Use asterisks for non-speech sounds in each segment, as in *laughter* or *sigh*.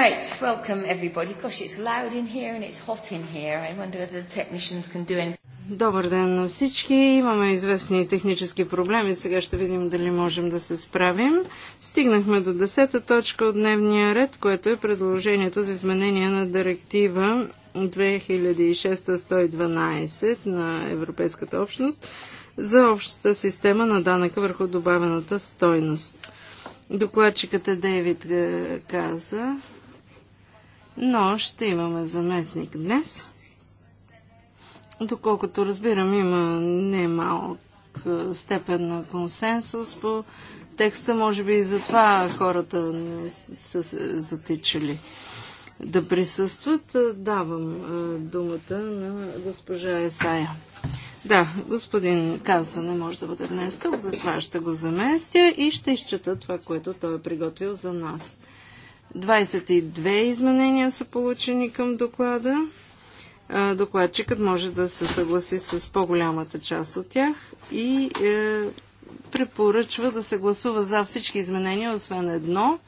Right, welcome everybody. Gosh, it's loud in here and it's hot in here. I wonder whether the technicians can do anything. Добър ден на всички. Имаме известни технически проблеми. Сега ще видим дали можем да се справим. Стигнахме до 10-та точка от дневния ред, което е предложението за изменение на директива 2006-112 на Европейската общност за общата система на данъка върху добавената стойност. Докладчикът е Дейвид е, каза, но ще имаме заместник днес. Доколкото разбирам, има немалък степен на консенсус по текста, може би и затова хората не са се затичали да присъстват. Давам думата на госпожа Есая. Да, господин Каза не може да бъде днес тук, затова ще го заместя и ще изчета това, което той е приготвил за нас. 22 изменения са получени към доклада. Докладчикът може да се съгласи с по-голямата част от тях и е, препоръчва да се гласува за всички изменения, освен едно.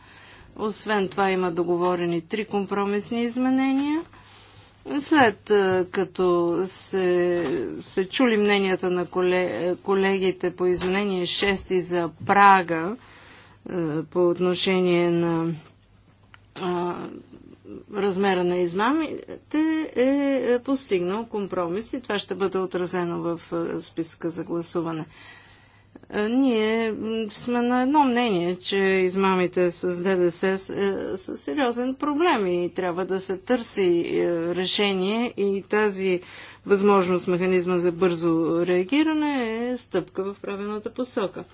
Освен това има договорени три компромисни изменения. След е, като се, се чули мненията на е, колегите по изменение 6 за прага по отношение на размера на измамите е, е постигнал компромис и това ще бъде отразено в списка за гласуване. Ние сме на едно мнение, че измамите с ДДС е, са сериозен проблем и трябва да се търси е, решение и тази възможност, механизма за бързо реагиране е стъпка в правилната посока.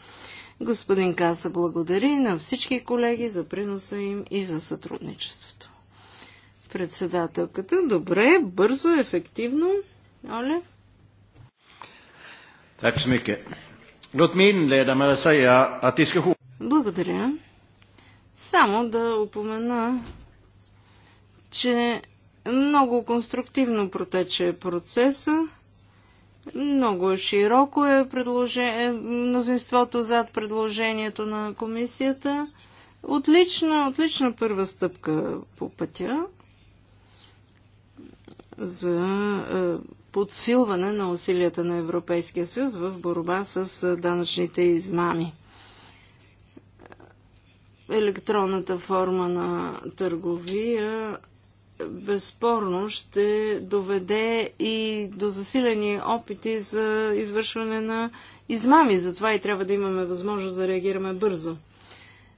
Господин Каса благодари на всички колеги за приноса им и за сътрудничеството. Председателката, добре, бързо, ефективно. Оле. Так så mycket. Låt mig inleda med att säga att Благодаря. Само да упомена, че много конструктивно протече процеса. Много широко е предложение, мнозинството зад предложението на комисията. Отлична, отлична първа стъпка по пътя за е, подсилване на усилията на Европейския съюз в борба с е, данъчните измами. Електронната форма на търговия безспорно ще доведе и до засилени опити за извършване на измами. Затова и трябва да имаме възможност да реагираме бързо.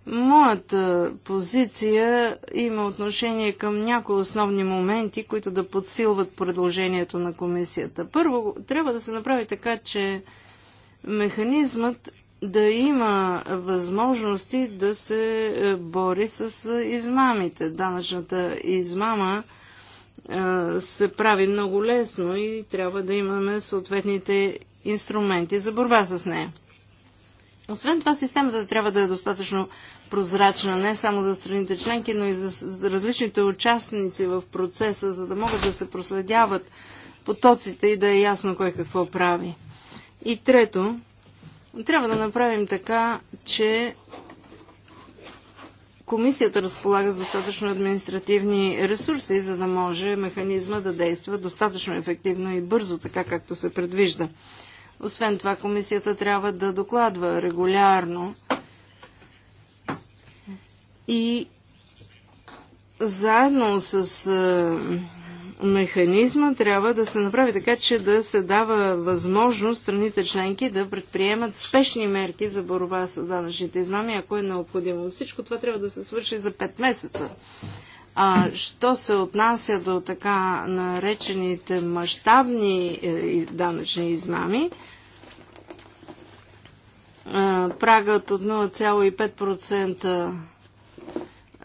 Моята позиция има отношение към някои основни моменти, които да подсилват предложението на комисията. Първо, трябва да се направи така, че механизмът да има възможности да се е, бори с е, измамите. Данъчната измама е, се прави много лесно и трябва да имаме съответните инструменти за борба с нея. Освен това, системата трябва да е достатъчно прозрачна не само за страните членки, но и за различните участници в процеса, за да могат да се проследяват потоците и да е ясно кой какво прави. И трето, трябва да направим така, че комисията разполага с достатъчно административни ресурси, за да може механизма да действа достатъчно ефективно и бързо, така както се предвижда. Освен това, комисията трябва да докладва регулярно и заедно с е, механизма трябва да се направи така, че да се дава възможност страните членки да предприемат спешни мерки за борба с данъчните измами, ако е необходимо. Всичко това трябва да се свърши за 5 месеца. А, що се отнася до така наречените мащабни е, данъчни измами, е, прагът от 0,5%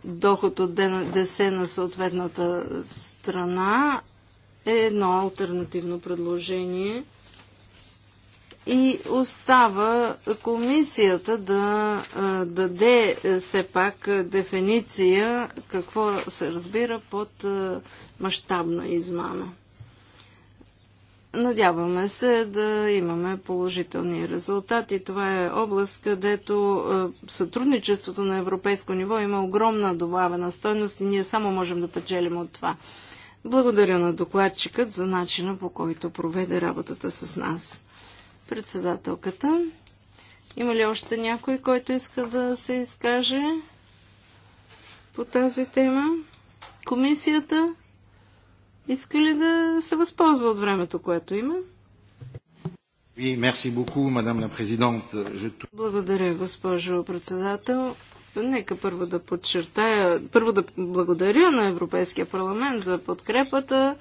доход от ДНДС на съответната страна е едно альтернативно предложение и остава комисията да даде все пак дефиниция какво се разбира под мащабна измама. Надяваме се да имаме положителни резултати. Това е област, където е, сътрудничеството на европейско ниво има огромна добавена стойност и ние само можем да печелим от това. Благодаря на докладчикът за начина по който проведе работата с нас. Председателката. Има ли още някой, който иска да се изкаже по тази тема? Комисията? Иска ли да се възползва от времето, което има? Благодаря, госпожо председател. Нека първо да подчертая, първо да благодаря на Европейския парламент за подкрепата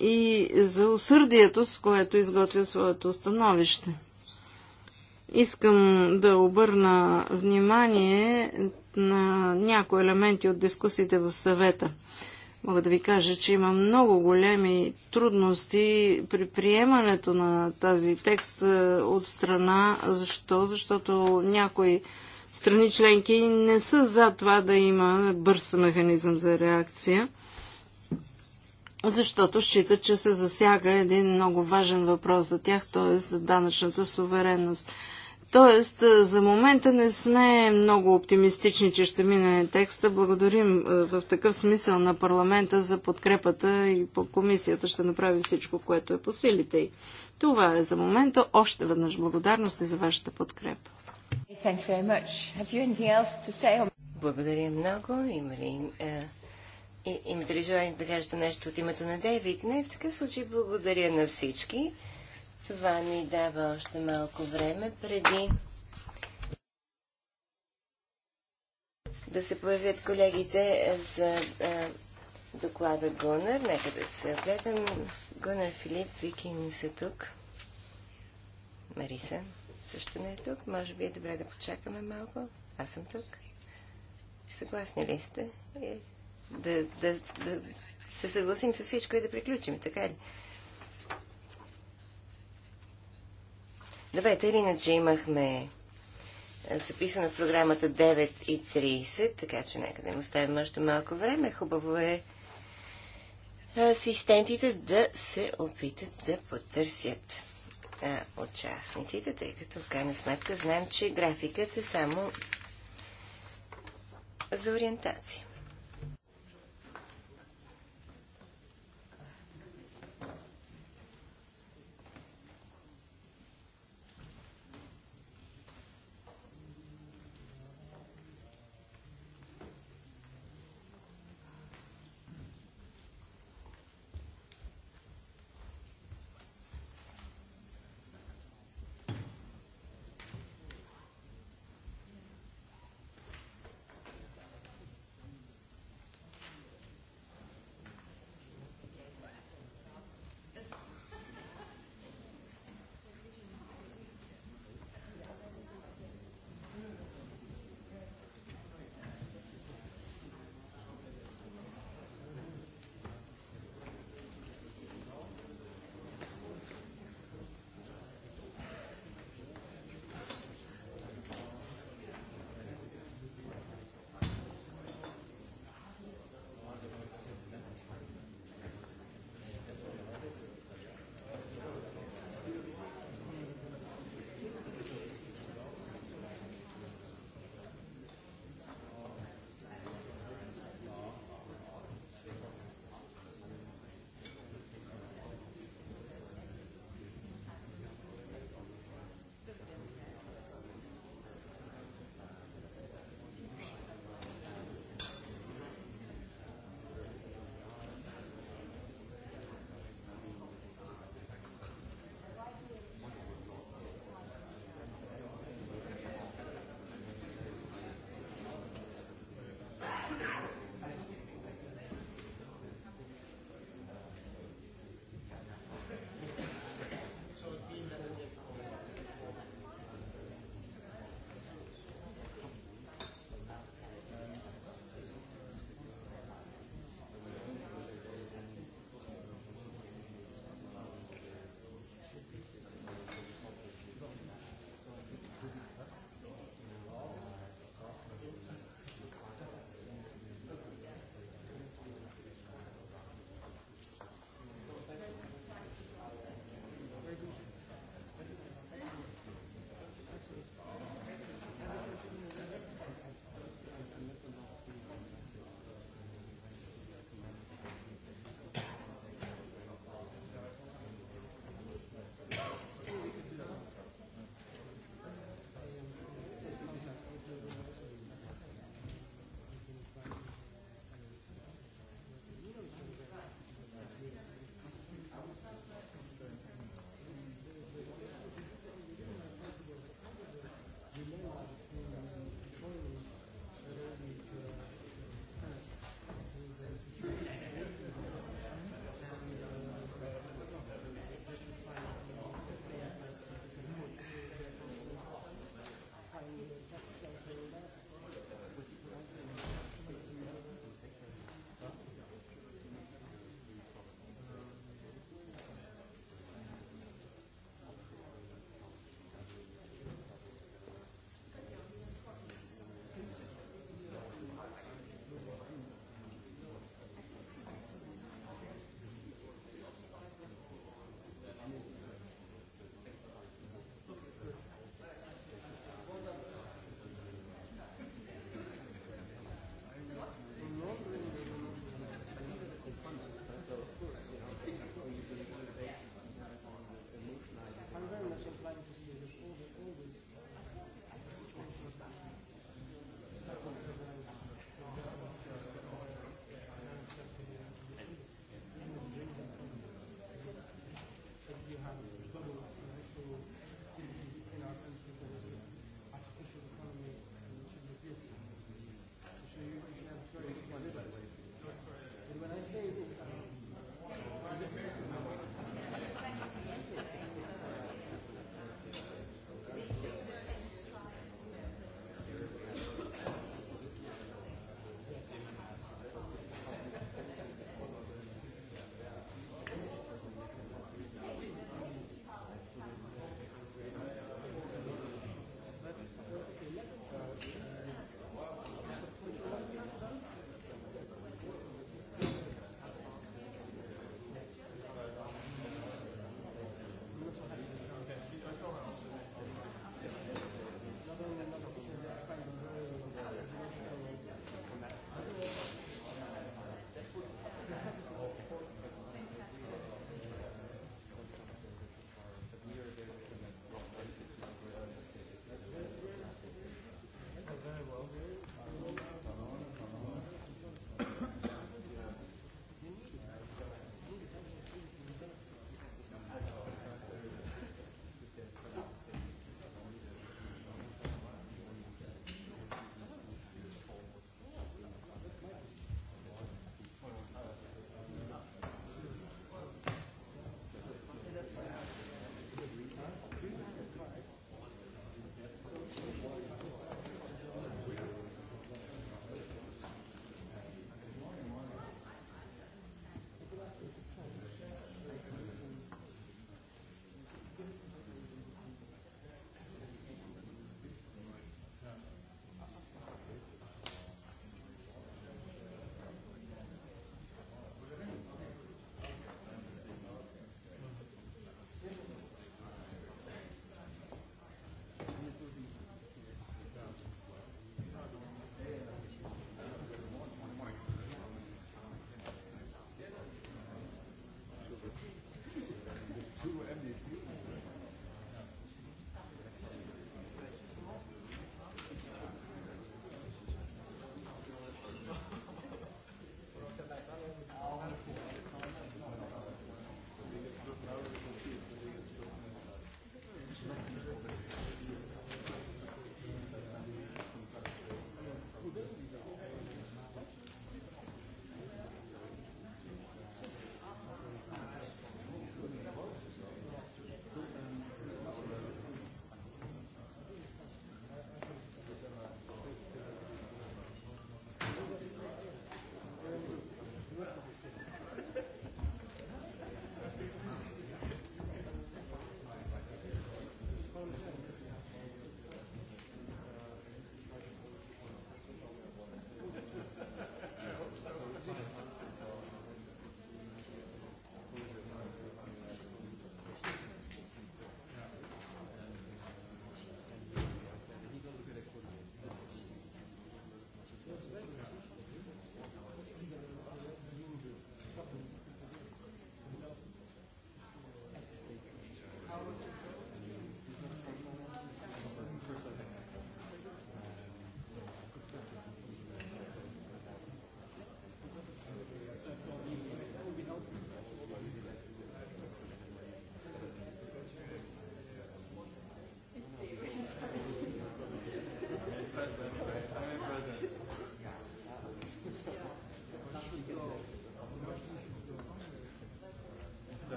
и за усърдието, с което изготвя своето становище. Искам да обърна внимание, на някои елементи от дискусиите в съвета. Мога да ви кажа, че има много големи трудности при приемането на тази текст е, от страна. Защо? Защото някои страни членки не са за това да има бърз механизъм за реакция, защото считат, че се засяга един много важен въпрос за тях, т.е. данъчната суверенност. Тоест, за момента не сме много оптимистични, че ще мине текста. Благодарим в такъв смисъл на парламента за подкрепата и по комисията ще направи всичко, което е по силите й. Това е за момента. Още веднъж благодарности за вашата подкрепа. Благодаря много. Има ли, е, имате ли желание да кажете нещо от името на Дейвид? Не, в такъв случай благодаря на всички. Това ни дава още малко време преди да се появят колегите за а, доклада Гонър. Нека да се гледам. Гонър Филип, Вики не са тук. Мариса също не е тук. Може би е добре да почакаме малко. Аз съм тук. Съгласни ли сте? Да, да, да се съгласим с всичко и да приключим, така ли? Е. Добре, тъй или иначе имахме е, записано в програмата 9.30, така че нека да им оставим още малко време. Хубаво е, е асистентите да се опитат да потърсят а, е, участниците, тъй като в крайна сметка знаем, че графикът е само за ориентация.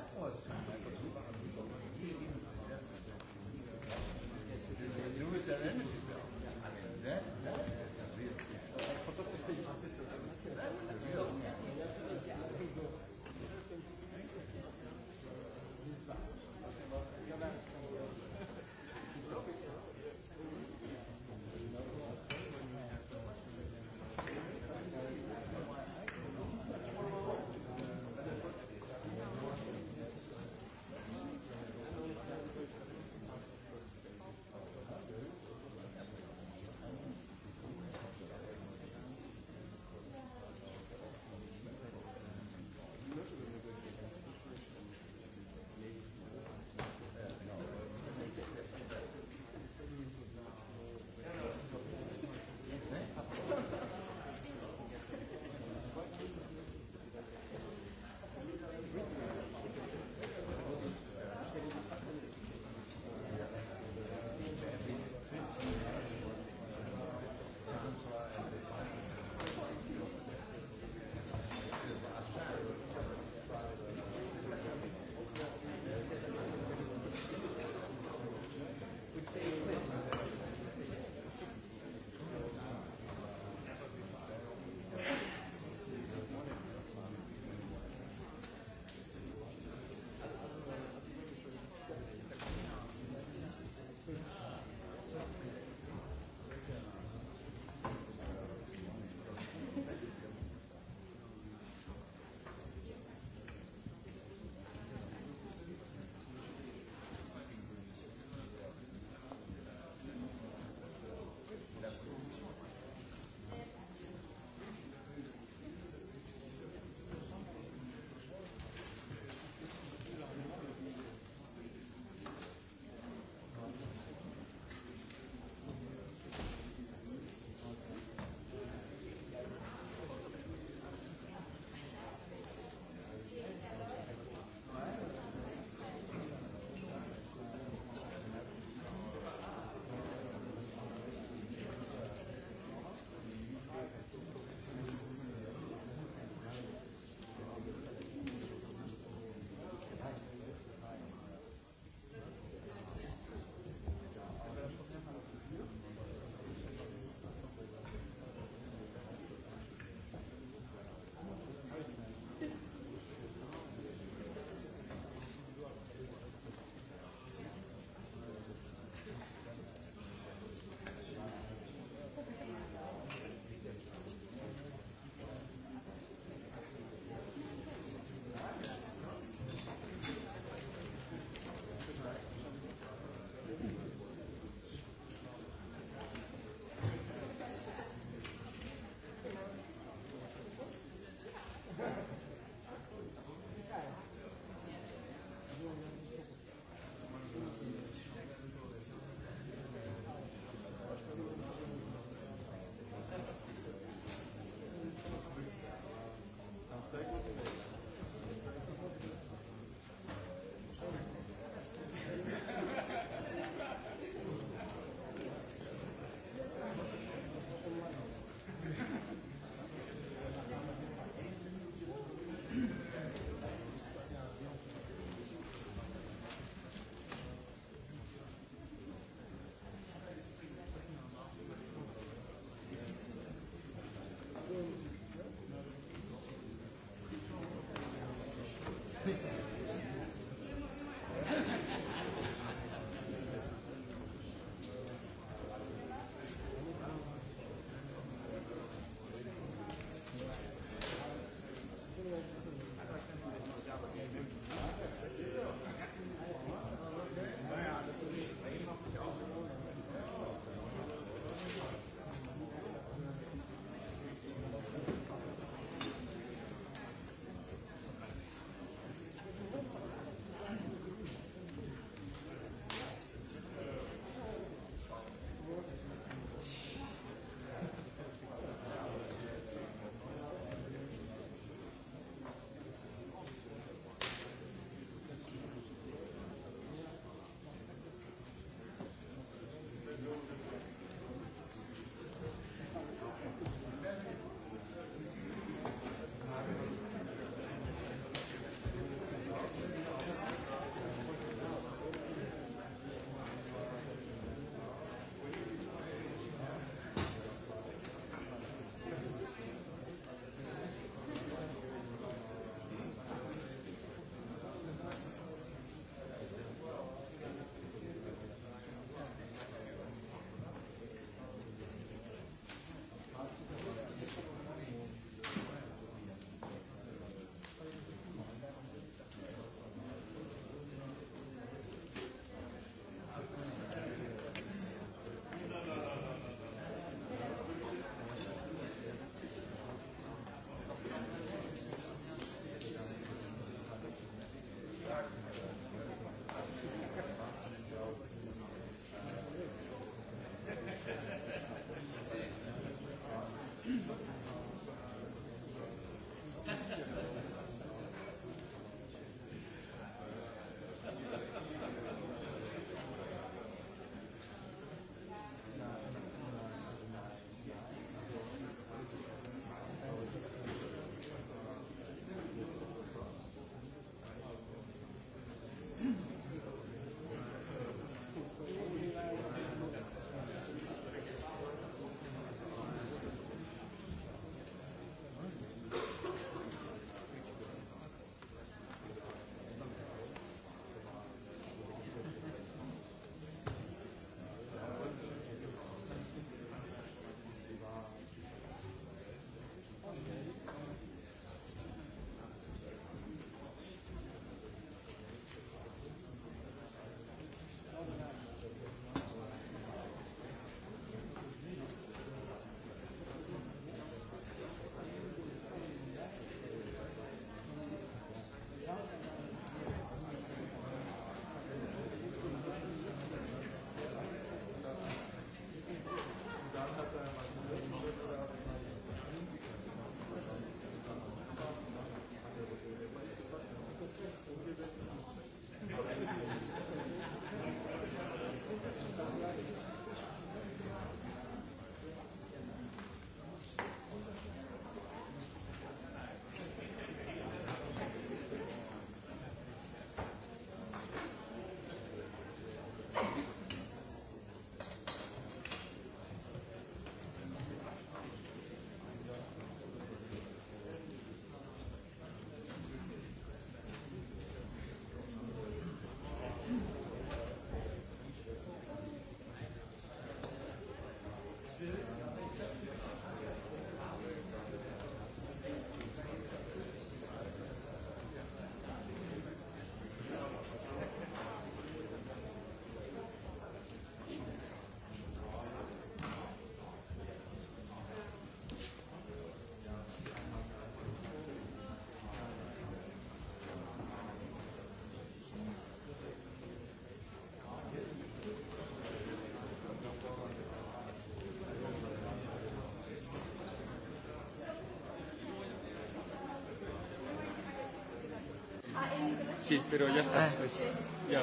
Yeah, it was. Sí, pero ya está. Ah. Pues, Ya.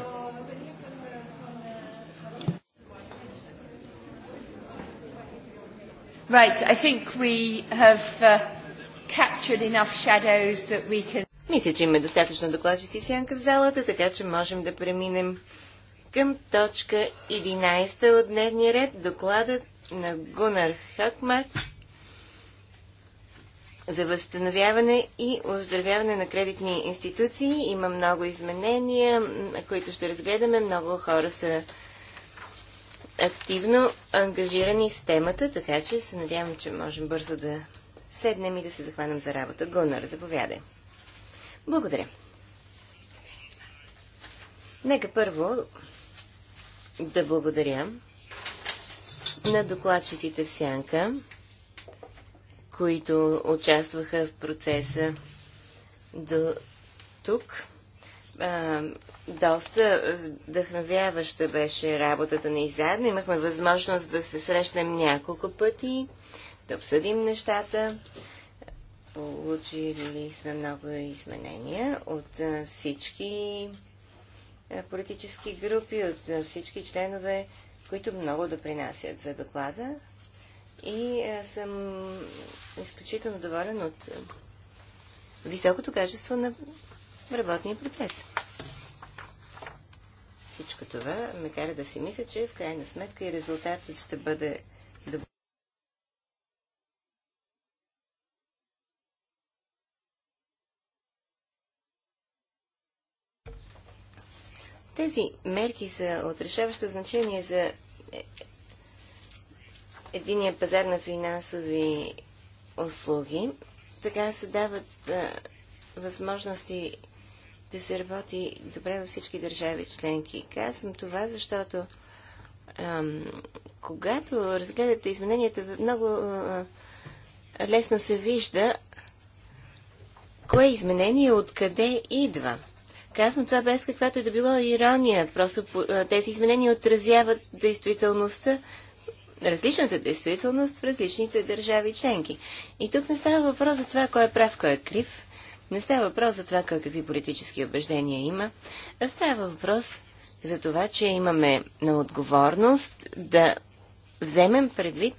Right, I think we have uh, captured enough shadows that we can... Мисля, че има достатъчно докладчици сянка в залата, така че можем да преминем към точка 11 от дневния ред, докладът на Гунар Хакмарк за възстановяване и оздравяване на кредитни институции. Има много изменения, които ще разгледаме. Много хора са активно ангажирани с темата, така че се надявам, че можем бързо да седнем и да се захванем за работа. Гунър, заповядай. Благодаря. Нека първо да благодаря на докладчиците в Сянка които участваха в процеса до тук. А, доста вдъхновяваща беше работата ни заедно. Имахме възможност да се срещнем няколко пъти, да обсъдим нещата. Получили сме много изменения от всички политически групи, от всички членове, които много допринасят за доклада и е, съм изключително доволен от високото качество на работния процес. Всичко това ме кара да си мисля, че в крайна сметка и резултатът ще бъде добър. Тези мерки са отрешаващо значение за единия пазар на финансови услуги. Така се дават а, възможности да се работи добре във всички държави членки. Казвам това, защото ам, когато разгледате измененията, много а, лесно се вижда кое изменение откъде идва. Казвам това без каквато и е да било ирония. Просто а, тези изменения отразяват действителността различната действителност в различните държави членки. И тук не става въпрос за това, кой е прав, кой е крив. Не става въпрос за това, кой какви политически убеждения има. А става въпрос за това, че имаме на отговорност да вземем предвид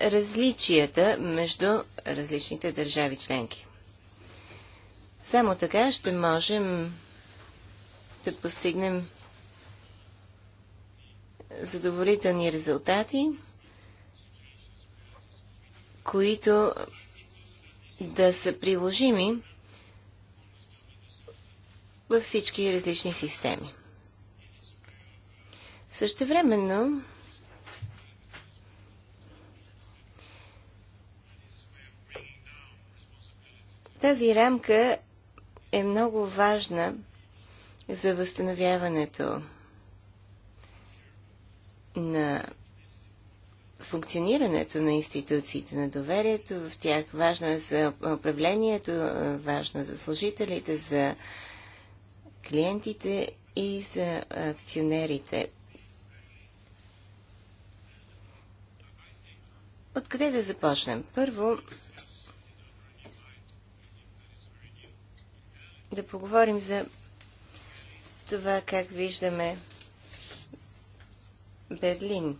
различията между различните държави членки. Само така ще можем да постигнем задоволителни резултати, които да са приложими във всички различни системи. Същевременно тази рамка е много важна за възстановяването на функционирането на институциите, на доверието в тях. Важно е за управлението, важно за служителите, за клиентите и за акционерите. Откъде да започнем? Първо, да поговорим за това как виждаме Берлин.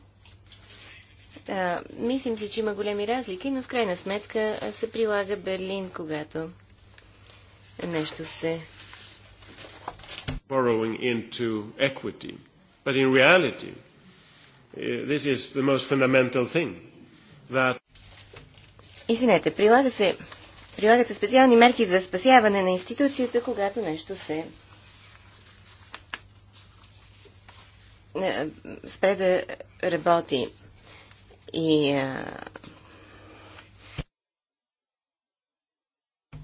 А, мислим си, че има големи разлики, но в крайна сметка се прилага Берлин, когато нещо се. Borrowing into equity. But in reality, eh, this is the most fundamental thing that. Извинете, прилага се, прилагате специални мерки за спасяване на институцията, когато нещо се Е, спре да работи. И е,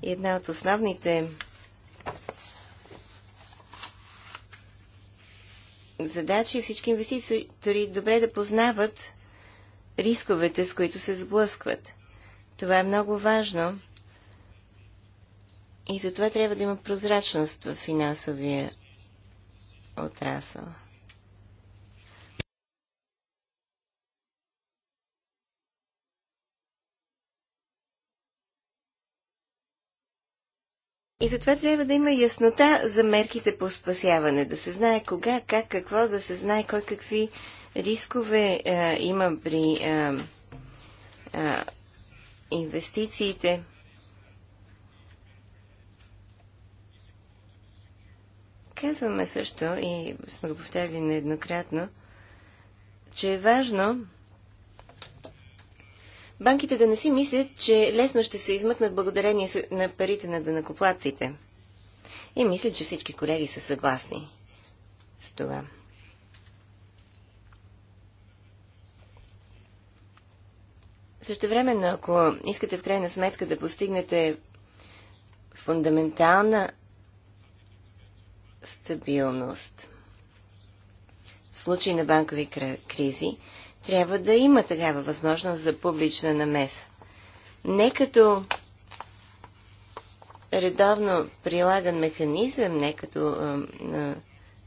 една от основните задачи всички инвеститори добре да познават рисковете, с които се сблъскват. Това е много важно и затова трябва да има прозрачност в финансовия отрасъл. И затова трябва да има яснота за мерките по спасяване, да се знае кога, как, какво, да се знае кой какви рискове а, има при а, а, инвестициите. Казваме също и сме го повтаряли нееднократно, че е важно банките да не си мислят, че лесно ще се измъкнат благодарение на парите на дънакоплаците. И мисля, че всички колеги са съгласни с това. Също времено, ако искате в крайна сметка да постигнете фундаментална стабилност в случай на банкови кризи, трябва да има такава възможност за публична намеса. Не като редовно прилаган механизъм, не като а, а,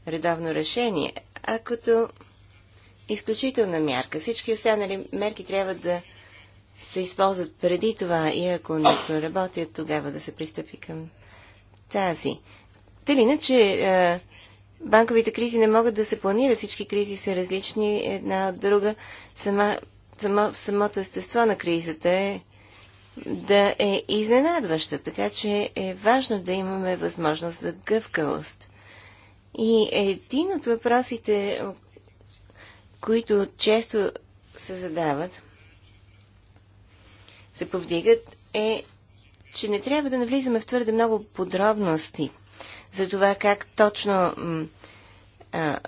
редовно решение, а като изключителна мярка. Всички останали мерки трябва да се използват преди това и ако не проработят, тогава да се пристъпи към тази. Тъй иначе банковите кризи не могат да се планират. Всички кризи са различни една от друга. Сама, само, самото естество на кризата е да е изненадваща, така че е важно да имаме възможност за гъвкавост. И един от въпросите, които често се задават, се повдигат, е, че не трябва да навлизаме в твърде много подробности за това как точно а,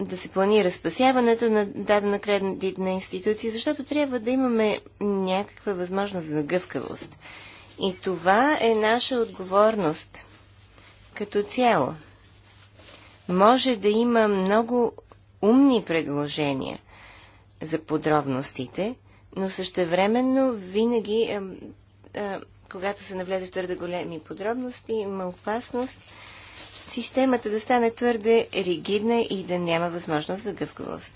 да се планира спасяването на дадена кредитна институция, защото трябва да имаме някаква възможност за гъвкавост. И това е наша отговорност като цяло. Може да има много умни предложения за подробностите, но същевременно винаги а, а, когато се навлезе в твърде големи подробности, има опасност системата да стане твърде ригидна и да няма възможност за гъвкавост.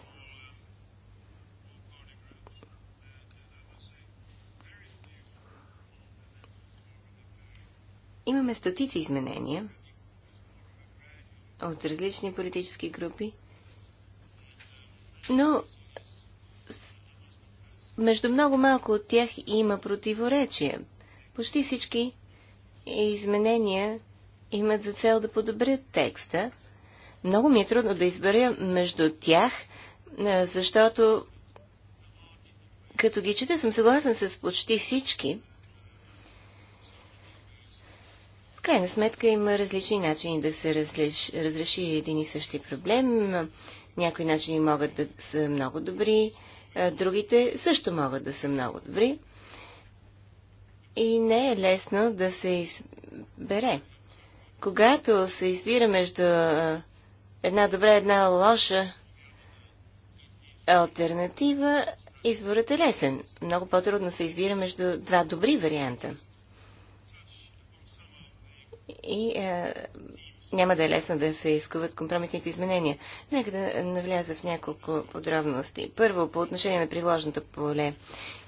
Имаме стотици изменения от различни политически групи, но между много малко от тях има противоречия. Почти всички изменения имат за цел да подобрят текста. Много ми е трудно да избера между тях, защото като ги чета съм съгласен с почти всички. В крайна сметка има различни начини да се разлиш, разреши един и същи проблем. Някои начини могат да са много добри, другите също могат да са много добри и не е лесно да се избере. Когато се избира между една добра и една лоша альтернатива, изборът е лесен. Много по-трудно се избира между два добри варианта. И а, няма да е лесно да се изкуват компромисните изменения. Нека да навляза в няколко подробности. Първо, по отношение на приложното поле.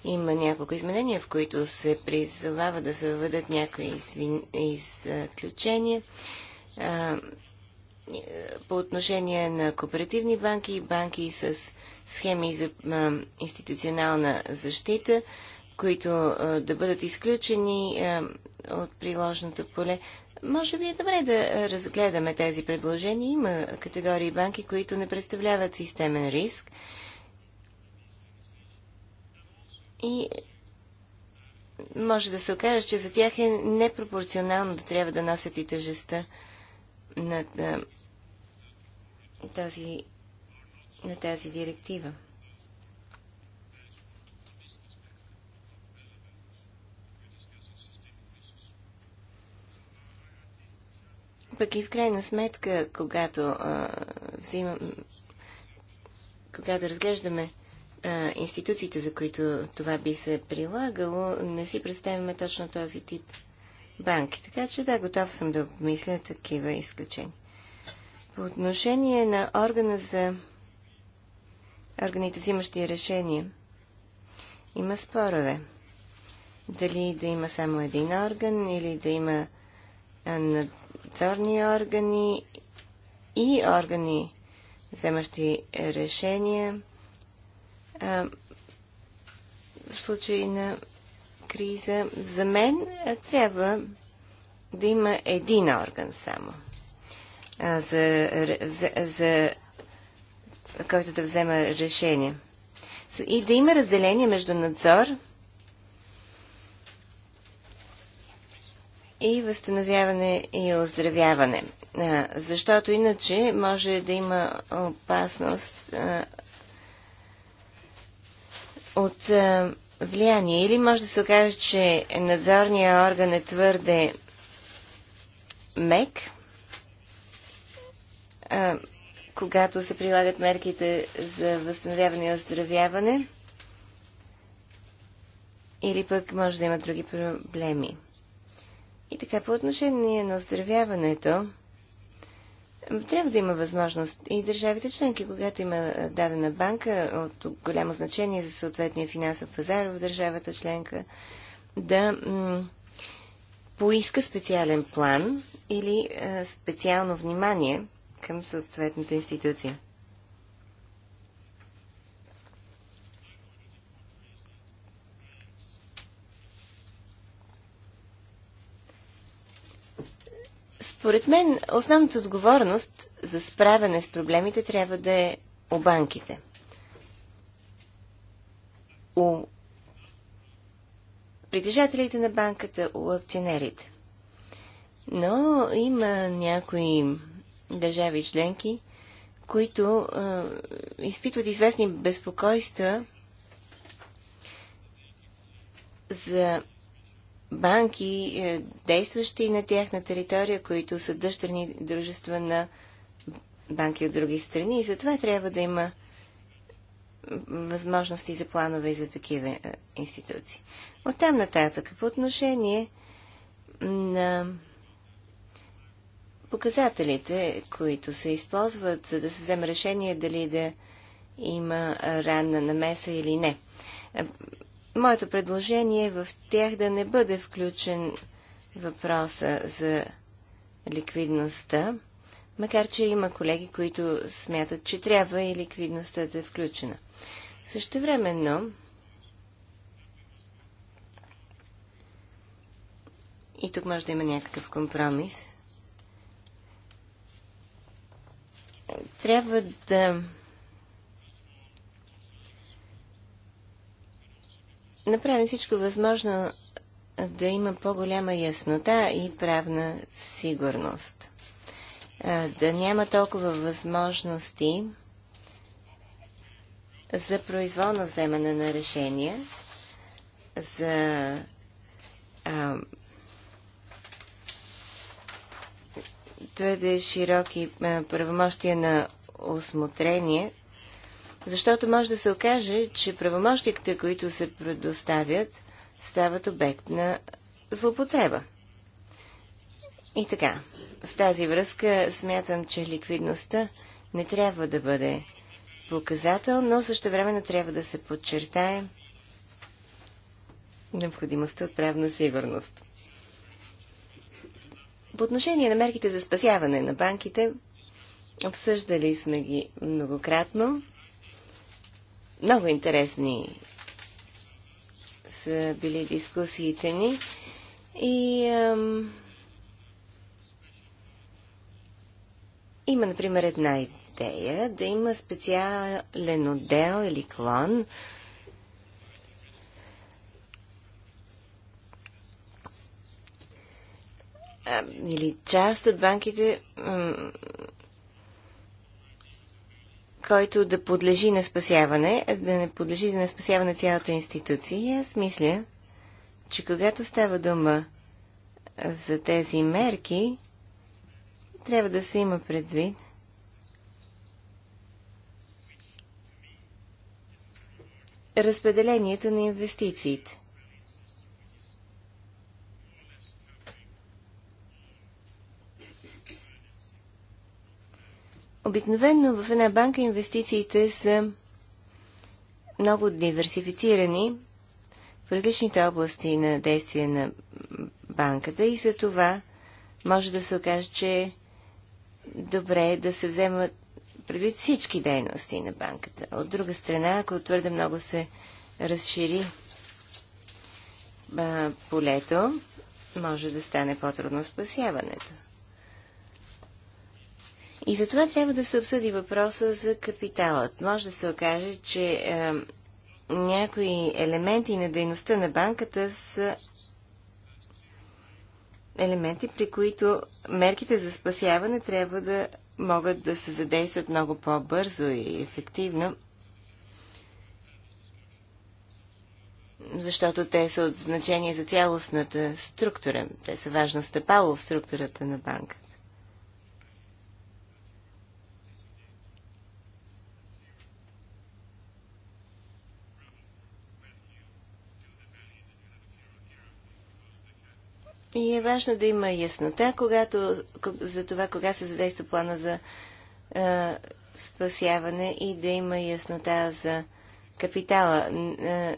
Има няколко изменения, в които се призовава да се въведат някои извин... изключения по отношение на кооперативни банки и банки с схеми за институционална защита, които да бъдат изключени от приложното поле може би е добре да разгледаме тези предложения. Има категории банки, които не представляват системен риск. И може да се окаже, че за тях е непропорционално да трябва да носят и тъжеста на, на, този, на тази директива. Пък и в крайна сметка, когато а, взимам, когато разглеждаме а, институциите, за които това би се прилагало, не си представяме точно този тип банки. Така че да, готов съм да обмисля такива изключения. По отношение на органа за органите взимащи решения, има спорове. Дали да има само един орган или да има над надзорни органи и органи, вземащи решения а, в случай на криза. За мен а, трябва да има един орган само, а, за, за, за който да взема решение. И да има разделение между надзор и възстановяване и оздравяване. Защото иначе може да има опасност от влияние. Или може да се окаже, че надзорният орган е твърде мек, когато се прилагат мерките за възстановяване и оздравяване, или пък може да има други проблеми. И така, по отношение на оздравяването, трябва да има възможност и държавите членки, когато има дадена банка от голямо значение за съответния финансов пазар в държавата членка, да поиска специален план или а, специално внимание към съответната институция. Според мен, основната отговорност за справяне с проблемите трябва да е у банките. У притежателите на банката, у акционерите. Но има някои държави членки, които е, изпитват известни безпокойства за банки, е, действащи на тяхна територия, които са дъщерни дружества на банки от други страни. И затова трябва да има възможности за планове и за такива е, институции. От там нататък, по отношение на показателите, които се използват, за да се вземе решение дали да има ранна намеса или не. Моето предложение е в тях да не бъде включен въпроса за ликвидността, макар че има колеги, които смятат, че трябва и ликвидността да е включена. Същевременно, и тук може да има някакъв компромис, трябва да направим всичко възможно да има по-голяма яснота и правна сигурност. Да няма толкова възможности за произволно вземане на решения, за а, твърде широки правомощия на осмотрение, защото може да се окаже, че правомощите, които се предоставят, стават обект на злопотреба. И така, в тази връзка смятам, че ликвидността не трябва да бъде показател, но също времено трябва да се подчертае необходимостта от правна сигурност. По отношение на мерките за спасяване на банките, обсъждали сме ги многократно. Много интересни са били дискусиите ни. И ам, има, например, една идея да има специален отдел или клон, или част от банките който да подлежи на спасяване, да не подлежи на спасяване цялата институция. И аз мисля, че когато става дума за тези мерки, трябва да се има предвид, разпределението на инвестициите. Обикновено в една банка инвестициите са много диверсифицирани в различните области на действие на банката и за това може да се окаже, че е добре да се вземат предвид всички дейности на банката. От друга страна, ако твърде много се разшири полето, може да стане по-трудно спасяването. И затова трябва да се обсъди въпроса за капиталът. Може да се окаже, че е, някои елементи на дейността на банката са елементи, при които мерките за спасяване трябва да могат да се задействат много по-бързо и ефективно, защото те са от значение за цялостната структура. Те са важно стъпало в структурата на банка. И е важно да има яснота когато, за това кога се задейства плана за е, спасяване и да има яснота за капитала. Е,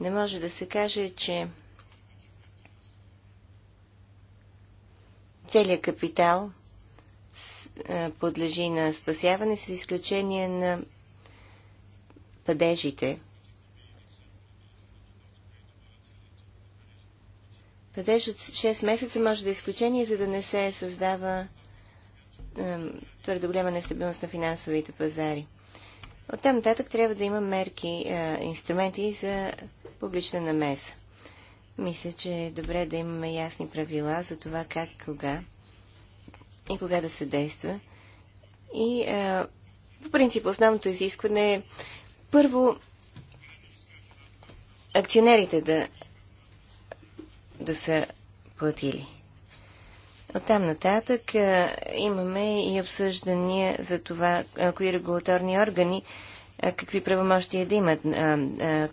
не може да се каже, че целият капитал подлежи на спасяване, с изключение на падежите – Падеж от 6 месеца може да е изключение, за да не се създава твърде голяма нестабилност на финансовите пазари. От там нататък трябва да има мерки, е, инструменти за публична намеса. Мисля, че е добре да имаме ясни правила за това как, кога и кога да се действа. И е, по принцип основното изискване е първо акционерите да да са платили. От там нататък а, имаме и обсъждания за това, а, кои регулаторни органи, а, какви правомощия да имат,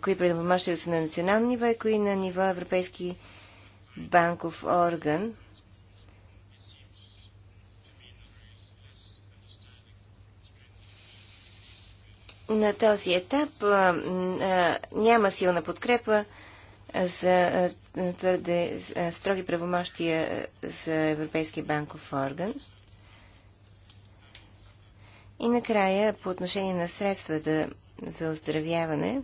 кои правомощия да са на национално ниво и кои на ниво Европейски банков орган. На този етап няма силна подкрепа за твърде строги правомощия за Европейски банков орган. И накрая, по отношение на средствата за оздравяване,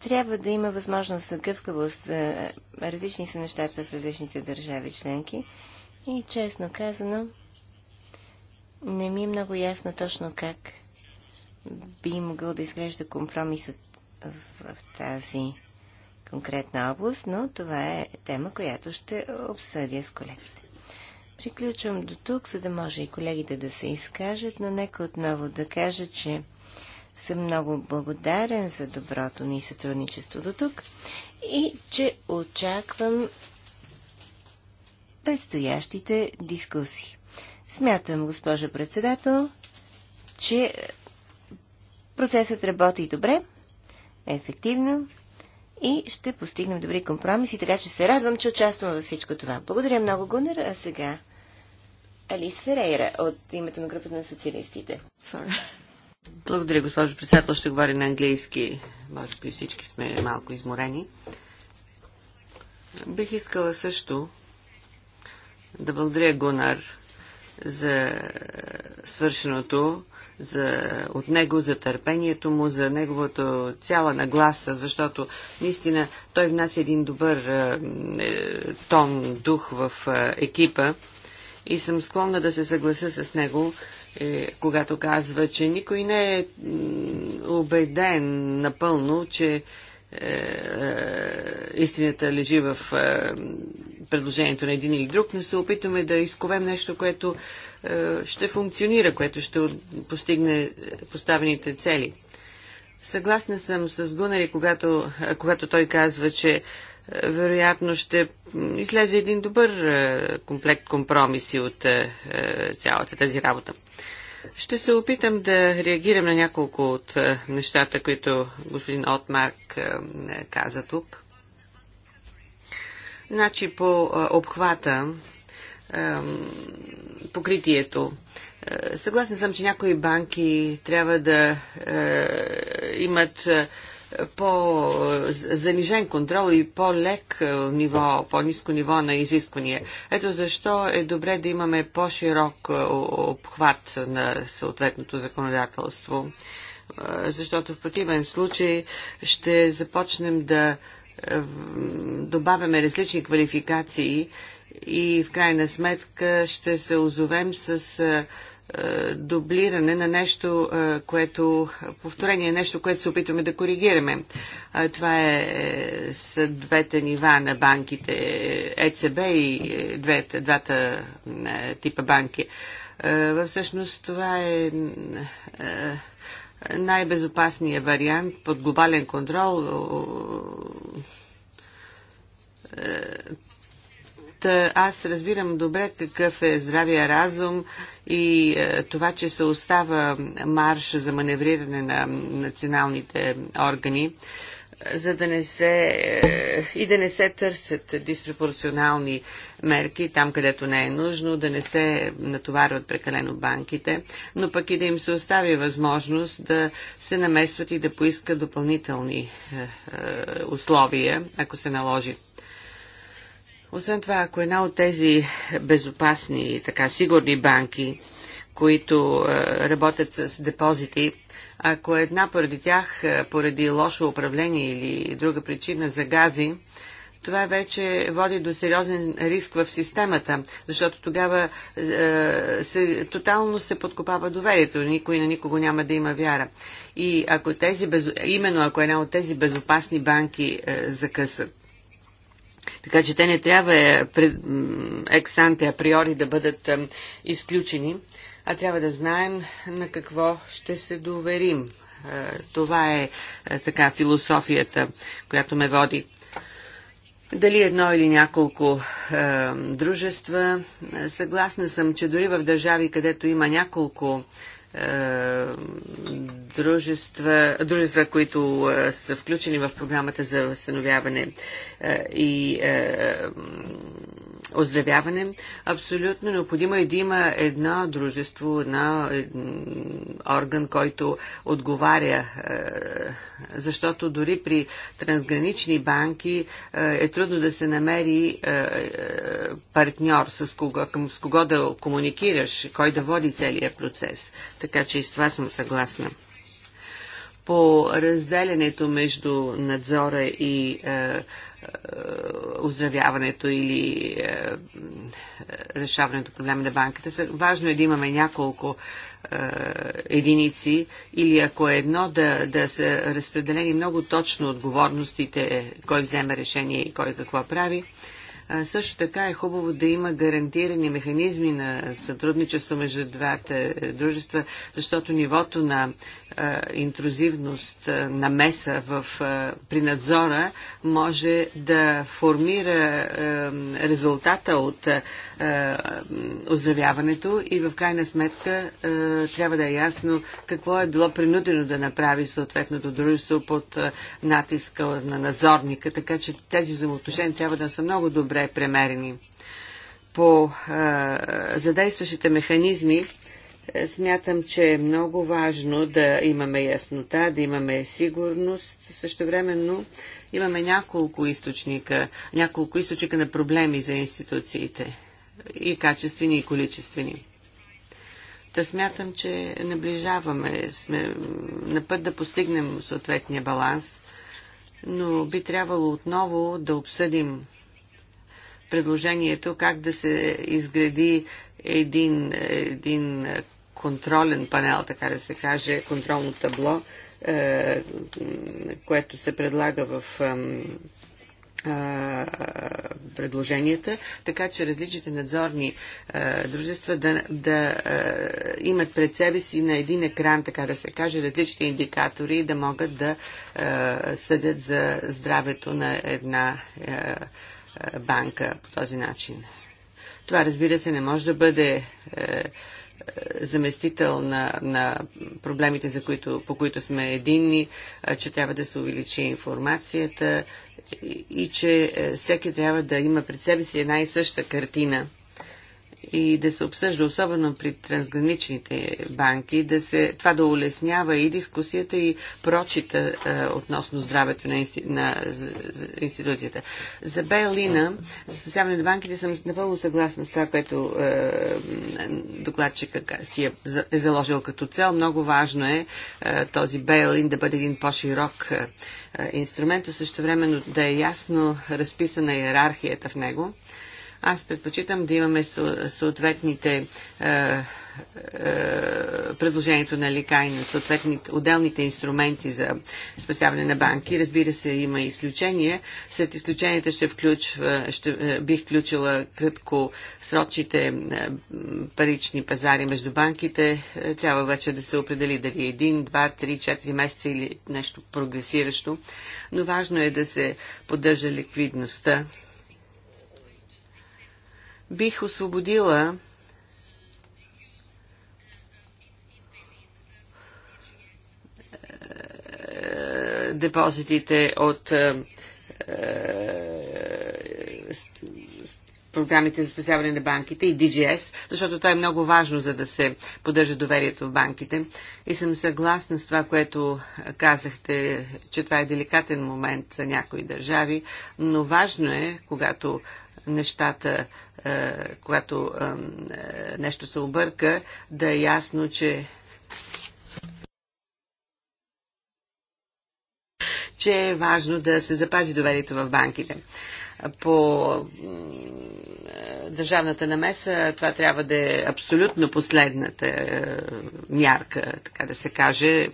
трябва да има възможност за гъвкавост. Различни са нещата в различните държави членки. И честно казано, не ми е много ясно точно как би могъл да изглежда компромисът в, в тази конкретна област, но това е тема, която ще обсъдя с колегите. Приключвам до тук, за да може и колегите да се изкажат, но нека отново да кажа, че съм много благодарен за доброто ни сътрудничество до тук и че очаквам предстоящите дискусии. Смятам, госпожа председател, че процесът работи добре ефективно и ще постигнем добри компромиси, така че се радвам, че участвам във всичко това. Благодаря много, Гунер, а сега Алис Ферейра от името на групата на социалистите. Благодаря, госпожо председател. Ще говори на английски. Може би всички сме малко изморени. Бих искала също да благодаря Гунар за свършеното за, от него, за търпението му, за неговото цяла нагласа, защото наистина той внася един добър е, тон, дух в е, екипа и съм склонна да се съглася с него, е, когато казва, че никой не е убеден напълно, че е, е, истината лежи в е, предложението на един или друг, но се опитваме да изковем нещо, което е, ще функционира, което ще постигне поставените цели. Съгласна съм с Гунари, когато, когато той казва, че е, вероятно ще излезе един добър е, комплект компромиси от цялата тази работа. Ще се опитам да реагирам на няколко от нещата, които господин Отмарк каза тук. Значи по обхвата, покритието. Е, съгласен съм, че някои банки трябва да е, имат е, по-занижен контрол и по-лек ниво, по-низко ниво на изисквания. Ето защо е добре да имаме по-широк обхват на съответното законодателство, защото в противен случай ще започнем да добавяме различни квалификации и в крайна сметка ще се озовем с дублиране на нещо, което, повторение, нещо, което се опитваме да коригираме. Това е с двете нива на банките, ЕЦБ и е, двете, двата е, типа банки. Всъщност това е, е най-безопасният вариант под глобален контрол е, Та, аз разбирам добре какъв е здравия разум и е, това, че се остава марш за маневриране на националните органи за да не се е, и да не се търсят диспропорционални мерки там, където не е нужно, да не се натоварват прекалено банките, но пък и да им се остави възможност да се намесват и да поискат допълнителни е, е, условия, ако се наложи. Освен това, ако една от тези безопасни, така сигурни банки, които работят с депозити, ако една поради тях, е, поради лошо управление или друга причина загази, това вече води до сериозен риск в системата, защото тогава е, се, тотално се подкопава доверието. Никой на никого няма да има вяра. И ако тези, без... именно ако една от тези безопасни банки е, закъсат. Така че те не трябва е, ексанте априори да бъдат е, изключени а трябва да знаем на какво ще се доверим. Това е така философията, която ме води. Дали едно или няколко е, дружества, съгласна съм, че дори в държави, където има няколко дружества, дружества, които са включени в програмата за възстановяване и оздравяване. Абсолютно необходимо е да има едно дружество, една орган, който отговаря, е, защото дори при трансгранични банки е, е трудно да се намери е, партньор, с кого, към, с кого да комуникираш, кой да води целият процес. Така че и с това съм съгласна по разделянето между надзора и е, е, оздравяването или е, е, решаването проблеми на банката. Важно е да имаме няколко единици или ако е едно да, да са разпределени много точно отговорностите, кой взема решение и кой какво прави. също така е хубаво да има гарантирани механизми на сътрудничество между двата дружества, защото нивото на интрузивност, намеса в, при надзора може да формира резултата от оздравяването и в крайна сметка трябва да е ясно какво е било принудено да направи съответното дружество под натиска на надзорника, така че тези взаимоотношения трябва да са много добре премерени. По задействащите механизми Смятам, че е много важно да имаме яснота, да имаме сигурност. Също времено имаме няколко източника, няколко източника на проблеми за институциите. И качествени, и количествени. Та смятам, че наближаваме, сме на път да постигнем съответния баланс, но би трябвало отново да обсъдим предложението как да се изгради един, един контролен панел, така да се каже, контролно табло, е, което се предлага в предложенията, така че различните надзорни е, дружества да, да е, имат пред себе си на един екран, така да се каже, различни индикатори да могат да съдят за здравето на една банка по този начин. Това, разбира се, не може да бъде заместител на, на проблемите, за които, по които сме единни, че трябва да се увеличи информацията и, и че е, всеки трябва да има пред себе си една и съща картина и да се обсъжда, особено при трансграничните банки, да се, това да улеснява и дискусията и прочита е, относно здравето на, инсти, на за, за институцията. За Бейлина, за спасяване на банките, съм напълно съгласна с това, което е, докладчика си е, е заложил като цел. Много важно е, е този Бейлин да бъде един по-широк е, е инструмент, също времено да е ясно разписана иерархията в него. Аз предпочитам да имаме съответните е, е, предложението на и на съответните отделните инструменти за спасяване на банки. Разбира се, има изключения. След изключенията ще, включ, ще е, бих включила кратко срочите парични пазари между банките. Трябва вече да се определи дали един, два, три, четири месеца или нещо прогресиращо. Но важно е да се поддържа ликвидността бих освободила депозитите от е, е, програмите за спасяване на банките и DGS, защото това е много важно, за да се поддържа доверието в банките. И съм съгласна с това, което казахте, че това е деликатен момент за някои държави, но важно е, когато нещата, е, когато е, е, нещо се обърка, да е ясно, че че е важно да се запази доверието в банките. По държавната намеса това трябва да е абсолютно последната мярка, така да се каже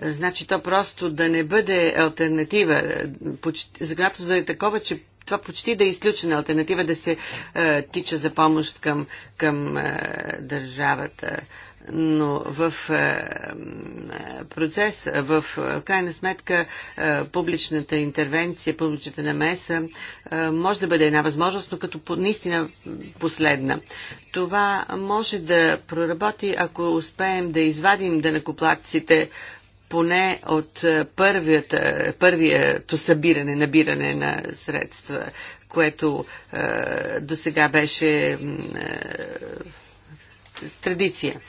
Значи то просто да не бъде альтернатива. Е, Заграто за е такова, че това почти да е изключена альтернатива да се е, тича за помощ към, към е, държавата. Но в е, е процес, в крайна сметка, е, публичната интервенция, публичната намеса е, може да бъде една възможност, но като по, наистина последна. Това може да проработи, ако успеем да извадим денакоплатците да поне от е, първията, първието събиране, набиране на средства, което е, до сега беше е, традиция.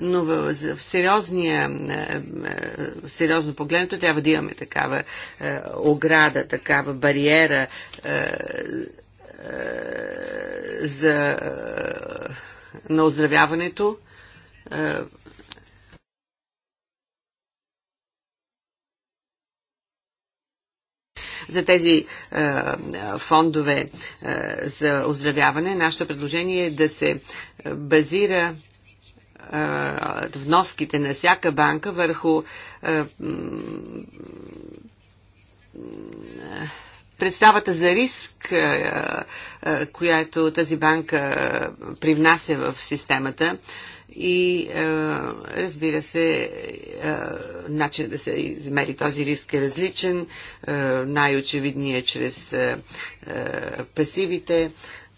Но в, в сериозния, в е, е, сериозно погледнато трябва да имаме такава е, ограда, такава бариера е, е, за, е, на оздравяването. Е, за тези е, е, фондове е, за оздравяване, нашето предложение е да се е, базира е, вноските на всяка банка върху представата за риск, която тази банка привнася в системата и е, разбира се, е, начин да се измери този риск е различен. Е, най-очевидният е чрез е, е, пасивите,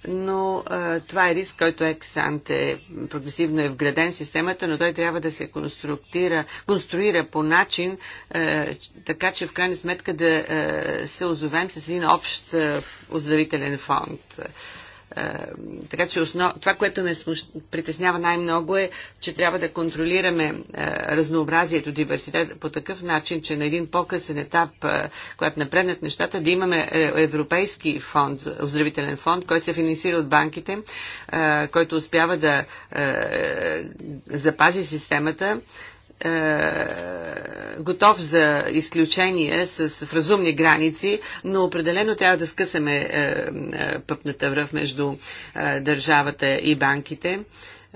но е, това е риск, който ексант е прогресивно е вграден в системата, но той трябва да се конструктира, конструира по начин, е, така че в крайна сметка да е, се озовем с един общ е, оздравителен фонд. Е, така че основ... това, което ме смущ... притеснява най-много е, че трябва да контролираме е, разнообразието, диверситет по такъв начин, че на един по-късен етап, е, когато напреднат нещата, да имаме европейски фонд, оздравителен фонд, който се финансира от банките, който успява да запази системата е, готов за изключение с, в разумни граници, но определено трябва да скъсаме е, е, пъпната връв между е, държавата и банките.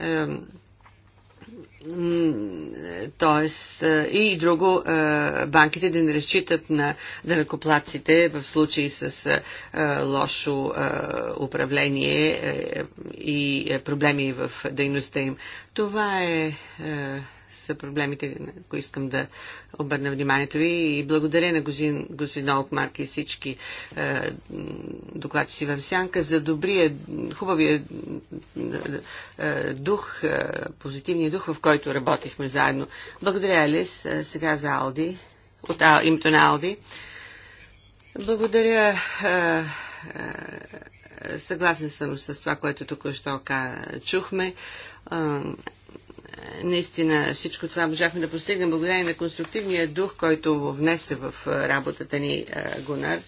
Е, Тоест е, и друго, е, банките да не разчитат на дънакоплаците в случай с лошо управление и проблеми в дейността им. Това е са проблемите, на които искам да обърна вниманието ви. И благодаря на господин, господин Олтмарк и всички е, докладчици в Сянка за добрия, хубавия е, дух, е, позитивния дух, в който работихме заедно. Благодаря, Алис. Е, сега за Алди, от а, името на Алди. Благодаря. Е, е, съгласен съм с това, което тук още чухме. Е, наистина всичко това можахме да постигнем благодарение на конструктивния дух, който внесе в работата ни Гунар.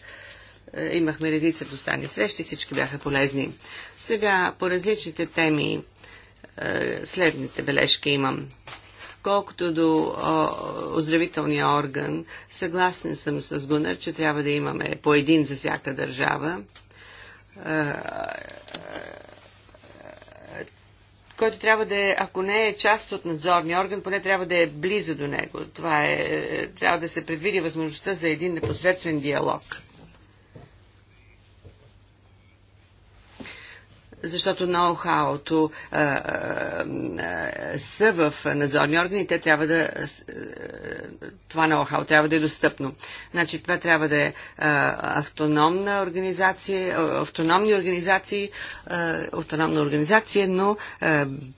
Имахме редица достани срещи, всички бяха полезни. Сега по различните теми следните бележки имам. Колкото до оздравителния орган, съгласен съм с Гунар, че трябва да имаме по един за всяка държава който трябва да е, ако не е част от надзорния орган, поне трябва да е близо до него. Това е, е трябва да се предвиди възможността за един непосредствен диалог. защото ноу-хауто са в надзорни органи те трябва да... Това ноу-хау трябва да е достъпно. Значи това трябва да е автономна организация, автономни организации, автономна организация, но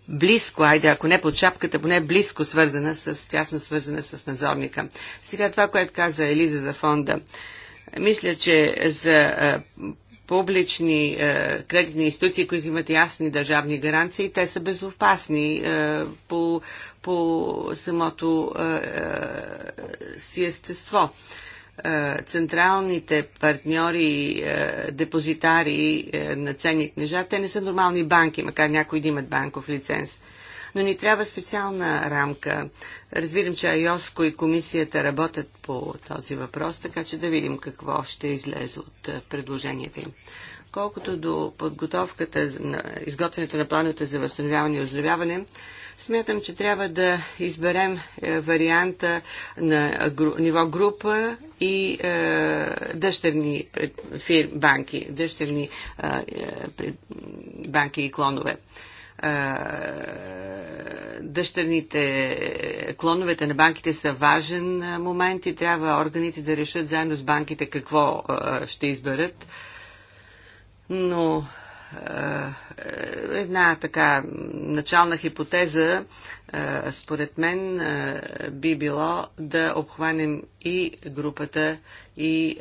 близко, айде, ако не под шапката, поне близко свързана с, тясно свързана с надзорника. Сега това, което каза Елиза за фонда, мисля, че за публични е, кредитни институции, които имат ясни държавни гаранции, те са безопасни е, по, по самото е, е си естество. Е, централните партньори, е, депозитари на ценни книжа, те не са нормални банки, макар някои да имат банков лиценз но ни трябва специална рамка. Разбирам, че Айоско и комисията работят по този въпрос, така че да видим какво ще излезе от е, предложенията им. Колкото до подготовката, на изготвянето на плановете за възстановяване и оздравяване, смятам, че трябва да изберем е, варианта на ниво група и е, дъщерни банки, дъщерни банки и клонове дъщерните, клоновете на банките са важен момент и трябва органите да решат заедно с банките какво ще изберат. Но една така начална хипотеза, според мен, би било да обхванем и групата, и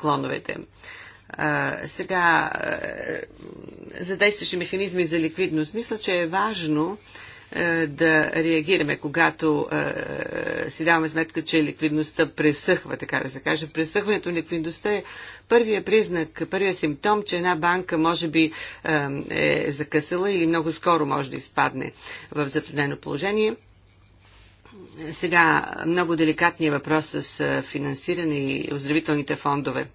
клоновете. А, сега, за действащи механизми за ликвидност, мисля, че е важно да реагираме, когато а, си даваме сметка, че ликвидността пресъхва, така да се каже. Пресъхването на ликвидността е първия признак, първия симптом, че една банка може би е, е закъсала или много скоро може да изпадне в затруднено положение. Сега много деликатният въпрос с финансиране и оздравителните фондове.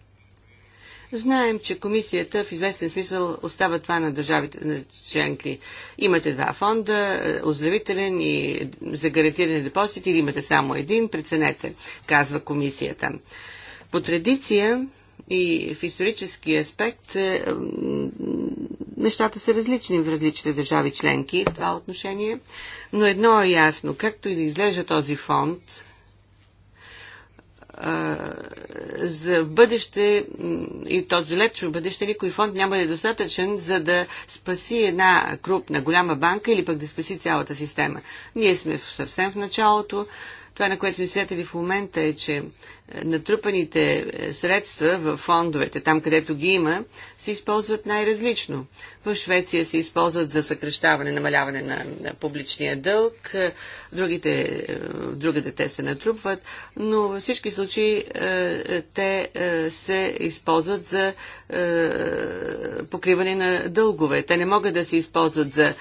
Знаем, че комисията в известен смисъл остава това на държавите на членки. Имате два фонда, е, оздравителен и за гарантиране депозит, или имате само един, преценете, казва комисията. По традиция и в исторически аспект е, нещата са различни в различните държави членки в това отношение, но едно е ясно, както и да изглежда този фонд, за бъдеще и този лечо бъдеще никой фонд няма да е достатъчен, за да спаси една крупна, голяма банка или пък да спаси цялата система. Ние сме съвсем в началото. Това, на което сме свидетели в момента е, че натрупаните е, средства в фондовете, там където ги има, се използват най-различно. В Швеция се използват за съкрещаване, намаляване на, публичния дълг, е, другите, е, другите те се натрупват, но във всички случаи те се използват за покриване на дългове. Те не могат да се използват за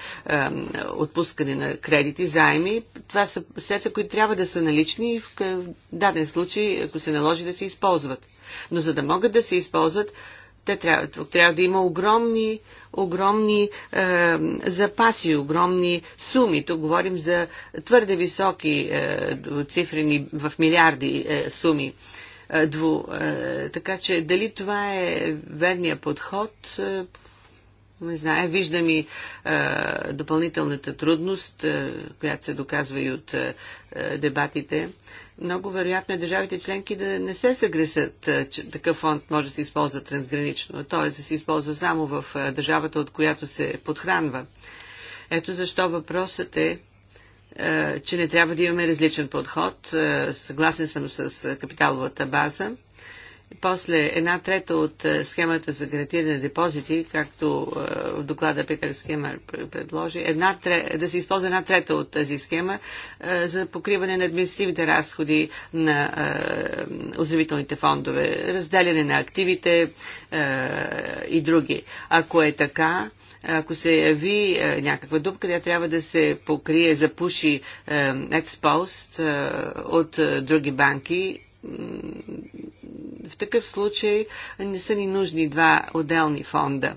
отпускане на кредити, заеми. Това са средства, които трябва да са налични и в даден случай, ако се наложи да се използват. Но за да могат да се използват, те трябва, трябва да има огромни, огромни е, запаси, огромни суми. Тук говорим за твърде високи е, цифрени в милиарди е, суми. Е, дву, е, така че дали това е верния подход, е, не знае, виждам и е, допълнителната трудност, е, която се доказва и от е, е дебатите много вероятно е държавите членки да не се съгресат, че такъв фонд може да се използва трансгранично, т.е. да се използва само в държавата, от която се подхранва. Ето защо въпросът е, че не трябва да имаме различен подход. Съгласен съм с капиталовата база после една трета от е, схемата за гарантиране на депозити, както е, в доклада Петър Схемар предложи, една, да се използва една трета от тази схема е, за покриване на административните разходи на оздравителните фондове, разделяне на активите и други. Ако е така, ако се яви е, някаква дупка, тя трябва да се покрие, запуши експост е, от е, други банки в такъв случай не са ни нужни два отделни фонда.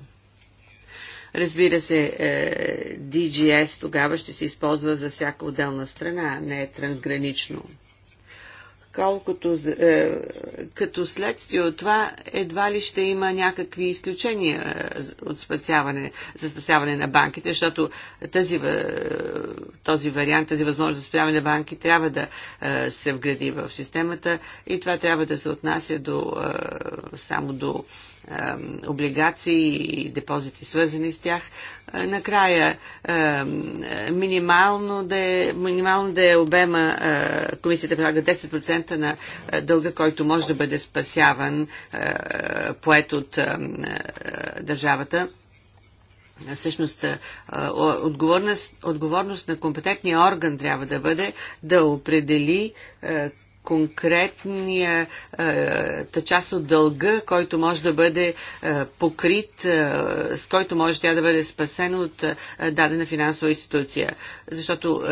Разбира се, е, DGS тогава ще се използва за всяка отделна страна, не е трансгранично колкото е, като следствие от това едва ли ще има някакви изключения е, от спасяване, за спасяване на банките, защото тази, е, този вариант, тази възможност за спасяване на банки трябва да е, се вгради в системата и това трябва да се отнася до, само до облигации и депозити, свързани с тях. Накрая, минимално да е, минимално да е обема, комисията предлага 10% на дълга, който може да бъде спасяван, поет от държавата всъщност отговорност, отговорност на компетентния орган трябва да бъде да определи конкретния е, част от дълга, който може да бъде е, покрит, е, с който може тя да бъде спасена от дадена финансова институция. Защото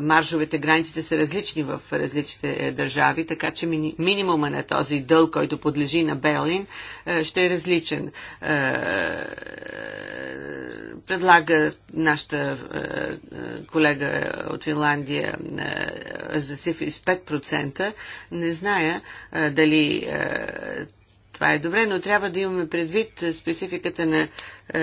маржовете, границите са различни в различните държави, така че минимума на този дълг, който подлежи на Белин, ще е различен. предлага нашата колега от Финландия за СИФИС 5%, темата. Не зная а, дали а, това е добре, но трябва да имаме предвид спецификата на а,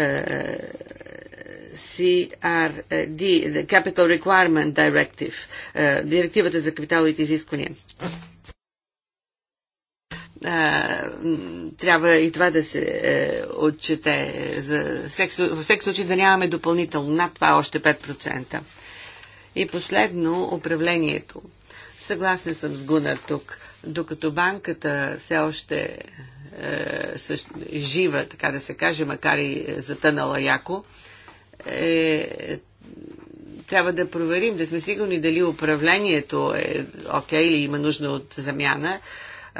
CRD, Capital Requirement Directive, а, директивата за капиталовите изисквания трябва и това да се е, отчете. За секс, в всеки случай да нямаме допълнително над това още 5%. И последно, управлението. Съгласен съм с Гунар тук. Докато банката все още е, същ, жива, така да се каже, макар и е, затънала яко, е, трябва да проверим, да сме сигурни дали управлението е окей okay, или има нужда от замяна. Е,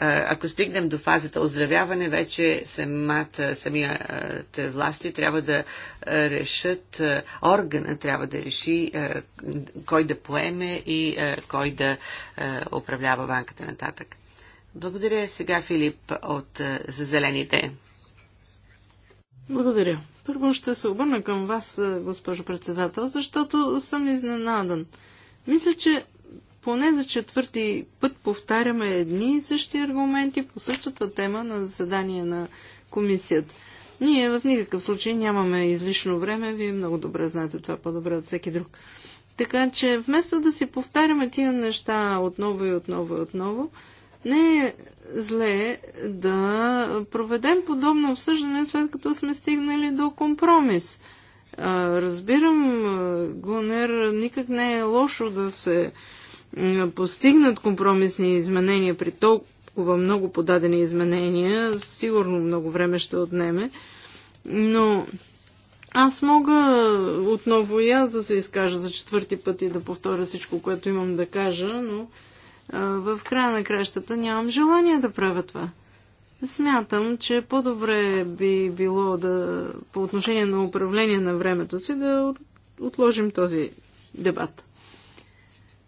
ако стигнем до фазата оздравяване, вече самата, самите власти трябва да решат, органа трябва да реши кой да поеме и кой да управлява банката нататък. Благодаря сега, Филип, от, за зелените. Благодаря. Първо ще се обърна към вас, госпожо председател, защото съм изненадан. Мисля, че поне за четвърти път повтаряме едни и същи аргументи по същата тема на заседание на комисията. Ние в никакъв случай нямаме излишно време, вие много добре знаете това по-добре от всеки друг. Така че вместо да си повтаряме тия неща отново и отново и отново, не е зле да проведем подобно обсъждане, след като сме стигнали до компромис. Разбирам, Гунер, никак не е лошо да се е, постигнат компромисни изменения при толкова много подадени изменения, сигурно много време ще отнеме, но аз мога отново и аз да се изкажа за четвърти път и да повторя всичко, което имам да кажа, но а, в края на кращата нямам желание да правя това. Смятам, че по-добре би било да, по отношение на управление на времето си, да отложим този дебат.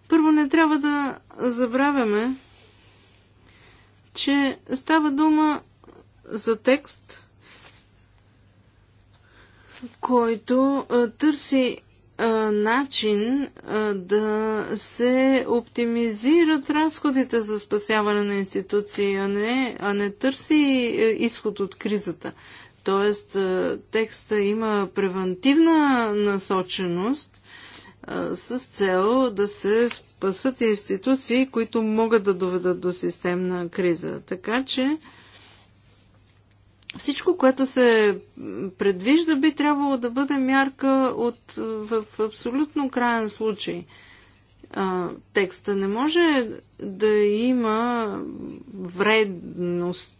Първо не трябва да забравяме, че става дума за текст, който търси начин да се оптимизират разходите за спасяване на институции, а не, а не търси изход от кризата. Тоест, текста има превентивна насоченост с цел да се спасат институции, които могат да доведат до системна криза. Така че всичко, което се предвижда, би трябвало да бъде мярка от, в, в абсолютно крайен случай. А, текста не може да има вредност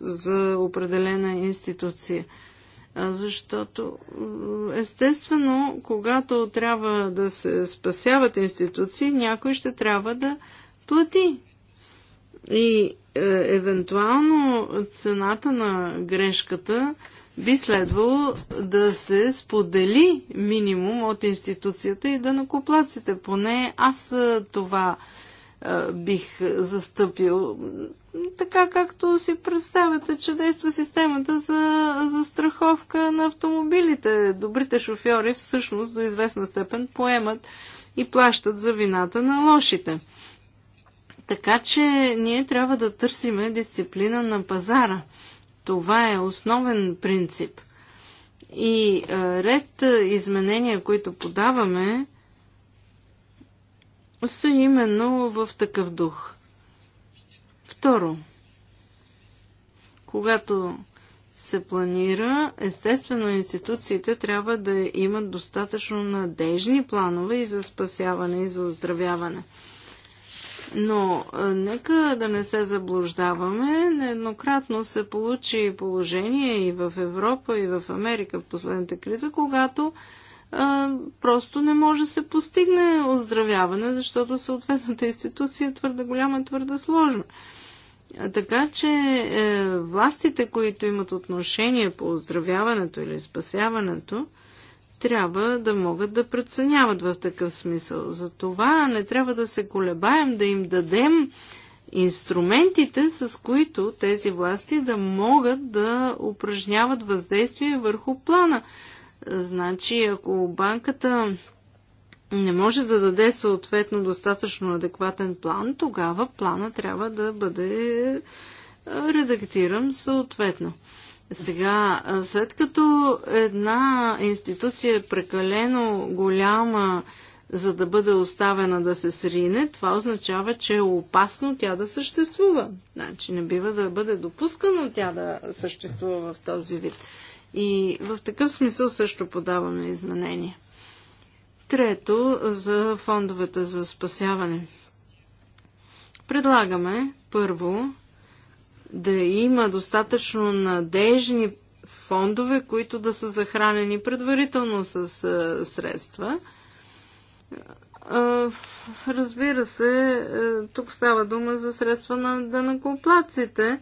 за определена институция защото естествено, когато трябва да се спасяват институции, някой ще трябва да плати. И е, евентуално цената на грешката би следвало да се сподели минимум от институцията и да накоплаците. Поне аз е, това е, бих е, застъпил така както си представяте, че действа системата за, за страховка на автомобилите. Добрите шофьори всъщност до известна степен поемат и плащат за вината на лошите. Така че ние трябва да търсиме дисциплина на пазара. Това е основен принцип. И е, ред изменения, които подаваме, са именно в такъв дух – Второ, когато се планира, естествено институциите трябва да имат достатъчно надежни планове и за спасяване и за оздравяване. Но нека да не се заблуждаваме. Нееднократно се получи положение и в Европа, и в Америка в последната криза, когато а, просто не може да се постигне оздравяване, защото съответната институция е твърде голяма, твърде сложна. Така че е, властите, които имат отношение по оздравяването или спасяването, трябва да могат да преценяват в такъв смисъл. За това не трябва да се колебаем, да им дадем инструментите, с които тези власти да могат да упражняват въздействие върху плана. Значи, ако банката не може да даде съответно достатъчно адекватен план, тогава плана трябва да бъде редактиран съответно. Сега, след като една институция е прекалено голяма, за да бъде оставена да се срине, това означава, че е опасно тя да съществува. Значи не бива да бъде допускано тя да съществува в този вид. И в такъв смисъл също подаваме изменения. Трето, за фондовете за спасяване. Предлагаме, първо, да има достатъчно надежни фондове, които да са захранени предварително с средства. Разбира се, тук става дума за средства на данакоплаците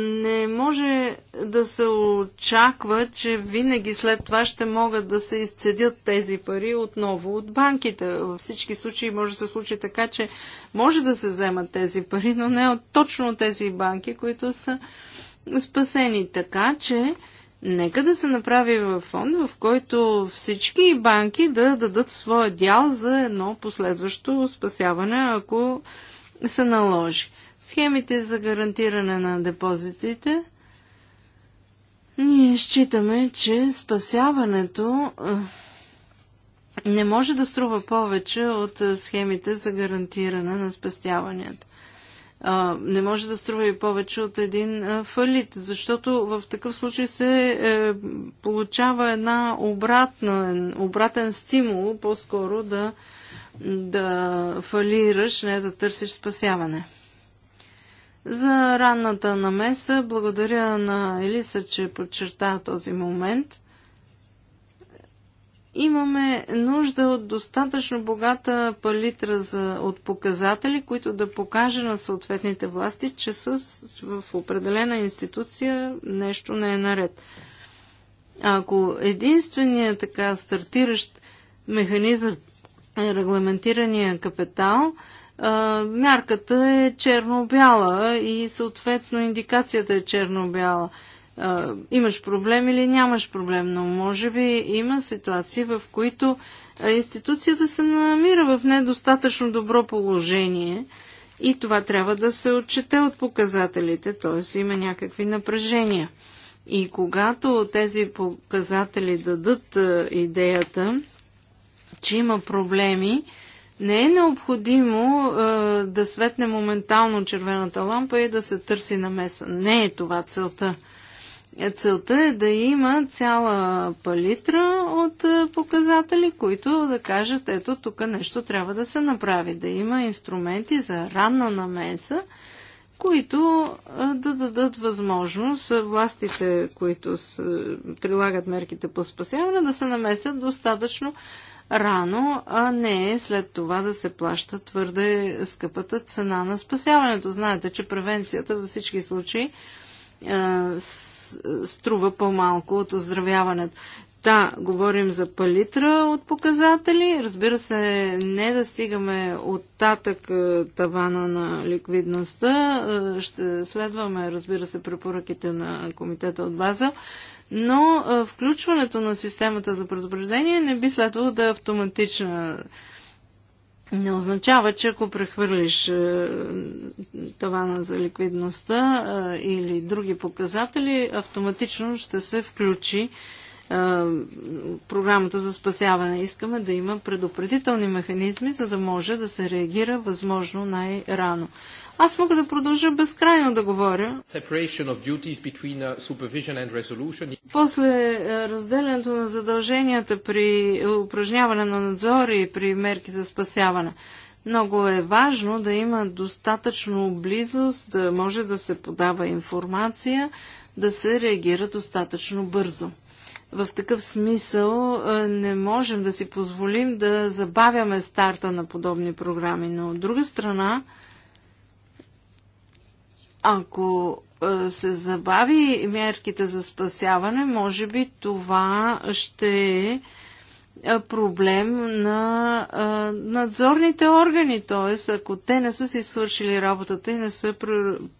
не може да се очаква, че винаги след това ще могат да се изцедят тези пари отново от банките. Във всички случаи може да се случи така, че може да се вземат тези пари, но не от точно тези банки, които са спасени. Така че нека да се направи в фонд, в който всички банки да дадат своя дял за едно последващо спасяване, ако се наложи схемите за гарантиране на депозитите, ние считаме, че спасяването не може да струва повече от схемите за гарантиране на спестяванията. Не може да струва и повече от един фалит, защото в такъв случай се е, получава една обратна, обратен стимул по-скоро да, да фалираш, не да търсиш спасяване. За ранната намеса благодаря на Елиса, че подчерта този момент. Имаме нужда от достатъчно богата палитра за, от показатели, които да покаже на съответните власти, че с, в определена институция нещо не е наред. Ако единственият така стартиращ механизъм е регламентирания капитал – мярката е черно-бяла и съответно индикацията е черно-бяла. Имаш проблем или нямаш проблем, но може би има ситуации, в които институцията се намира в недостатъчно добро положение и това трябва да се отчете от показателите, т.е. има някакви напрежения. И когато тези показатели дадат идеята, че има проблеми, не е необходимо е, да светне моментално червената лампа и да се търси намеса. Не е това целта. Целта е да има цяла палитра от показатели, които да кажат, ето тук нещо трябва да се направи. Да има инструменти за ранна намеса, които да дадат възможност властите, които прилагат мерките по спасяване, да се намесят достатъчно рано, а не е след това да се плаща твърде скъпата цена на спасяването. Знаете, че превенцията във всички случаи струва по-малко от оздравяването. да, говорим за палитра от показатели. Разбира се, не да стигаме от татък тавана на ликвидността. Ще следваме, разбира се, препоръките на комитета от база, но а, включването на системата за предупреждение не би следвало да е автоматична. Не означава, че ако прехвърлиш е, тавана за ликвидността е, или други показатели, автоматично ще се включи е, програмата за спасяване. Искаме да има предупредителни механизми, за да може да се реагира възможно най-рано. Аз мога да продължа безкрайно да говоря. Uh, После е, разделянето на задълженията при упражняване на надзор и при мерки за спасяване. Много е важно да има достатъчно близост, да може да се подава информация, да се реагира достатъчно бързо. В такъв смисъл е, не можем да си позволим да забавяме старта на подобни програми, но от друга страна ако е, се забави мерките за спасяване, може би това ще е, е проблем на е, надзорните органи, т.е. ако те не са си свършили работата и не са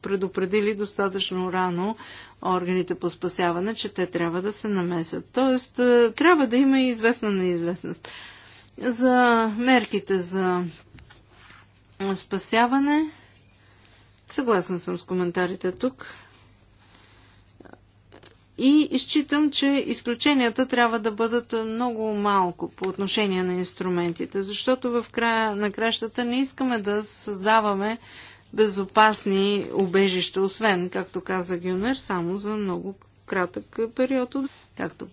предупредили достатъчно рано органите по спасяване, че те трябва да се намесят. Т.е. трябва да има и известна неизвестност. За мерките за спасяване Съгласна съм с коментарите тук. И изчитам, че изключенията трябва да бъдат много малко по отношение на инструментите, защото в края на кращата не искаме да създаваме безопасни убежища, освен, както каза Гюнер, само за много кратък период. Както...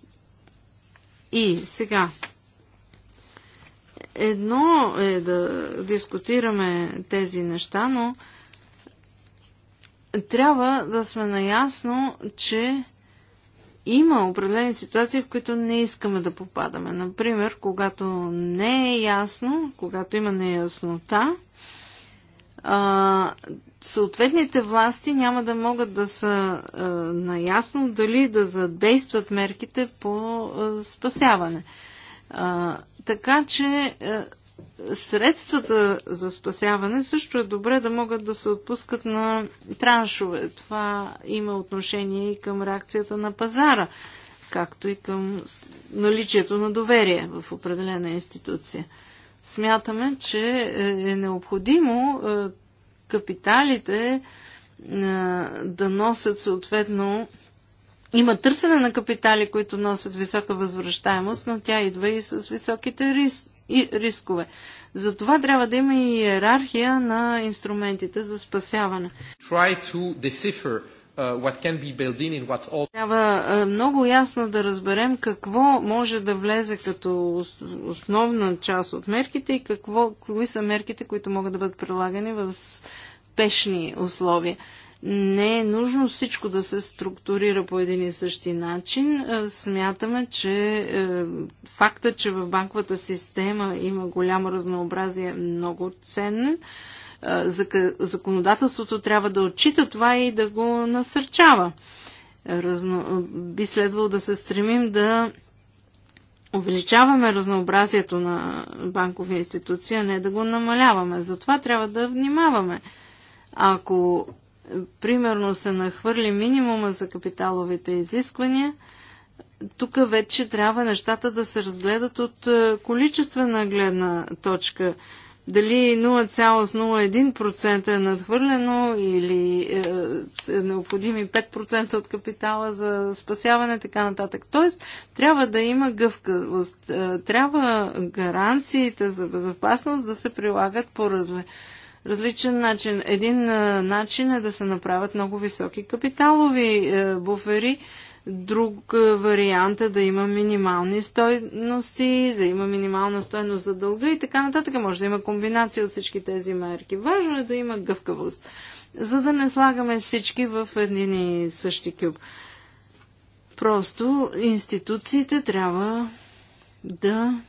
И сега. Едно е да дискутираме тези неща, но трябва да сме наясно, че има определени ситуации, в които не искаме да попадаме. Например, когато не е ясно, когато има неяснота, а, съответните власти няма да могат да са а, наясно дали да задействат мерките по а, спасяване. А, така че а, средствата за спасяване също е добре да могат да се отпускат на траншове. Това има отношение и към реакцията на пазара, както и към наличието на доверие в определена институция. Смятаме, че е, е необходимо е, капиталите е, да носят съответно има търсене на капитали, които носят висока възвръщаемост, но тя идва и с високите риски и рискове. Затова трябва да има и иерархия на инструментите за спасяване. All... Трябва е, много ясно да разберем какво може да влезе като основна част от мерките и какво, кои са мерките, които могат да бъдат прилагани в спешни условия. Не е нужно всичко да се структурира по един и същи начин. Е, смятаме, че е, факта, че в банковата система има голямо разнообразие, е много ценен. Е, законодателството трябва да отчита това и да го насърчава. Разно... Би следвало да се стремим да увеличаваме разнообразието на банкови институции, а не да го намаляваме. Затова трябва да внимаваме. Ако примерно се нахвърли минимума за капиталовите изисквания, тук вече трябва нещата да се разгледат от е, количествена гледна точка. Дали 0,01% е надхвърлено или е, е необходими 5% от капитала за спасяване, така нататък. Тоест, трябва да има гъвкавост. Е, трябва гаранциите за безопасност да се прилагат по разве различен начин. Един начин е да се направят много високи капиталови е, буфери, друг вариант е да има минимални стойности, да има минимална стойност за дълга и така нататък. Може да има комбинация от всички тези мерки. Важно е да има гъвкавост, за да не слагаме всички в един и същи кюб. Просто институциите трябва да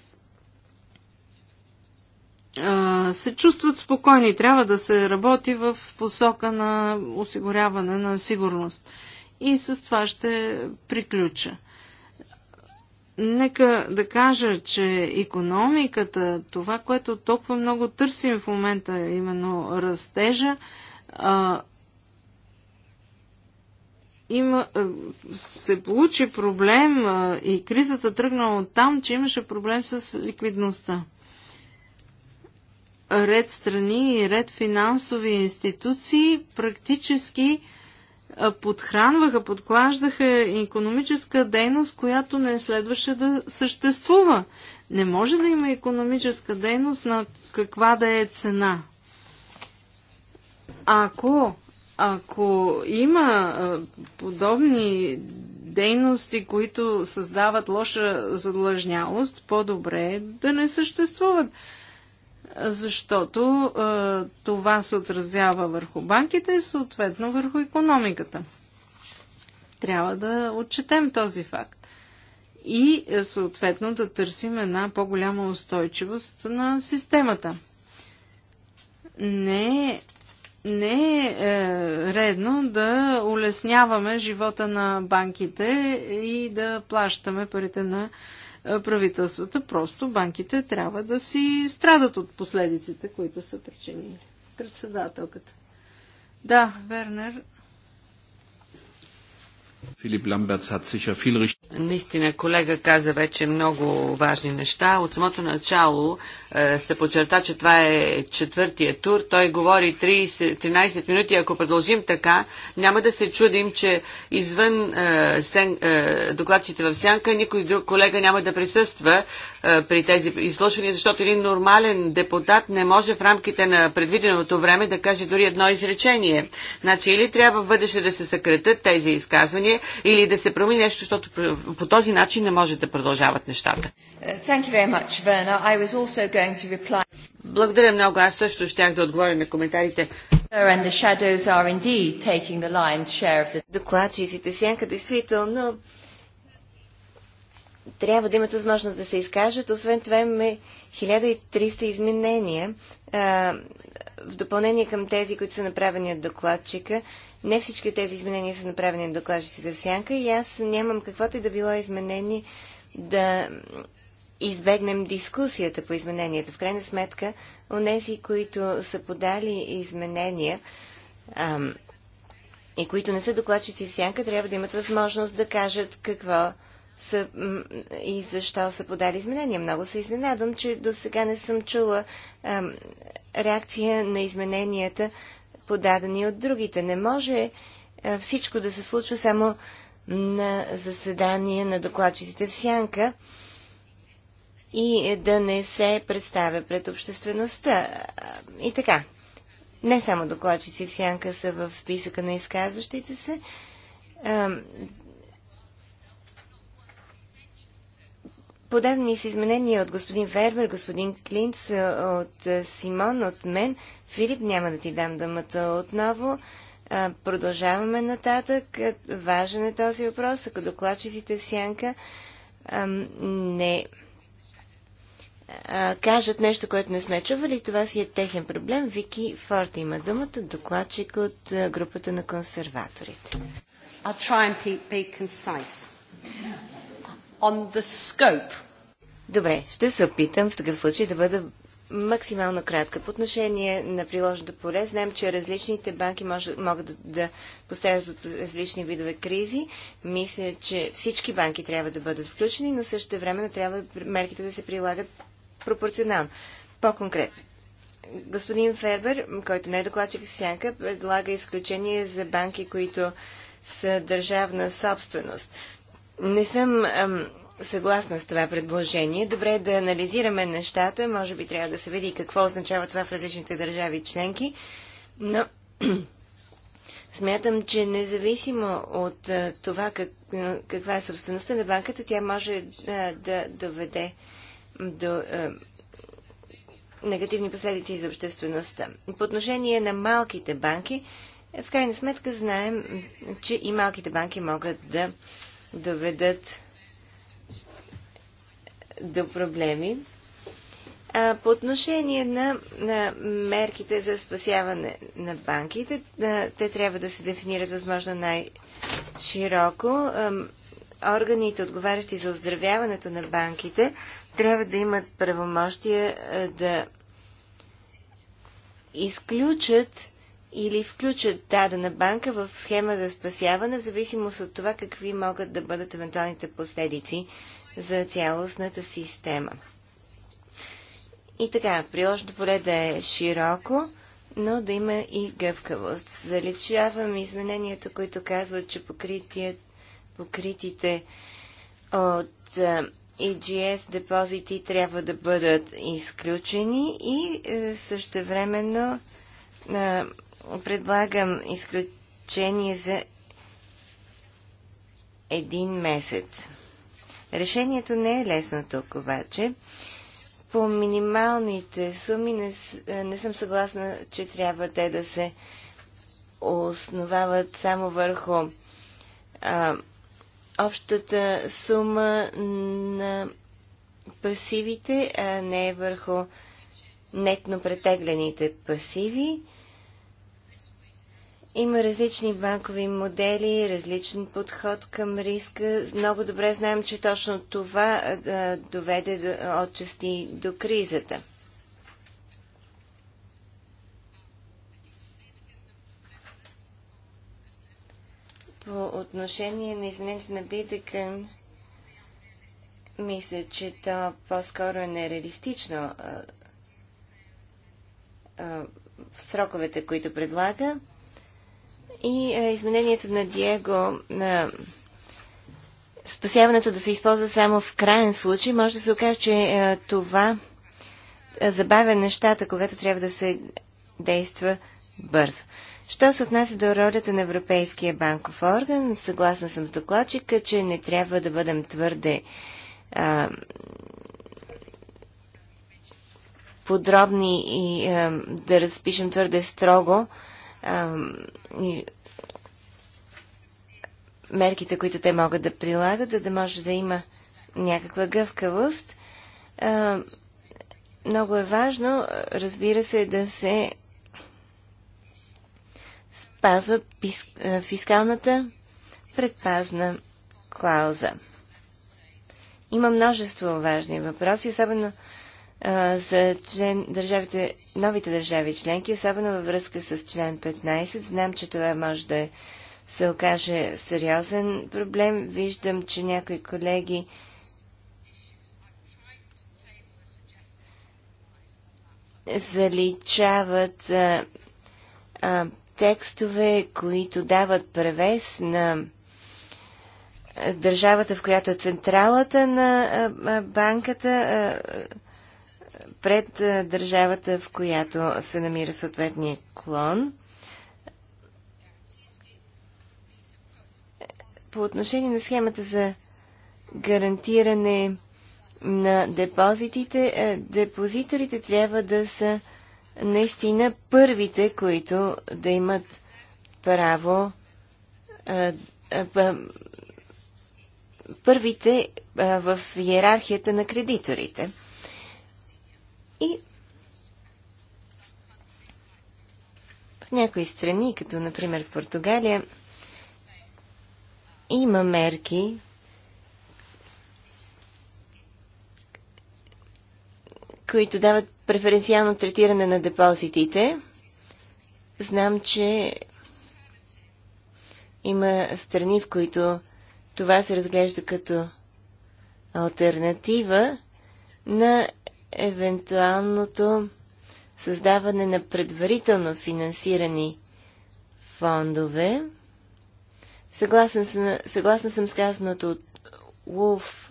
се чувстват спокойни. Трябва да се работи в посока на осигуряване на сигурност. И с това ще приключа. Нека да кажа, че економиката, това, което толкова много търсим в момента, е именно растежа, а, има, се получи проблем а, и кризата тръгна от там, че имаше проблем с ликвидността ред страни и ред финансови институции практически подхранваха, подклаждаха економическа дейност, която не следваше да съществува. Не може да има економическа дейност на каква да е цена. Ако, ако има подобни дейности, които създават лоша задлъжнялост, по-добре е да не съществуват защото е, това се отразява върху банките и съответно върху економиката. Трябва да отчетем този факт. И е, съответно да търсим една по-голяма устойчивост на системата. Не, не е, е редно да улесняваме живота на банките и да плащаме парите на правителствата. Просто банките трябва да си страдат от последиците, които са причинили. Председателката. Да, Вернер, Филип hat sicher viel Наистина, колега каза вече много важни неща. От самото начало е, се подчерта, че това е четвъртия тур. Той говори 30, 13 минути. Ако продължим така, няма да се чудим, че извън е, сен, е, докладчите в сянка никой друг колега няма да присъства, при тези изслушвания, защото един нормален депутат не може в рамките на предвиденото време да каже дори едно изречение. Значи или трябва в бъдеще да се съкретат тези изказвания, или да се промени нещо, защото по този начин не може да продължават нещата. Благодаря много. Аз също щях да отговоря на коментарите. Докладчиците сянка действително трябва да имат възможност да се изкажат. Освен това имаме 1300 изменения а, в допълнение към тези, които са направени от докладчика. Не всички от тези изменения са направени от докладчиците в сянка и аз нямам каквото и да било изменение да избегнем дискусията по измененията. В крайна сметка, у нези, които са подали изменения а, и които не са докладчици в сянка, трябва да имат възможност да кажат какво са и защо са подали изменения. Много се изненадам, че до сега не съм чула а, реакция на измененията, подадени от другите. Не може а, всичко да се случва само на заседание на докладчиците в Сянка и е, да не се представя пред обществеността. И така, не само докладчици в Сянка са в списъка на изказващите се. А, Подадени са изменения от господин Вербер, господин Клинц, от Симон, от мен. Филип, няма да ти дам думата отново. Продължаваме нататък. Важен е този въпрос. Ако докладчиците в сянка не кажат нещо, което не сме чували, това си е техен проблем. Вики Форт има думата, докладчик от групата на консерваторите. I'll try and be concise on the scope. Добре, ще се опитам в такъв случай да бъда максимално кратка. По отношение на приложното поле, знаем, че различните банки може, могат да, да пострадат от различни видове кризи. Мисля, че всички банки трябва да бъдат включени, но също време трябва мерките да се прилагат пропорционално. По-конкретно. Господин Фербер, който не е докладчик Сянка, предлага изключение за банки, които са държавна собственост. Не съм ам, съгласна с това предложение. Добре е да анализираме нещата. Може би трябва да се види какво означава това в различните държави членки. Но *clears throat* смятам, че независимо от а, това как, а, каква е собствеността на банката, тя може а, да доведе до негативни последици за обществеността. По отношение на малките банки, в крайна сметка знаем, че и малките банки могат да доведат до проблеми. А, по отношение на, на мерките за спасяване на банките, да, те трябва да се дефинират възможно най-широко. Органите, отговарящи за оздравяването на банките, трябва да имат правомощия да изключат или включат дадена банка в схема за спасяване, в зависимост от това какви могат да бъдат евентуалните последици за цялостната система. И така, приложното поле да е широко, но да има и гъвкавост. Заличавам измененията, които казват, че покритият, покритите от EGS депозити трябва да бъдат изключени и е, същевременно предлагам изключение за един месец. Решението не е лесно тук, обаче. По минималните суми не, е, не съм съгласна, че трябва те да се основават само върху а, общата сума на пасивите, а не върху нетно претеглените пасиви. Има различни банкови модели, различен подход към риска. Много добре знаем, че точно това а, доведе до, отчасти до кризата. По отношение на изменението на Битъкън, мисля, че то по-скоро е нереалистично а, а, в сроковете, които предлага и е, изменението на Диего на спасяването да се използва само в крайен случай, може да се окаже, че е, това е, забавя нещата, когато трябва да се действа бързо. Що се отнася до ролята на Европейския банков орган, съгласна съм с докладчика, че не трябва да бъдем твърде а, подробни и а, да разпишем твърде строго мерките, които те могат да прилагат, за да може да има някаква гъвкавост. А, много е важно, разбира се, да се спазва пис... фискалната предпазна клауза. Има множество важни въпроси, особено за член, държавите, новите държави членки, особено във връзка с член 15. Знам, че това може да се окаже сериозен проблем. Виждам, че някои колеги заличават а, а, текстове, които дават превес на държавата, в която е централата на а, банката. А, пред държавата, в която се намира съответния клон. По отношение на схемата за гарантиране на депозитите, депозиторите трябва да са наистина първите, които да имат право първите в иерархията на кредиторите. И в някои страни, като например в Португалия, има мерки, които дават преференциално третиране на депозитите. Знам, че има страни, в които това се разглежда като альтернатива на евентуалното създаване на предварително финансирани фондове. Съгласен съм, съгласна съм с казаното от Wolf,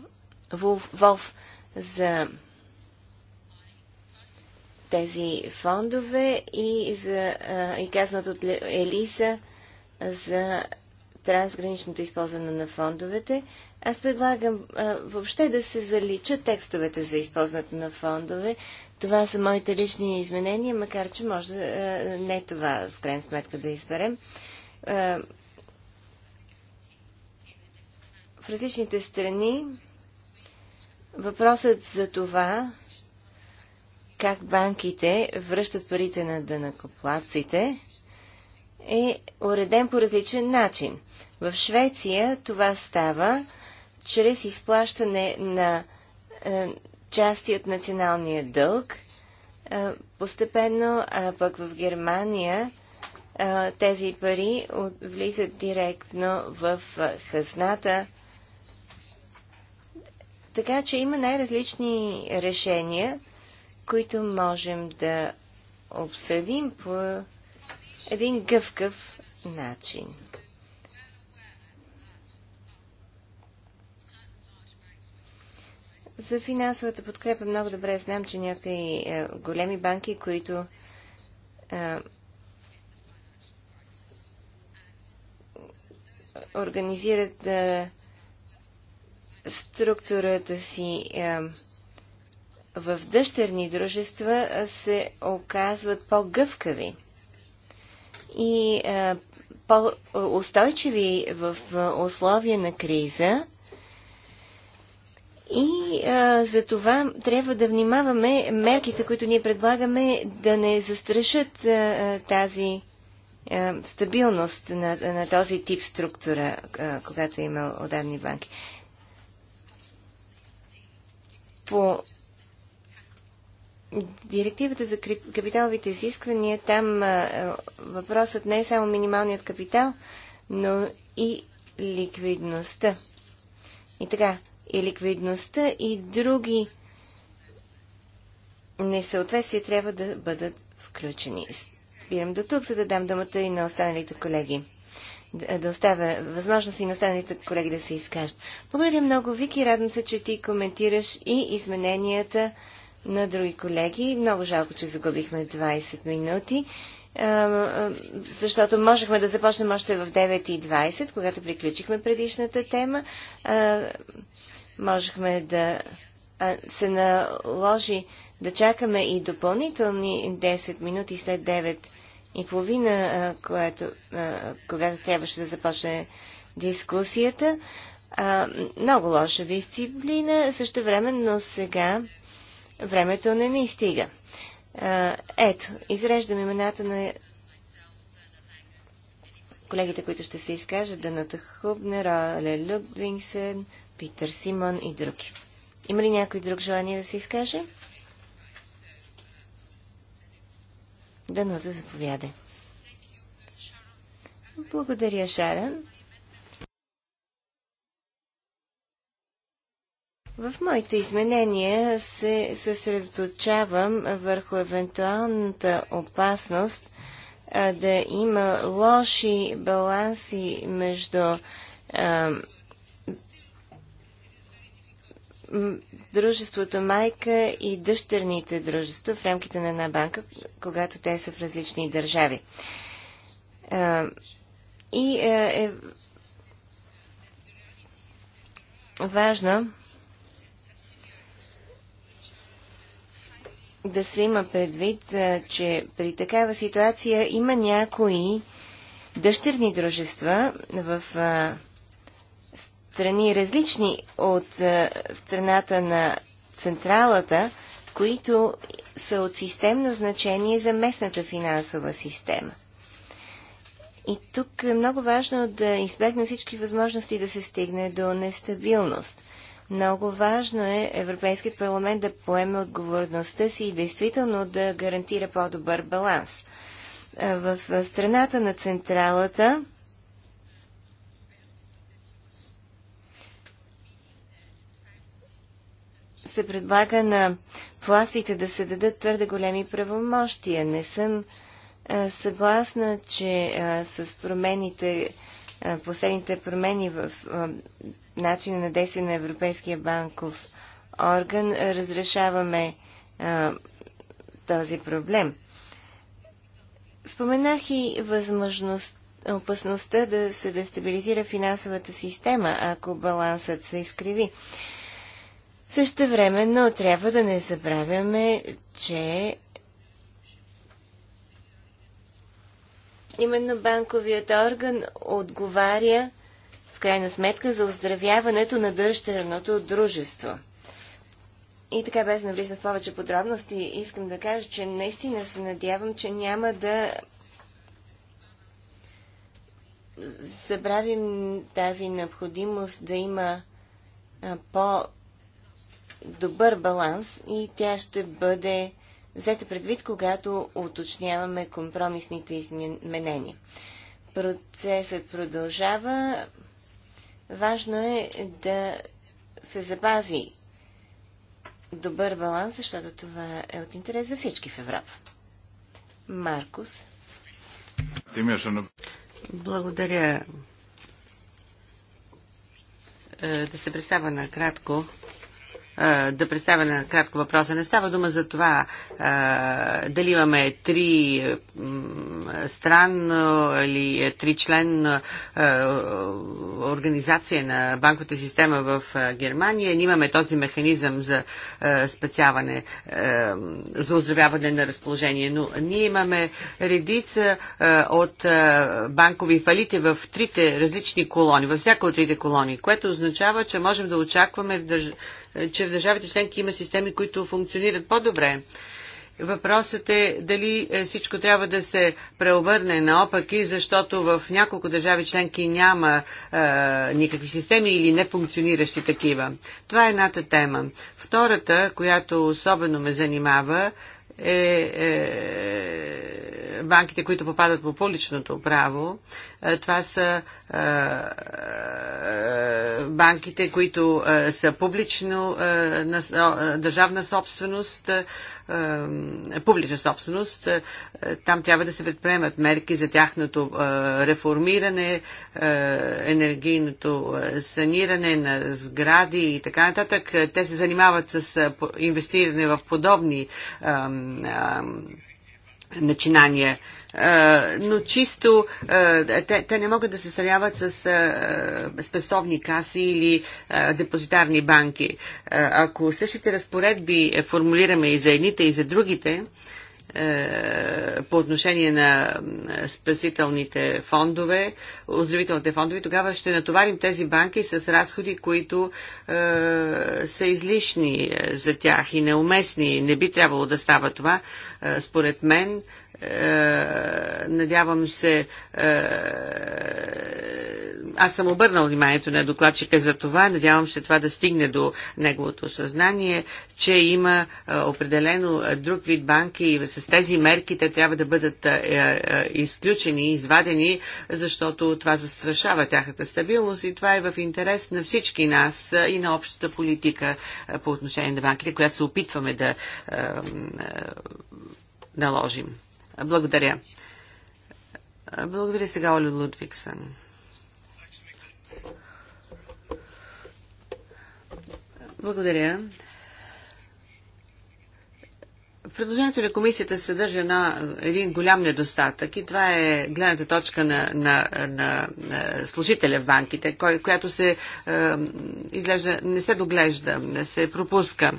Wolf, Wolf за тези фондове и, за, и казаното от Елиса за трансграничното използване на фондовете. Аз предлагам а, въобще да се заличат текстовете за използването на фондове. Това са моите лични изменения, макар че може а, не това в крайна сметка да изберем. А, в различните страни въпросът за това как банките връщат парите на дънакоплаците е уреден по различен начин. В Швеция това става чрез изплащане на е, части от националния дълг, е, постепенно, а пък в Германия е, тези пари от, влизат директно в е, хазната. Така че има най-различни решения, които можем да обсъдим по един гъвкав начин. За финансовата подкрепа много добре знам, че някои е, големи банки, които е, организират е, структурата си в дъщерни дружества, се оказват по-гъвкави и по-устойчиви в условия на криза и а, за това трябва да внимаваме мерките, които ние предлагаме, да не застрашат а, тази а, стабилност на, на този тип структура, а, когато има отдавни банки. По директивата за капиталовите изисквания, там а, въпросът не е само минималният капитал, но и ликвидността. И така, и ликвидността и други несъответствия трябва да бъдат включени. Спирам до тук, за да дам думата и на останалите колеги. Да, оставя възможност и на останалите колеги да се изкажат. Благодаря много, Вики. Радвам се, че ти коментираш и измененията на други колеги. Много жалко, че загубихме 20 минути, защото можехме да започнем още в 9.20, когато приключихме предишната тема можехме да се наложи да чакаме и допълнителни 10 минути след 9 и половина, което, когато трябваше да започне дискусията. Много лоша дисциплина, също време, но сега времето не ни стига. Ето, изреждам имената на колегите, които ще се изкажат. Даната Хубнера, Оле Людвингсен. Питър Симон и други. Има ли някой друг желание да се изкаже? Дано да заповяде. Благодаря, Шаран. В моите изменения се съсредоточавам върху евентуалната опасност да има лоши баланси между а, дружеството майка и дъщерните дружества в рамките на една банка, когато те са в различни държави. И е важно да се има предвид, че при такава ситуация има някои дъщерни дружества в страни, различни от е, страната на централата, които са от системно значение за местната финансова система. И тук е много важно да избегнем всички възможности да се стигне до нестабилност. Много важно е Европейският парламент да поеме отговорността си и действително да гарантира по-добър баланс. Е, в страната на централата се предлага на властите да се дадат твърде големи правомощия. Не съм а, съгласна, че а, с промените, а, последните промени в начина на действие на Европейския банков орган разрешаваме този проблем. Споменах и възможност, опасността да се дестабилизира финансовата система, ако балансът се изкриви. Също времено трябва да не забравяме, че именно банковият орган отговаря в крайна сметка за оздравяването на дъщерното дружество. И така, без да навлизам в повече подробности, искам да кажа, че наистина се надявам, че няма да забравим тази необходимост да има по добър баланс и тя ще бъде взета предвид, когато уточняваме компромисните изменения. Процесът продължава. Важно е да се запази добър баланс, защото това е от интерес за всички в Европа. Маркус. Благодаря. Е, да се представя накратко да представя на кратко въпроса. Не става дума за това дали имаме три стран или три член организация на банковата система в Германия. Ние имаме този механизъм за спецяване, за оздравяване на разположение, но ние имаме редица от банкови фалити в трите различни колони, във всяка от трите колони, което означава, че можем да очакваме в държ че в държавите членки има системи, които функционират по-добре. Въпросът е дали е, всичко трябва да се преобърне наопаки, защото в няколко държави членки няма е, никакви системи или не функциониращи такива. Това е едната тема. Втората, която особено ме занимава, е, е, банките, които попадат по публичното право. Е, това са е, е, банките, които е, са публично е, на, е, държавна собственост, е, е, публична собственост, е, там трябва да се предприемат мерки за тяхното е, реформиране, енергийното саниране на сгради и така нататък. Те се занимават с инвестиране в подобни начинания но чисто те, те не могат да се сравняват с спестовни каси или депозитарни банки. Ако същите разпоредби формулираме и за едните, и за другите, по отношение на спасителните фондове, оздравителните фондове, тогава ще натоварим тези банки с разходи, които е, са излишни е, за тях и неуместни. Не би трябвало да става това. Според мен, е, надявам се, е, аз съм обърнал вниманието на докладчика за това, надявам се това да стигне до неговото съзнание, че има е, определено друг вид банки и с тези мерки те трябва да бъдат изключени, извадени, защото това застрашава тяхната стабилност и това е в интерес на всички нас и на общата политика по отношение на банките, която се опитваме да наложим. Благодаря. Благодаря сега Оли Лудвиксън. Благодаря. Предложението на комисията съдържа на един голям недостатък и това е гледната точка на, на, на, на служителя в банките, кой, която се е, изглежда, не се доглежда, не се пропуска.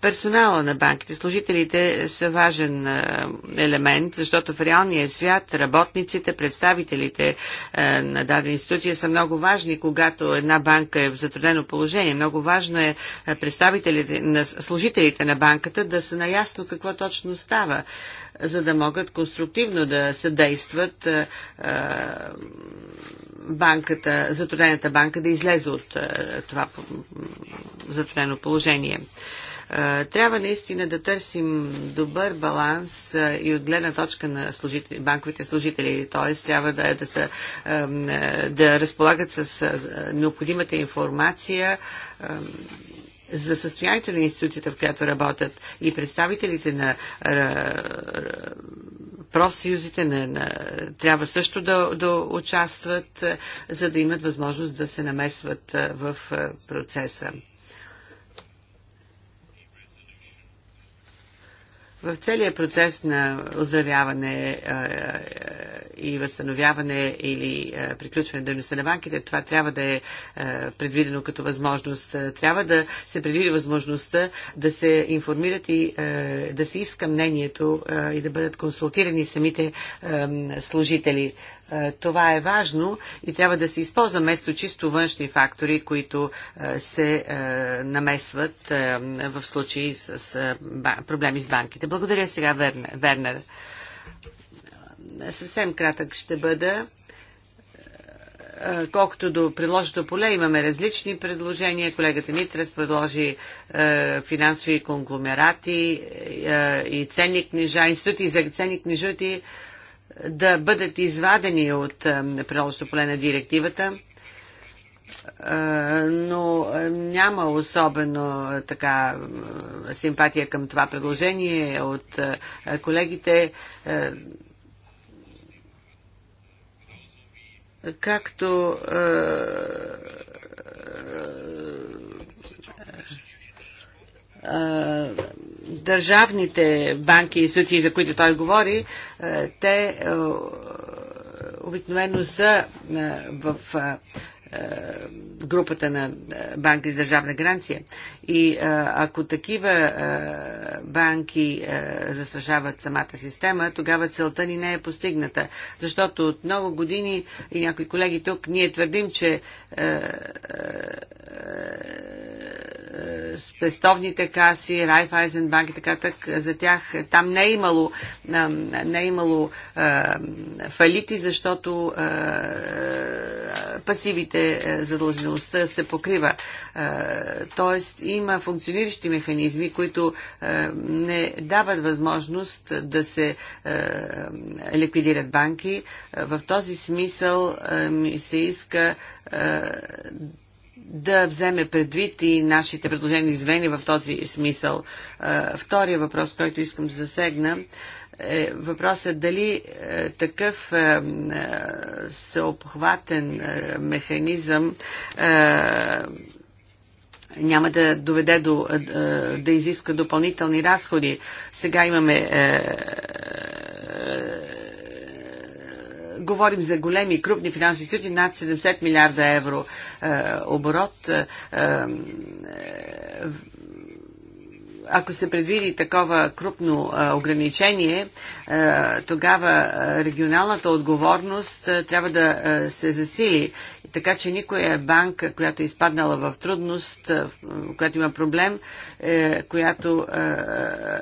Персонала на банките, служителите са важен е, елемент, защото в реалния свят работниците, представителите е, на дадена институция са много важни, когато една банка е в затруднено положение. Много важно е, е представителите на служителите на банката да са наясно какво точно става, за да могат конструктивно да съдействат банката, затруднената банка да излезе от това затруднено положение. Трябва наистина да търсим добър баланс и от гледна точка на служители, банковите служители, т.е. трябва да, да, са, да разполагат с необходимата информация за състоянието на институцията, в която работят и представителите на профсъюзите на, на, трябва също да, да участват, за да имат възможност да се намесват в процеса. В целия процес на оздравяване е, е, е, и възстановяване или приключване дейността на банките, това трябва да е предвидено като възможност. Трябва да се предвиди възможността да се информират и да се иска мнението и да бъдат консултирани самите служители е, това е важно и трябва да се използва вместо чисто външни фактори, които е, се е, намесват в случаи с проблеми с банките. Благодаря сега, Вернер. Съвсем кратък ще бъда колкото до предложното поле, имаме различни предложения. Колегата Нитрес предложи е, финансови конгломерати е, и ценни книжа, институти за ценни книжоти да бъдат извадени от е, приложното поле на директивата, е, но няма особено е, така симпатия към това предложение от колегите. Както държавните банки и институции, за които той говори, е, те е, обикновено са е, в групата на банки с държавна гаранция. И ако такива банки застрашават самата система, тогава целта ни не е постигната. Защото от много години и някои колеги тук ние твърдим, че спестовните каси, Райфайзен банк и така так, за тях там не е имало, не е имало е, фалити, защото е, пасивите е, задължеността се покрива. Е, тоест има функциониращи механизми, които е, не дават възможност да се е, ликвидират банки. В този смисъл е, ми се иска е, да вземе предвид и нашите предложени звени в този смисъл. Е, втория въпрос, който искам да засегна, е въпросът дали е, такъв е, съобхватен механизъм няма да доведе до, да изиска допълнителни разходи. Сега имаме говорим за големи, крупни финансови институти, над 70 милиарда евро е, оборот. Е, е, ако се предвиди такова крупно е, ограничение, е, тогава е, регионалната отговорност е, трябва да е, се засили така че никоя банка, която е изпаднала в трудност, е, която има проблем, е, която е,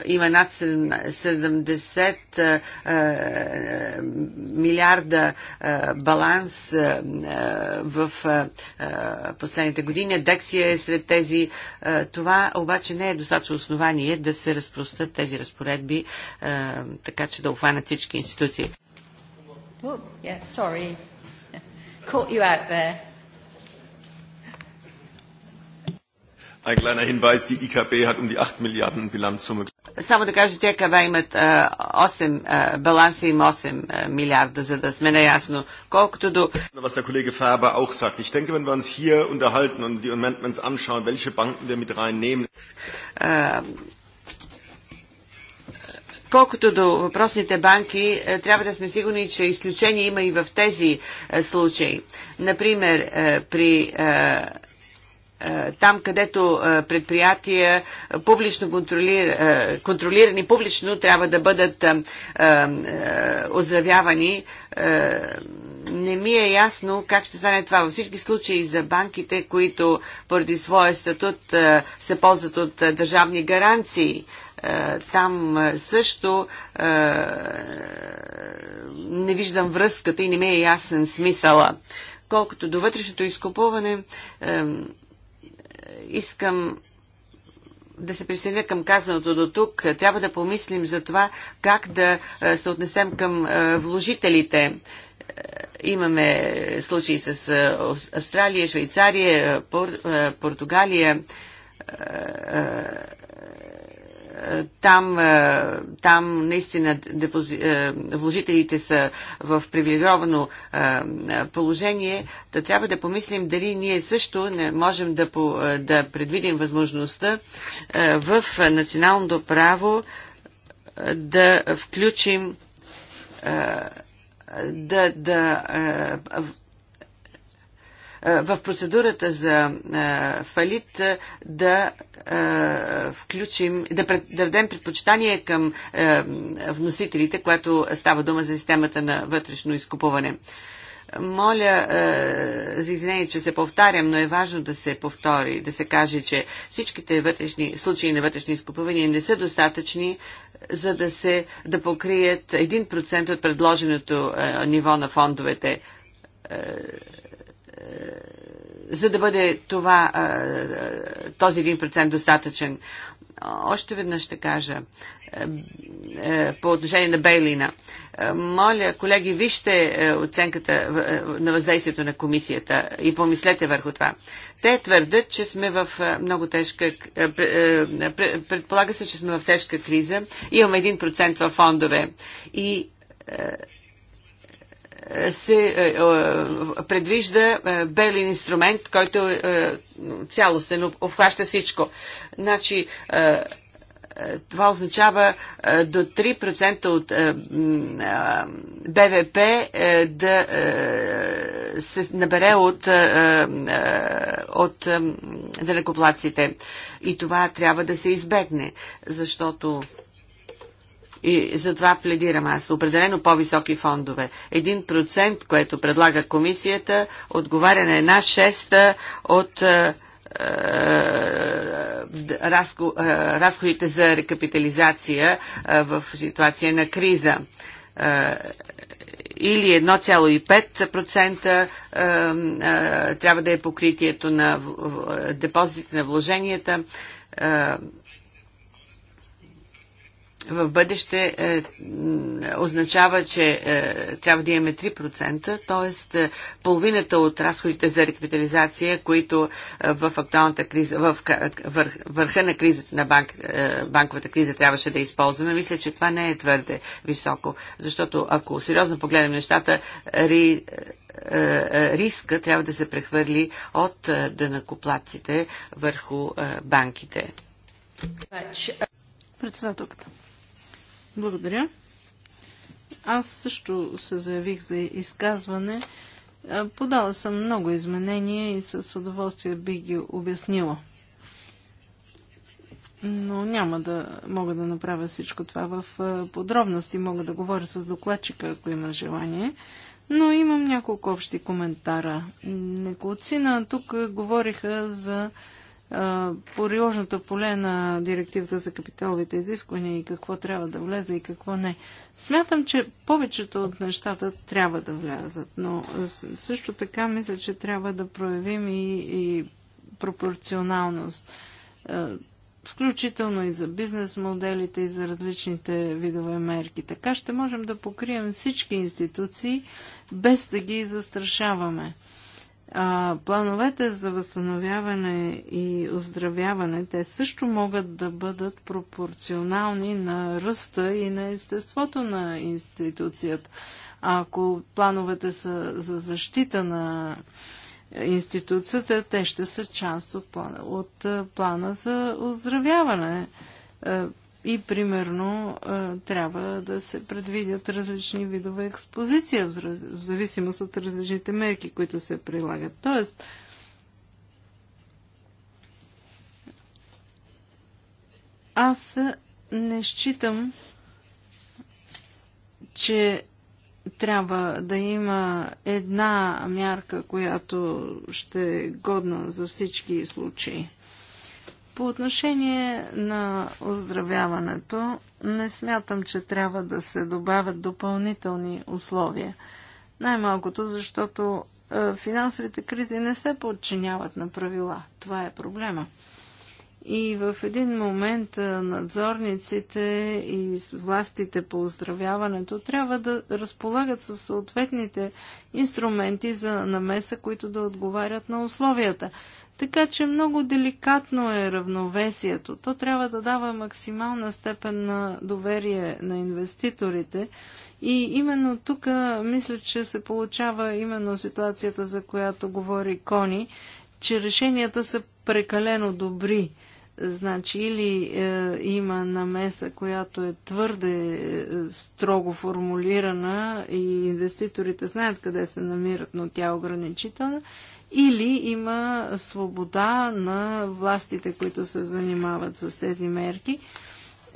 има над 70 милиарда баланс в последните години. Дексия е сред тези. Това обаче не е достатъчно основание да се разпростат тези разпоредби, така че да обхванат всички институции. Yeah, sorry caught you out there. Ein kleiner Hinweis, die IKB hat um die 8 Milliarden Bilanzsumme. Само да кажа, тя КБ имат 8, баланси им 8 милиарда, за да сме наясно. Колкото до... Was der Kollege Faber auch sagt. Ich denke, wenn wir uns hier unterhalten und die Amendments anschauen, welche Banken wir mit reinnehmen... Uh, Колкото до въпросните банки, е, трябва да сме сигурни, че изключения има и в тези е, случаи. Например, е, при там, където предприятия публично контролира, контролирани публично трябва да бъдат оздравявани. Не ми е ясно как ще стане това. Във всички случаи за банките, които поради своя статут се ползват от държавни гаранции е, там е, също е, не виждам връзката и не ми е ясен смисъла. Колкото до вътрешното изкупуване, искам да се присъединя към казаното до тук, трябва да помислим за това как да се отнесем към вложителите. Имаме случаи с Австралия, Швейцария, Пор... Португалия, там, е, там наистина депози... Е, вложителите са в привилегировано е, положение. Да трябва да помислим дали ние също не можем да, по... да предвидим възможността в националното право да включим да, да е, в процедурата за е, фалит е, да включим, да, пред, да дадем предпочитание към вносителите, което става дума за системата на вътрешно изкупуване. Моля е, за извинение, че се повтарям, но е важно да се повтори, да се каже, че всичките вътрешни, случаи на вътрешни изкупувания не са достатъчни, за да, се, да покрият 1% от предложеното е, ниво на фондовете. Е, за да бъде това, този 1% достатъчен. Още веднъж ще кажа по отношение на Бейлина. Моля, колеги, вижте оценката на въздействието на комисията и помислете върху това. Те твърдят, че сме в много тежка... Предполага се, че сме в тежка криза. Имаме 1% във фондове. И се е, е, предвижда е, белин инструмент, който е цялостен, обхваща всичко. Значи, това означава до 3% от БВП да се набере от, от денекоплаците. И това трябва да се избегне, защото и затова пледирам аз. Определено по-високи фондове. Един процент, което предлага комисията, отговаря на една шеста от е, е, е, разходите за рекапитализация в ситуация на криза или 1,5% трябва да е покритието на депозитите на вложенията в бъдеще е, означава, че е, трябва да имаме 3%, т.е. половината от разходите за рекапитализация, които е, в актуалната криза, в върха на кризата на банк, е, банковата криза трябваше да използваме. Мисля, че това не е твърде високо, защото ако сериозно погледнем нещата, ри, е, е риска трябва да се прехвърли от е, дънакоплаците върху е, банките. Председателката. Благодаря. Аз също се заявих за изказване. Подала съм много изменения и с удоволствие бих ги обяснила. Но няма да мога да направя всичко това в подробности. Мога да говоря с докладчика, ако има желание. Но имам няколко общи коментара. Неколцина тук говориха за по приложното поле на директивата за капиталовите изисквания и какво трябва да влезе и какво не. Смятам, че повечето от нещата трябва да влязат, но също така мисля, че трябва да проявим и, и пропорционалност, включително и за бизнес моделите и за различните видове мерки. Така ще можем да покрием всички институции, без да ги застрашаваме. А, плановете за възстановяване и оздравяване, те също могат да бъдат пропорционални на ръста и на естеството на институцията. А ако плановете са за защита на институцията, те ще са част от плана, от плана за оздравяване. Е, и примерно трябва да се предвидят различни видове експозиция в зависимост от различните мерки, които се прилагат. Тоест, аз не считам, че трябва да има една мярка, която ще е годна за всички случаи. По отношение на оздравяването, не смятам, че трябва да се добавят допълнителни условия. Най-малкото, защото е, финансовите кризи не се подчиняват на правила. Това е проблема. И в един момент е, надзорниците и властите по оздравяването трябва да разполагат със съответните инструменти за намеса, които да отговарят на условията. Така че много деликатно е равновесието. То трябва да дава максимална степен на доверие на инвеститорите. И именно тук мисля, че се получава именно ситуацията, за която говори Кони, че решенията са прекалено добри. Значи или е, има намеса, която е твърде е, строго формулирана и инвеститорите знаят къде се намират, но тя е ограничителна, или има свобода на властите, които се занимават с тези мерки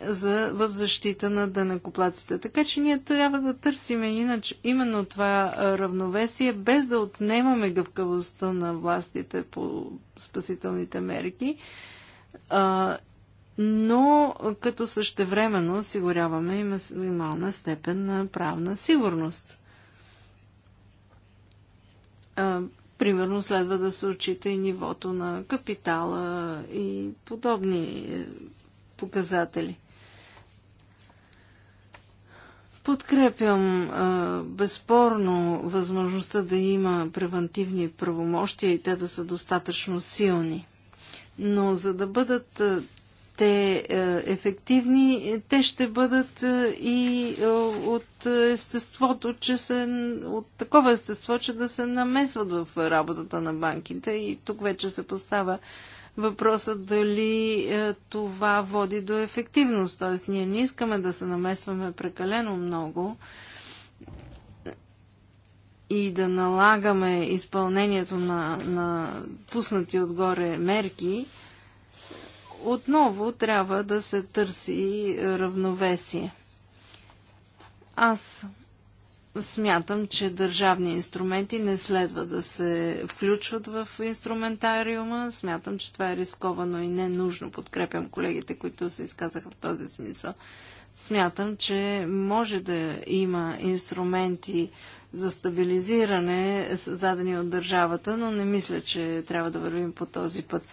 за, в защита на дънакоплаците. Така че ние трябва да търсим иначе, именно това равновесие, без да отнемаме гъвкавостта на властите по спасителните мерки, а, но като същевременно осигуряваме максимална степен на правна сигурност. А, Примерно следва да се отчита и нивото на капитала и подобни е, показатели. Подкрепям а, е, безспорно възможността да има превентивни правомощия и те да са достатъчно силни. Но за да бъдат е, те е, ефективни, те ще бъдат е, и е, от естеството, че се, от такова естество, че да се намесват в работата на банките. И тук вече се поставя въпросът дали това води до ефективност. Т.е. ние не искаме да се намесваме прекалено много и да налагаме изпълнението на, на пуснати отгоре мерки, отново трябва да се търси равновесие. Аз смятам, че държавни инструменти не следва да се включват в инструментариума. Смятам, че това е рисковано и не нужно. Подкрепям колегите, които се изказаха в този смисъл. Смятам, че може да има инструменти за стабилизиране, създадени от държавата, но не мисля, че трябва да вървим по този път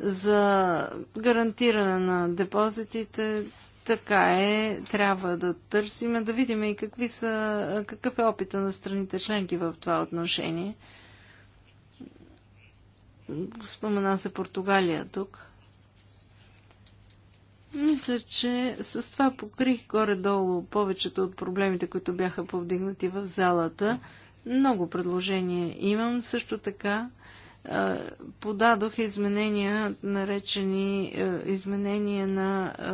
за гарантиране на депозитите. Така е, трябва да търсиме, да видим и какви са, какъв е опита на страните членки в това отношение. Спомена се Португалия тук. Мисля, че с това покрих горе-долу повечето от проблемите, които бяха повдигнати в залата. Много предложения имам също така подадох изменения, наречени е, изменения на е,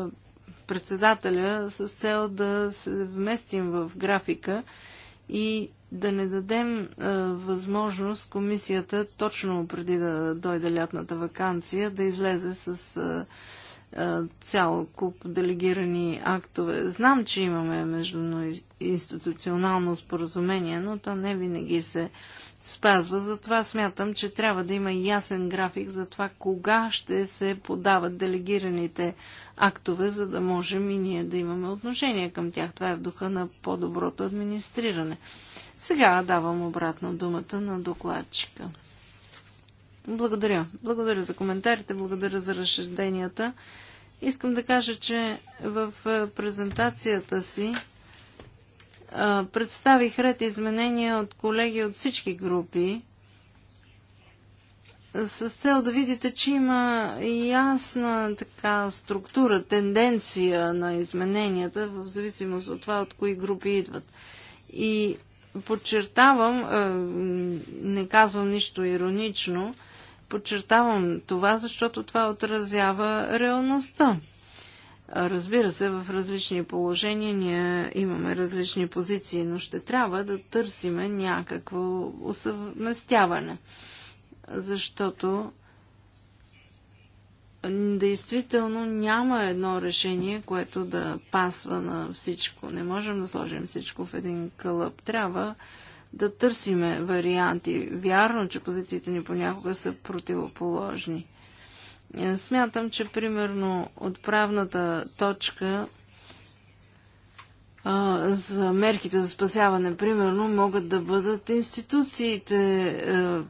председателя с цел да се вместим в графика и да не дадем е, възможност комисията точно преди да дойде лятната вакансия да излезе с цял куп делегирани актове. Знам, че имаме междуинституционално споразумение, но то не винаги се спазва. Затова смятам, че трябва да има ясен график за това кога ще се подават делегираните актове, за да можем и ние да имаме отношение към тях. Това е в духа на по-доброто администриране. Сега давам обратно думата на докладчика. Благодаря. Благодаря за коментарите, благодаря за разширенията. Искам да кажа, че в презентацията си Представих ред изменения от колеги от всички групи с цел да видите, че има ясна така структура, тенденция на измененията, в зависимост от това от кои групи идват. И подчертавам, не казвам нищо иронично, подчертавам това, защото това отразява реалността. Разбира се, в различни положения ние имаме различни позиции, но ще трябва да търсиме някакво усъвместяване, защото действително няма едно решение, което да пасва на всичко. Не можем да сложим всичко в един кълъп. Трябва да търсиме варианти. Вярно, че позициите ни понякога са противоположни. Смятам, че примерно отправната точка а, за мерките за спасяване, примерно, могат да бъдат институциите. А,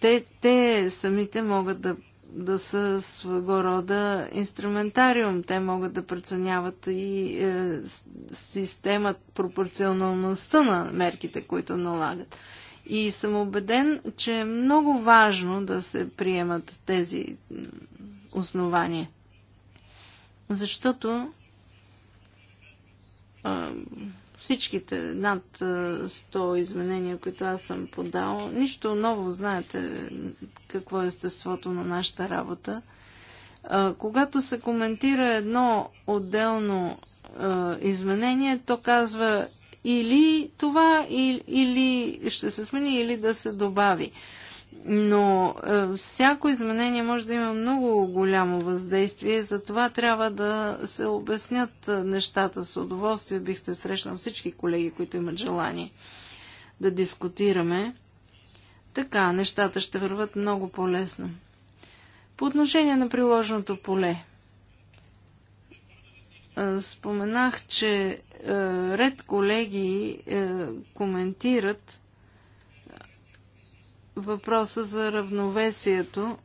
те, те самите могат да, да са своего рода инструментариум. Те могат да преценяват и е, системат пропорционалността на мерките, които налагат. И съм убеден, че е много важно да се приемат тези основания. Защото а, всичките над 100 изменения, които аз съм подал, нищо ново, знаете какво е естеството на нашата работа. А, когато се коментира едно отделно а, изменение, то казва или това, или ще се смени, или да се добави. Но е, всяко изменение може да има много голямо въздействие, затова трябва да се обяснят е, нещата. С удоволствие бих се срещнал всички колеги, които имат желание да дискутираме. Така, нещата ще върват много по-лесно. По отношение на приложеното поле, е, споменах, че е, ред колеги е, коментират въпроса за равновесието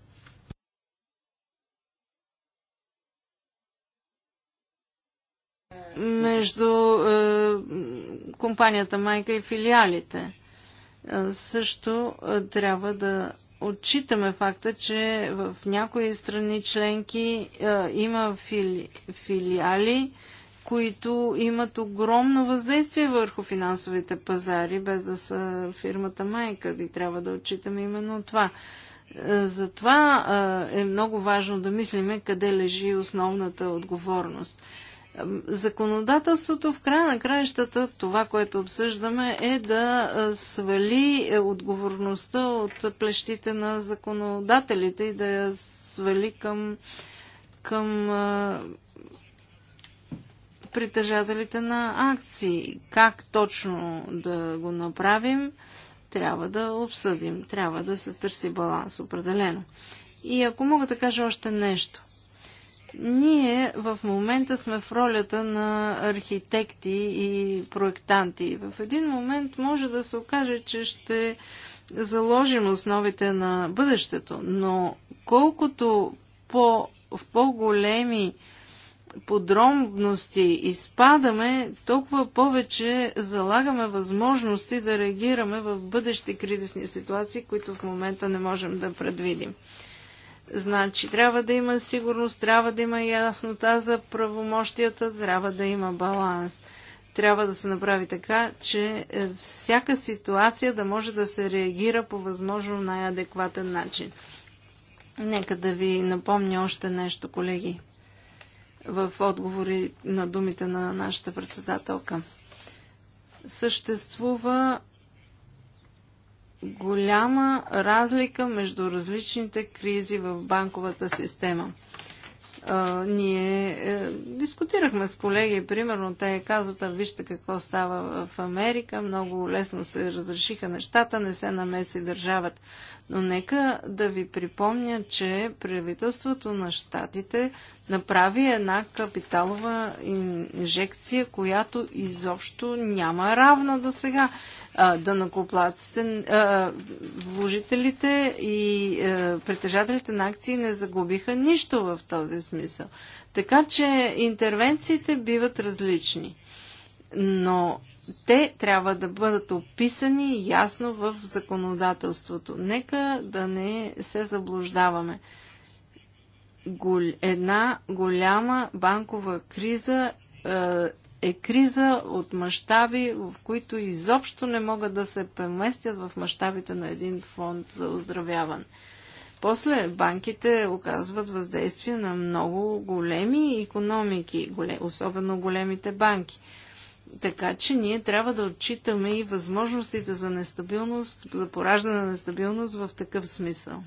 между е, компанията майка и филиалите. Също трябва да отчитаме факта, че в някои страни членки има фили, филиали, които имат огромно въздействие върху финансовите пазари, без да са фирмата майка. И трябва да отчитаме именно това. Е, затова е, е много важно да мислиме къде лежи основната отговорност. Е, законодателството в края на краищата, това, което обсъждаме, е да свали отговорността от плещите на законодателите и да я свали към, към притежателите на акции. Как точно да го направим, трябва да обсъдим. Трябва да се търси баланс, определено. И ако мога да кажа още нещо. Ние в момента сме в ролята на архитекти и проектанти. В един момент може да се окаже, че ще заложим основите на бъдещето, но колкото по, в по-големи подробности изпадаме, толкова повече залагаме възможности да реагираме в бъдещи кризисни ситуации, които в момента не можем да предвидим. Значи трябва да има сигурност, трябва да има яснота за правомощията, трябва да има баланс. Трябва да се направи така, че е, всяка ситуация да може да се реагира по възможно най-адекватен начин. Нека да ви напомня още нещо, колеги в отговори на думите на нашата председателка. Съществува голяма разлика между различните кризи в банковата система а, ние а, е, дискутирахме с колеги, примерно те казват, а вижте какво става в Америка, много лесно се разрешиха нещата, не се намеси държавата. Но нека да ви припомня, че правителството на щатите направи една капиталова инжекция, която изобщо няма равна до сега. Данакоплаците, вложителите и притежателите на акции не загубиха нищо в този смисъл. Така че интервенциите биват различни. Но те трябва да бъдат описани ясно в законодателството. Нека да не се заблуждаваме. Една голяма банкова криза е криза от мащаби, в които изобщо не могат да се преместят в мащабите на един фонд за оздравяване. После банките оказват въздействие на много големи економики, особено големите банки. Така че ние трябва да отчитаме и възможностите за нестабилност, за пораждане на нестабилност в такъв смисъл.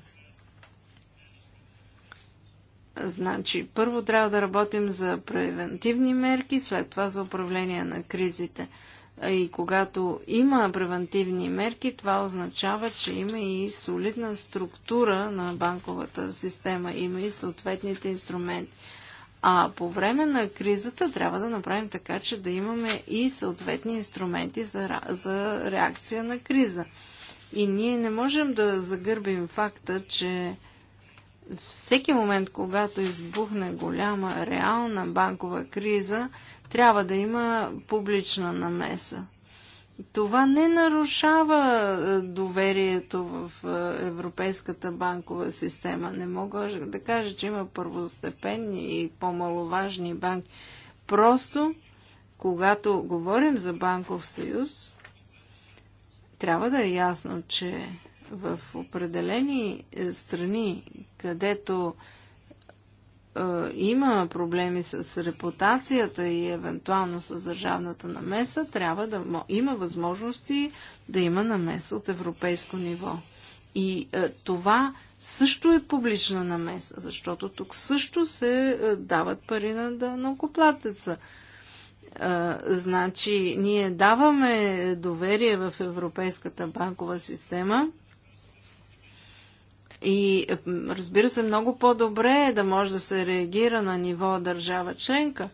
Значи, първо трябва да работим за превентивни мерки, след това за управление на кризите. И когато има превентивни мерки, това означава, че има и солидна структура на банковата система, има и съответните инструменти. А по време на кризата трябва да направим така, че да имаме и съответни инструменти за, за реакция на криза. И ние не можем да загърбим факта, че всеки момент, когато избухне голяма реална банкова криза, трябва да има публична намеса. Това не нарушава е, доверието в е, Европейската банкова система. Не мога да кажа, че има първостепенни и по-маловажни банки. Просто, когато говорим за банков съюз, трябва да е ясно, че в определени е, страни, където е, има проблеми с репутацията и евентуално с държавната намеса, трябва да има възможности да има намеса от европейско ниво. И е, това също е публична намеса, защото тук също се е, дават пари на, да, на окоплатеца. Е, значи, ние даваме доверие в Европейската банкова система – и разбира се, много по-добре е да може да се реагира на ниво държава членка.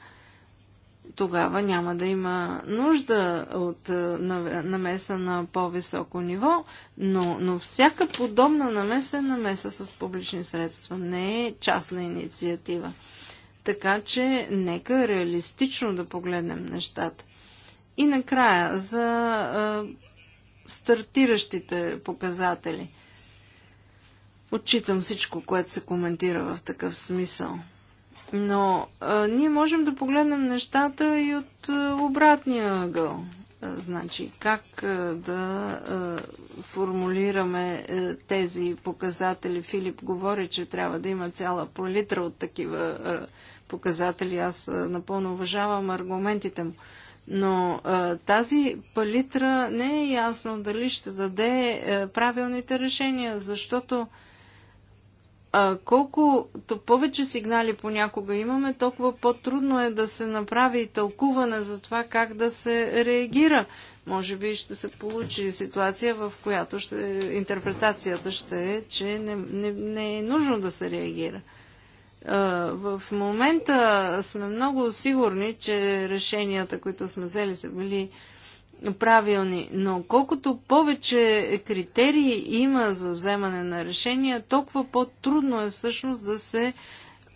Тогава няма да има нужда от е, намеса на по-високо ниво, но, но всяка подобна намеса е намеса с публични средства, не е частна инициатива. Така че нека реалистично да погледнем нещата. И накрая за а, е, стартиращите показатели – Отчитам всичко, което се коментира в такъв смисъл. Но а, ние можем да погледнем нещата и от а, обратния ъгъл. значи, как а, да а, формулираме а, тези показатели? Филип говори, че трябва да има цяла палитра от такива а, показатели. Аз а, напълно уважавам аргументите му. Но а, тази палитра не е ясно дали ще даде а, правилните решения, защото а, колкото повече сигнали понякога имаме, толкова по-трудно е да се направи тълкуване за това как да се реагира. Може би ще се получи ситуация, в която ще, интерпретацията ще е, че не, не, не е нужно да се реагира. В момента сме много сигурни, че решенията, които сме взели, са били правилни, но колкото повече критерии има за вземане на решения, толкова по-трудно е всъщност да се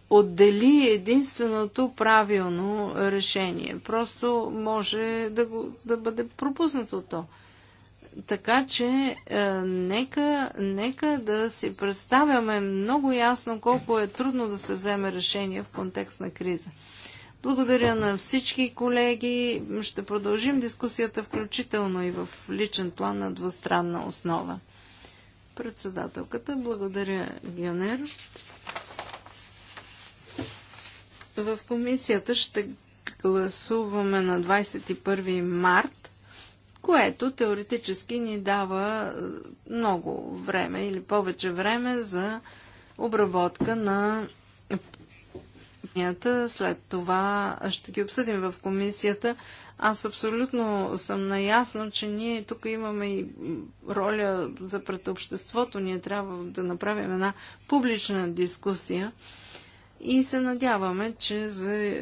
отдели единственото правилно решение. Просто може да, го, да бъде пропуснато то. Така че е, нека, нека да си представяме много ясно колко е трудно да се вземе решение в контекст на криза. Благодаря на всички колеги. Ще продължим дискусията включително и в личен план на двустранна основа. Председателката, благодаря, Гионер. В комисията ще гласуваме на 21 март, което теоретически ни дава е, много време или повече време за обработка на измененията, след това ще ги обсъдим в комисията. Аз абсолютно съм наясно, че ние тук имаме и роля за пред обществото. Ние трябва да направим една публична дискусия и се надяваме, че за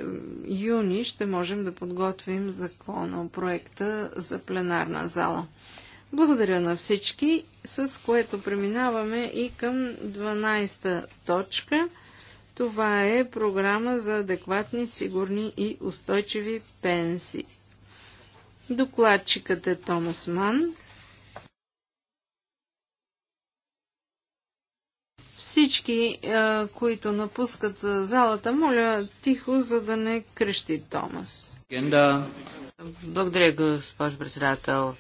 юни ще можем да подготвим законопроекта за пленарна зала. Благодаря на всички, с което преминаваме и към 12-та точка – това е програма за адекватни, сигурни и устойчиви пенсии. Докладчикът е Томас Ман. Всички, които напускат залата, моля тихо, за да не крещи Томас. Благодаря, госпожо председател.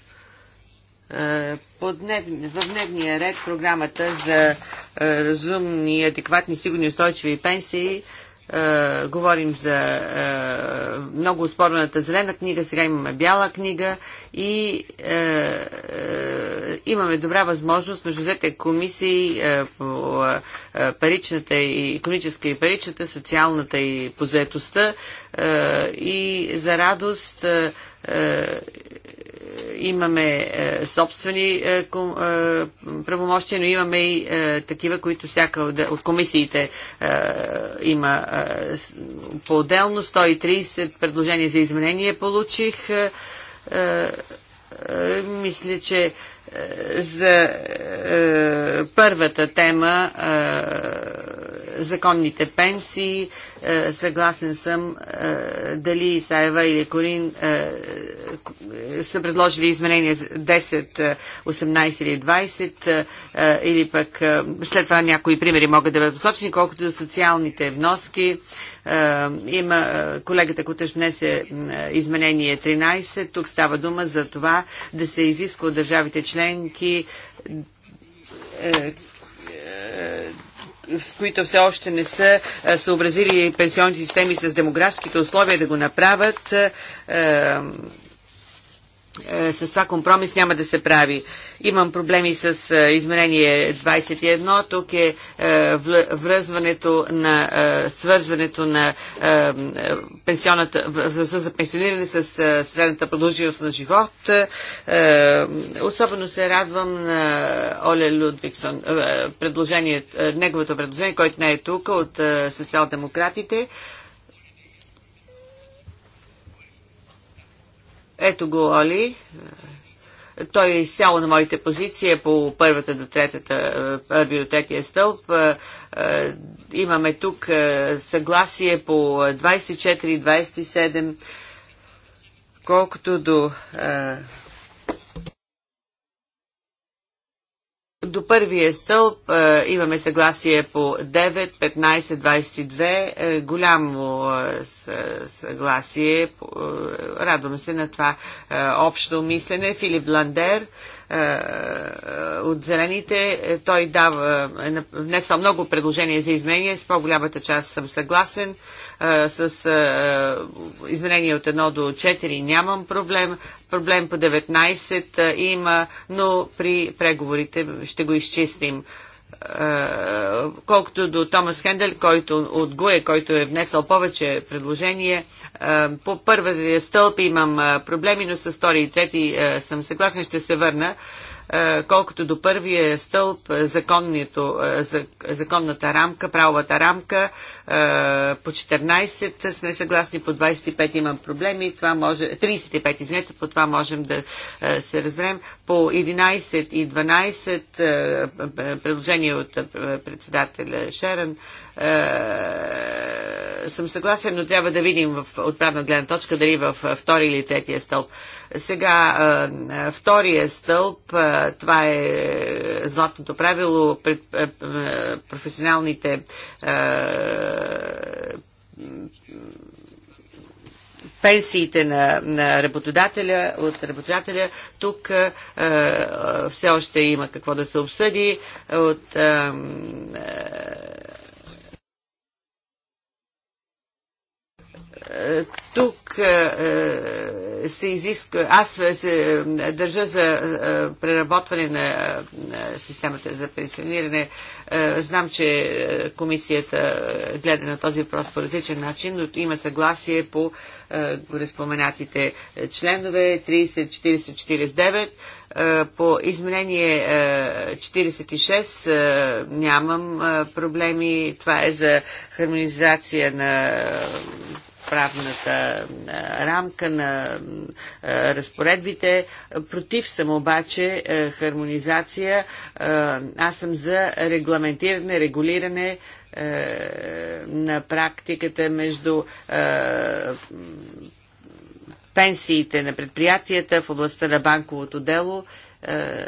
Е, Под в дневния ред програмата за е, разумни, адекватни, сигурни, устойчиви пенсии. Е, говорим за е, много спорната зелена книга, сега имаме бяла книга и е, е, имаме добра възможност между двете комисии е, по е, паричната и економическа и паричната, социалната и позетостта, е, и за радост е, е имаме е, собствени е, е, правомощия, но имаме и такива, които всяка от комисиите има по-отделно. 130 предложения за изменение получих. Мисля, че за първата тема законните пенсии е, съгласен съм е, дали Исаева или Корин е, са предложили изменения 10, 18 или 20 или пък след това някои примери могат да бъдат посочени, колкото до социалните вноски. Има колегата Кутеш внесе изменение 13. Тук става дума за това да се изисква от държавите членки с които все още не са съобразили пенсионните системи с демографските условия да го направят. Е, с това компромис няма да се прави. Имам проблеми с е, изменение 21. Тук е, е връзването на свързването на пенсионата за пенсиониране с средната продължителност на живот. Особено се радвам на Оле Людвигсон предложение, неговото предложение, който не е тук от социал-демократите. Ето го Оли. Той е изцяло на моите позиции е по първата до третата е, третия стълб. Е, имаме тук съгласие по 24 и 27. Колкото до До първия стълб е, имаме съгласие по 9, 15, 22. Е, голямо е, съгласие. Е, радвам се на това е, общо мислене. Филип Ландер е, от Зелените, той дава, внесъл много предложения за изменения. С по-голямата част съм съгласен. С изменение от 1 до 4 нямам проблем. Проблем по 19 има, но при преговорите ще го изчистим колкото до Томас Хендел, който от ГУЕ, който е внесъл повече предложение, По първия стълб имам проблеми, но с втори и трети съм съгласен, ще се върна. Колкото до първия стълб, законното, законната рамка, правовата рамка, е, по 14 сме съгласни, по 25 имам проблеми, това може, 35 извинете, по това можем да е, се разберем. По 11 и 12 е, предложение от председателя Шерън съм съгласен, но трябва да видим в правна гледна точка дали в втори или третия стълб. Сега, втория стълб, това е златното правило, професионалните пенсиите на, на работодателя, от работодателя. Тук а, е, е, все още има какво да се обсъди. От а, тук е, е, се изисква, аз се е, държа за преработване на системата за пенсиониране. Знам, че комисията гледа на този въпрос по различен начин, но има съгласие по гореспоменатите членове 30, 40, 49. По изменение 46 нямам проблеми. Това е за хармонизация на правната рамка на разпоредбите. Против съм обаче хармонизация. Аз съм за регламентиране, регулиране на практиката между пенсиите на предприятията в областта на банковото дело е,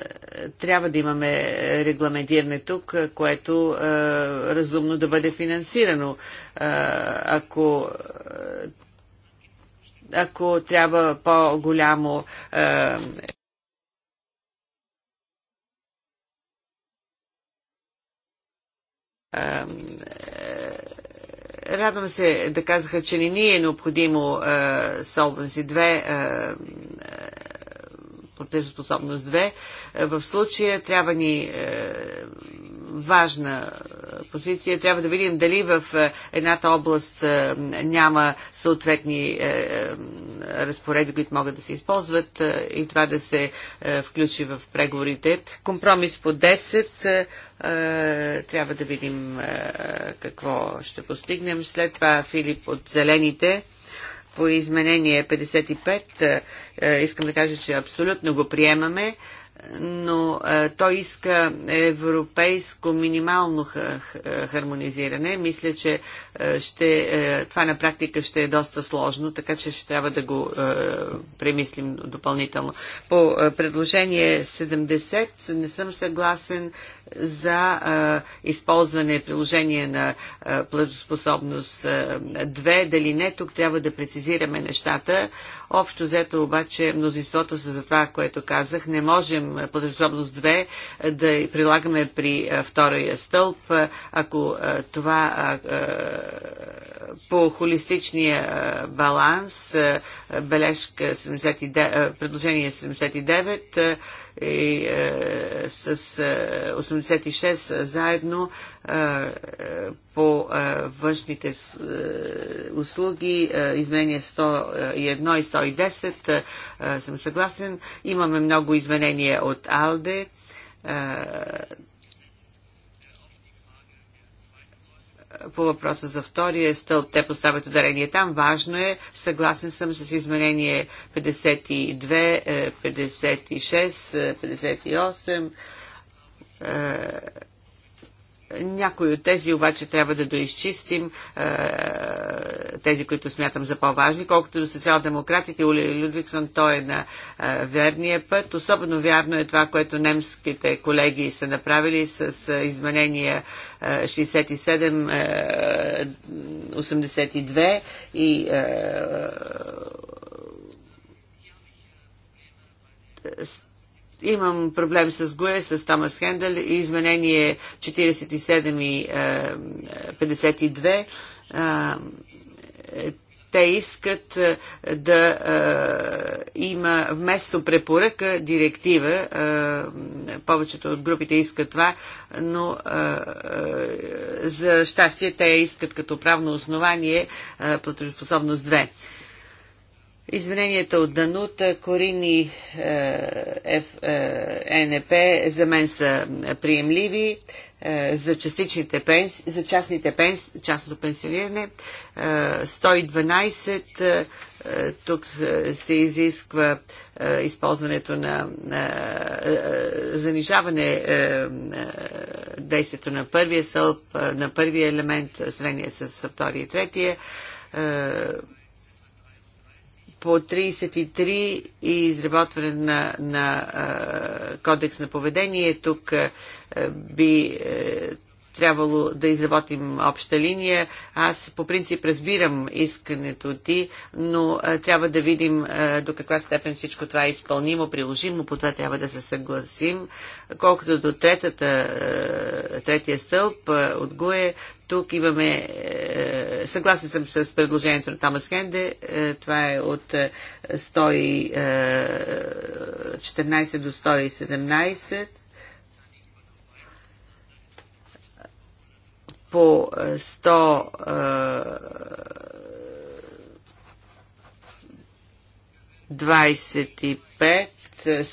трябва да имаме регламентиране тук, което е, разумно да бъде финансирано. Е, ако ако трябва по-голямо Радвам се да казаха, че не ни е необходимо Solvency 2 платежоспособност 2. Е, в случая трябва ни е, важна позиция. Трябва да видим дали в е, едната област няма съответни разпореди, които могат да се използват и това да се включи в преговорите. Компромис по 10 трябва да видим какво ще постигнем. След това Филип от Зелените по изменение 55 е, е, искам да кажа, че абсолютно го приемаме но е, той иска европейско минимално хармонизиране. Мисля, че е, ще, е, това на практика ще е доста сложно, така че ще трябва да го премислим допълнително. По предложение 70 не съм съгласен за а, използване приложение на а, 2. Дали не, тук трябва да прецизираме нещата. Общо взето обаче мнозинството са за това, което казах. Не можем подразобност 2 е, да прилагаме при е, втория стълб, е, ако това по холистичния баланс, бележка 79, предложение 79, и е, с 86 е, заедно е, е, по външните услуги, изменение 101 и 110, съм съгласен. Имаме много изменения от АЛДЕ по въпроса за втория стълб, те поставят ударение там. Важно е, съгласен съм с изменение 52, 56, 58 някои от тези обаче трябва да доизчистим, е, тези, които смятам за по-важни, колкото до социал-демократите. Ули Людвигсон, той е на е, верния път. Особено вярно е това, което немските колеги са направили с е, изменения 67, 82 и Имам проблем с Гуе, с Томас Хендел, изменение 47 и е, 52. Е, те искат е, да е, има вместо препоръка директива. Е, повечето от групите искат това, но е, е за щастие те искат като правно основание е, платежоспособност 2. Измененията от Данута, Корини е, е, НП за мен са приемливи е, за, частичните пенс... за частните пенс... частното пенсиониране. Е, 112 е, тук е, се изисква е, използването на е, занижаване е, е, действието на първия стълб, е, на първия елемент, средния с втория и третия. Е, по 33 и изработване на, на а, кодекс на поведение. Тук а, би, а, е, трябвало да изработим обща линия. Аз по принцип разбирам искането ти, но трябва да видим до каква степен всичко това е изпълнимо, приложимо, по това трябва да се съгласим. Колкото до третата, третия стълб от ГУЕ, тук имаме, съгласен съм с предложението на Томас Хенде, това е от 114 до 117. по 125 е, е, е,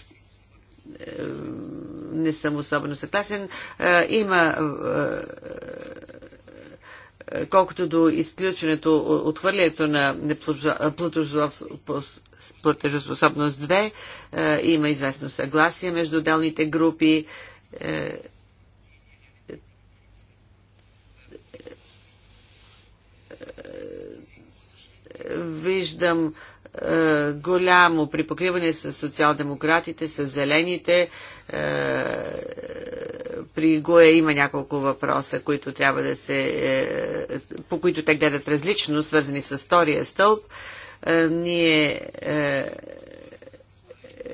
не съм особено съгласен. Има колкото до изключването, отхвърлянето на платежоспособност 2, има известно съгласие между отделните групи Виждам е, голямо припокриване с социал-демократите, с зелените. Е, при ГОЕ има няколко въпроса, които трябва да се, е, по които те гледат различно, свързани с втория стълб. Е, ние е,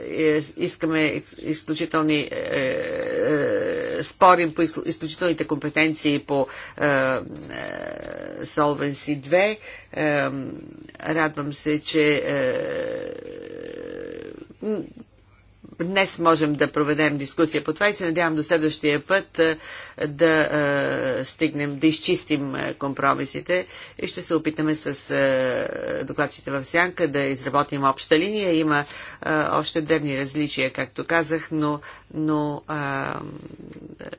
е, искаме изключителни, е, е, спорим по изключителните компетенции по Solvency 2. Радвам се, че днес можем да проведем дискусия по това и се надявам до следващия път да стигнем, да изчистим компромисите и ще се опитаме с докладчите в сянка да изработим обща линия. Има още древни различия, както казах, но, но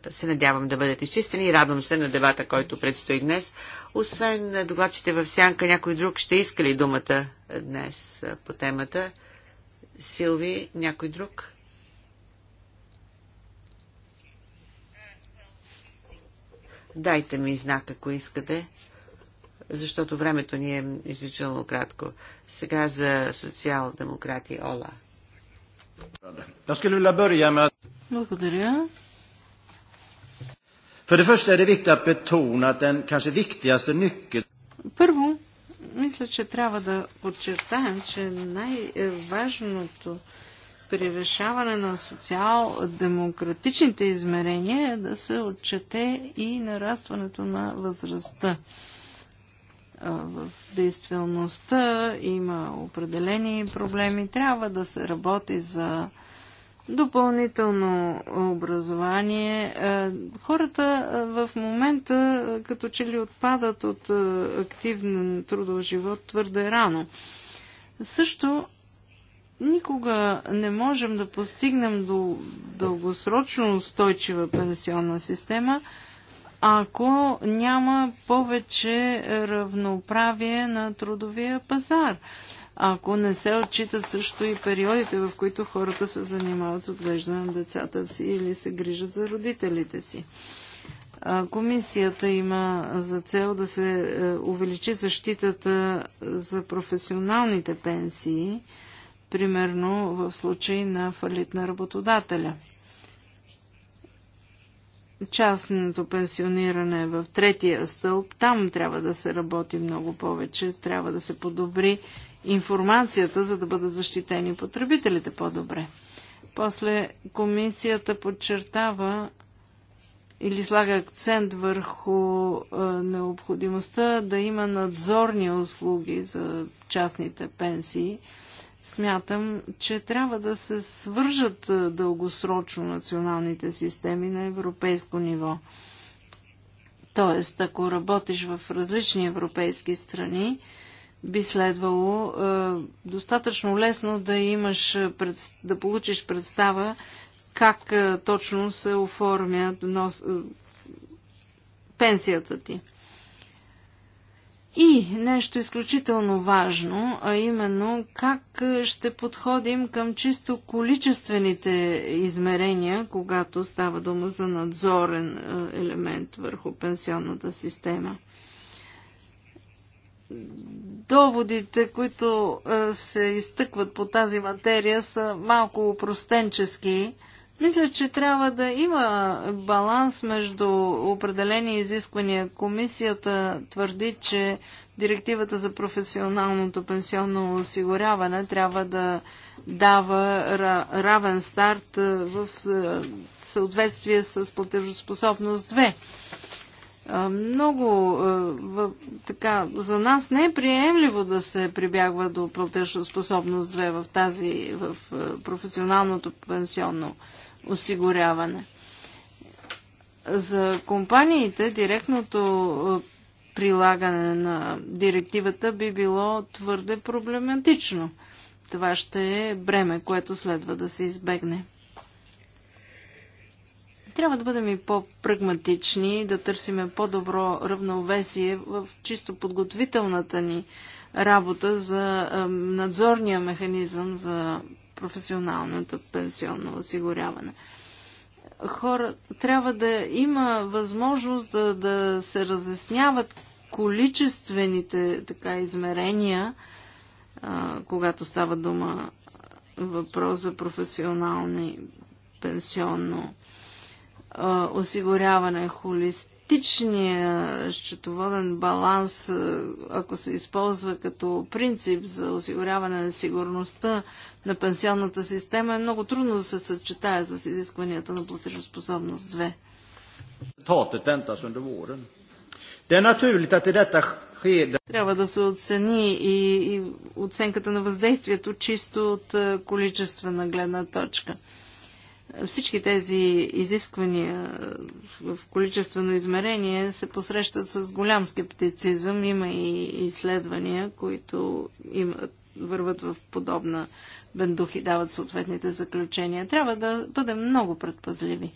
се надявам да бъдат изчистени. Радвам се на дебата, който предстои днес. Освен докладчите в сянка, някой друг ще иска ли думата днес по темата? Силви, някой друг? Дайте ми знак, ако искате, защото времето ни е изключително кратко. Сега за социал-демократи Ола. Благодаря. För det första är det viktigt att betona att den kanske viktigaste nyckeln... Първо, мисля, че трябва да подчертаем, че най-важното при решаване на социал-демократичните измерения е да се отчете и нарастването на възрастта. В действителността има определени проблеми. Трябва да се работи за допълнително образование. Е, хората е, в момента е, като че ли отпадат от активен трудов живот твърде рано. Също никога не можем да постигнем до дългосрочно устойчива пенсионна система, ако няма повече равноправие на трудовия пазар ако не се отчитат също и периодите, в които хората се занимават с отглеждане на децата си или се грижат за родителите си. Комисията има за цел да се е, увеличи защитата за професионалните пенсии, примерно в случай на фалит на работодателя. Частното пенсиониране в третия стълб, там трябва да се работи много повече, трябва да се подобри информацията, за да бъдат защитени потребителите по-добре. После комисията подчертава или слага акцент върху е, необходимостта да има надзорни услуги за частните пенсии. Смятам, че трябва да се свържат е, дългосрочно националните системи на европейско ниво. Тоест, ако работиш в различни европейски страни, би следвало е, достатъчно лесно да имаш, е, да получиш представа как е, точно се оформя нос, пенсията ти. И нещо изключително важно, а именно как ще подходим към чисто количествените измерения, когато става дума за надзорен елемент върху пенсионната система доводите, които е, се изтъкват по тази материя, са малко простенчески. Мисля, че трябва да има баланс между определени изисквания. Комисията твърди, че директивата за професионалното пенсионно осигуряване трябва да дава равен старт е, в е, съответствие с платежоспособност 2 много така, за нас не е приемливо да се прибягва до способност 2 в тази, в професионалното пенсионно осигуряване. За компаниите директното прилагане на директивата би било твърде проблематично. Това ще е бреме, което следва да се избегне. Трябва да бъдем и по-прагматични, да търсиме по-добро равновесие в чисто подготвителната ни работа за надзорния механизъм за професионалното пенсионно осигуряване. Хора, трябва да има възможност да, да се разясняват количествените така измерения, а, когато става дума въпрос за професионални пенсионно осигуряване, холистичния счетоводен баланс, ако се използва като принцип за осигуряване на сигурността на пенсионната система, е много трудно да се съчетае с изискванията на платежоспособност 2. Трябва да се оцени и, и оценката на въздействието чисто от количествена гледна точка. Всички тези изисквания в количествено измерение се посрещат с голям скептицизъм. Има и изследвания, които имат, върват в подобна бендух и дават съответните заключения. Трябва да бъдем много предпазливи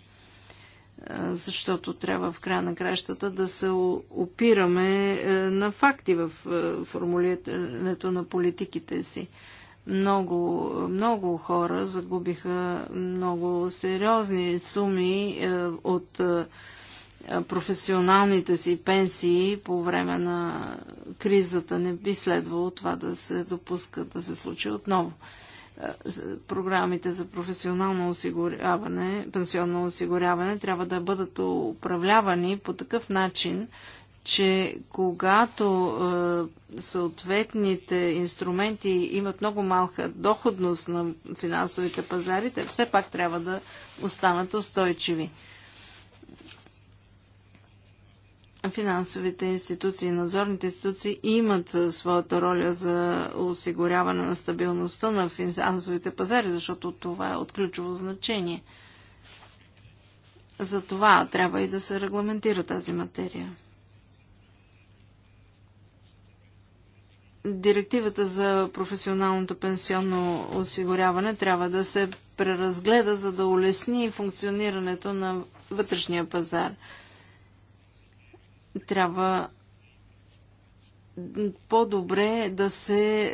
защото трябва в края на кращата да се опираме на факти в формулирането на политиките си. Много, много хора загубиха много сериозни суми е, от е, професионалните си пенсии по време на кризата. Не би следвало това да се допуска да се случи отново е, програмите за професионално осигуряване, пенсионно осигуряване трябва да бъдат управлявани по такъв начин, че когато е, съответните инструменти имат много малка доходност на финансовите пазари, те все пак трябва да останат устойчиви. Финансовите институции, надзорните институции имат е, своята роля за осигуряване на стабилността на финансовите пазари, защото това е от ключово значение. За това трябва и да се регламентира тази материя. директивата за професионалното пенсионно осигуряване трябва да се преразгледа, за да улесни функционирането на вътрешния пазар. Трябва по-добре да се е,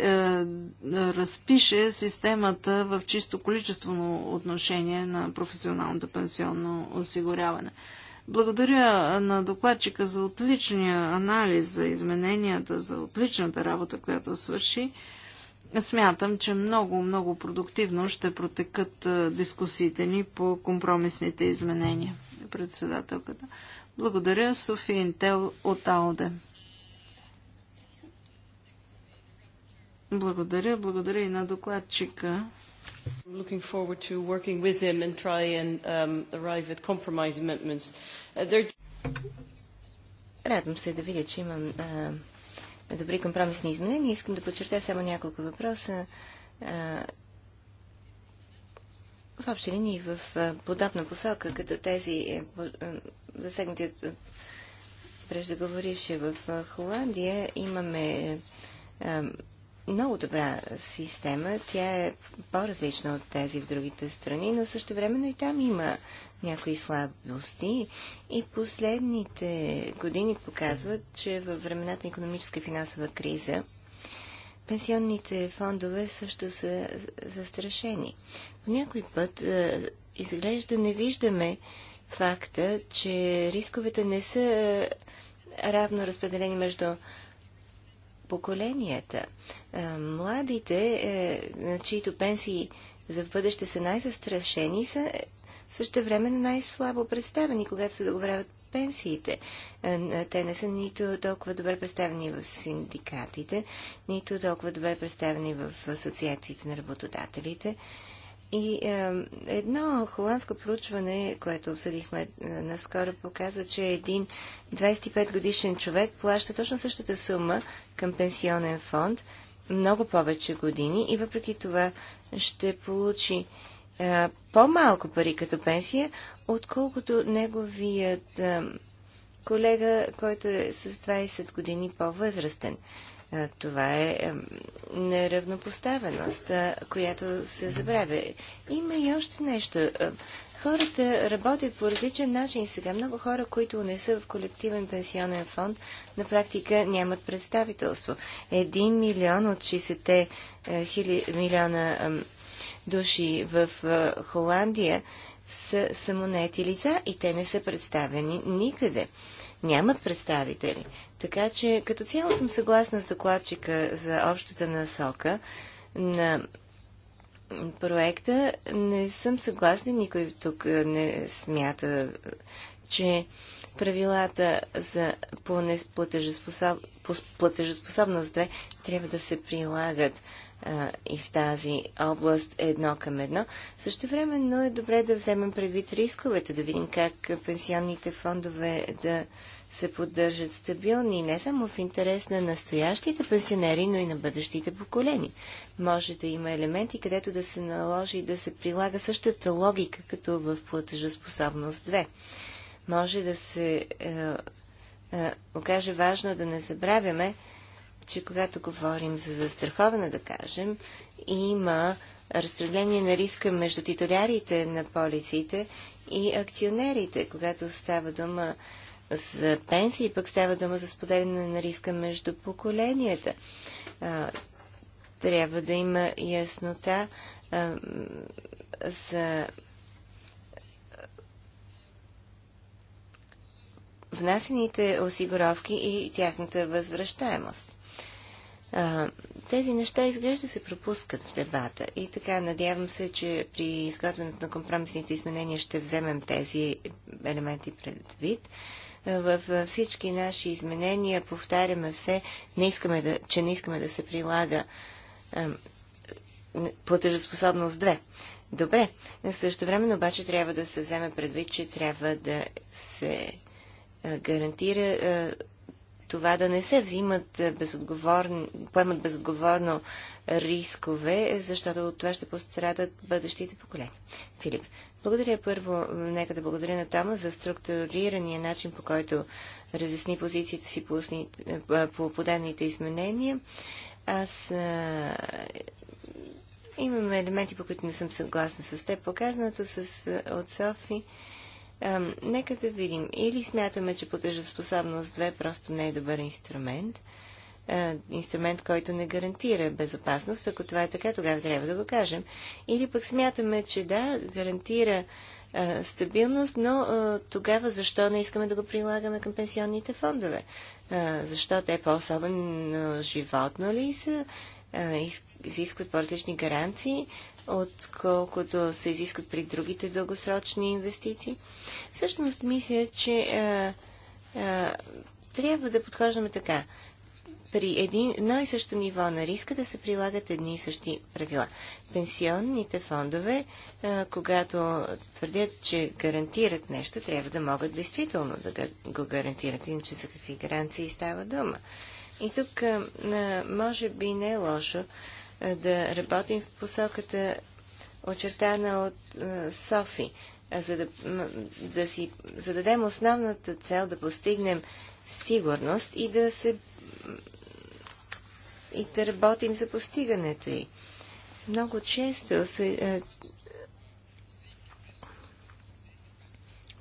разпише системата в чисто количествено отношение на професионалното пенсионно осигуряване. Благодаря на докладчика за отличния анализ, за измененията, за отличната работа, която свърши. Смятам, че много, много продуктивно ще протекат дискусиите ни по компромисните изменения. Председателката. Благодаря, Софи Интел от АЛДЕ. Благодаря, благодаря и на докладчика Looking forward to working with him and try and um, arrive at compromise amendments. Uh, Радвам се да видя, че имам а, добри компромисни изменения. Искам да подчертая само няколко въпроса. А, в общи линии в а, подобна посока, като тези е, е, засегнати от преждеговорившия в Холандия, имаме е, много добра система. Тя е по-различна от тези в другите страни, но също времено и там има някои слабости. И последните години показват, че във времената на економическа и финансова криза пенсионните фондове също са застрашени. По някой път е, изглежда не виждаме факта, че рисковете не са е, равно разпределени между поколенията. Младите, е, чието пенсии за в бъдеще са най-застрашени, са също време най-слабо представени, когато се договаряват пенсиите. Те не са нито толкова добре представени в синдикатите, нито толкова добре представени в асоциациите на работодателите. И е, едно холандско проучване, което обсъдихме е, наскоро, показва, че един 25 годишен човек плаща точно същата сума към пенсионен фонд много повече години и въпреки това ще получи е, по-малко пари като пенсия, отколкото неговият е, колега, който е с 20 години по-възрастен. Е, е, това е, е неравнопоставеност, е, която се забравя. Има и още нещо. Хората работят по различен начин сега. Много хора, които не са в колективен пенсионен фонд, на практика нямат представителство. Един милион от 60 хили... милиона души в Холандия са самонети лица и те не са представени никъде нямат представители. Така че като цяло съм съгласна с докладчика за общата насока на проекта. Не съм съгласна, никой тук не смята, че правилата за по платежеспособ... платежеспособност 2 трябва да се прилагат и в тази област едно към едно. Също време, но е добре да вземем предвид рисковете, да видим как пенсионните фондове да се поддържат стабилни, не само в интерес на настоящите пенсионери, но и на бъдещите поколени. Може да има елементи, където да се наложи да се прилага същата логика, като в платежоспособност 2. Може да се е, е, окаже важно да не забравяме, че когато говорим за застраховане, да кажем, има разпределение на риска между титулярите на полиците и акционерите, когато става дума за пенсии, пък става дума за споделяне на риска между поколенията. трябва да има яснота за внасените осигуровки и тяхната възвръщаемост. А, тези неща изглежда се пропускат в дебата и така надявам се, че при изготвянето на компромисните изменения ще вземем тези елементи предвид. В всички наши изменения повтаряме се, не искаме да, че не искаме да се прилага платежоспособност 2. Добре, също време обаче трябва да се вземе предвид, че трябва да се гарантира това да не се взимат безотговорно, поемат безотговорно рискове, защото от това ще пострадат бъдещите поколения. Филип, благодаря първо, нека да благодаря на Тома за структурирания начин, по който разясни позицията си по, устните, по подадените изменения. Аз а, имам елементи, по които не съм съгласна с теб. Показаното с, от Софи Ам, нека да видим. Или смятаме, че платежоспособност 2 просто не е добър инструмент, а, инструмент, който не гарантира безопасност. Ако това е така, тогава трябва да го кажем. Или пък смятаме, че да, гарантира а, стабилност, но а, тогава защо не искаме да го прилагаме към пенсионните фондове? А, защо те по-особено животно ли са изискват по-различни гаранции, отколкото се изискват при другите дългосрочни инвестиции. Всъщност, мисля, че а, а, трябва да подхождаме така. При един, едно и също ниво на риска да се прилагат едни и същи правила. Пенсионните фондове, а, когато твърдят, че гарантират нещо, трябва да могат действително да го гарантират, иначе за какви гаранции става дума. А, и тук може би не е лошо да работим в посоката очертана от Софи, за да, да си зададем основната цел да постигнем сигурност и да се и да работим за постигането й. Много често се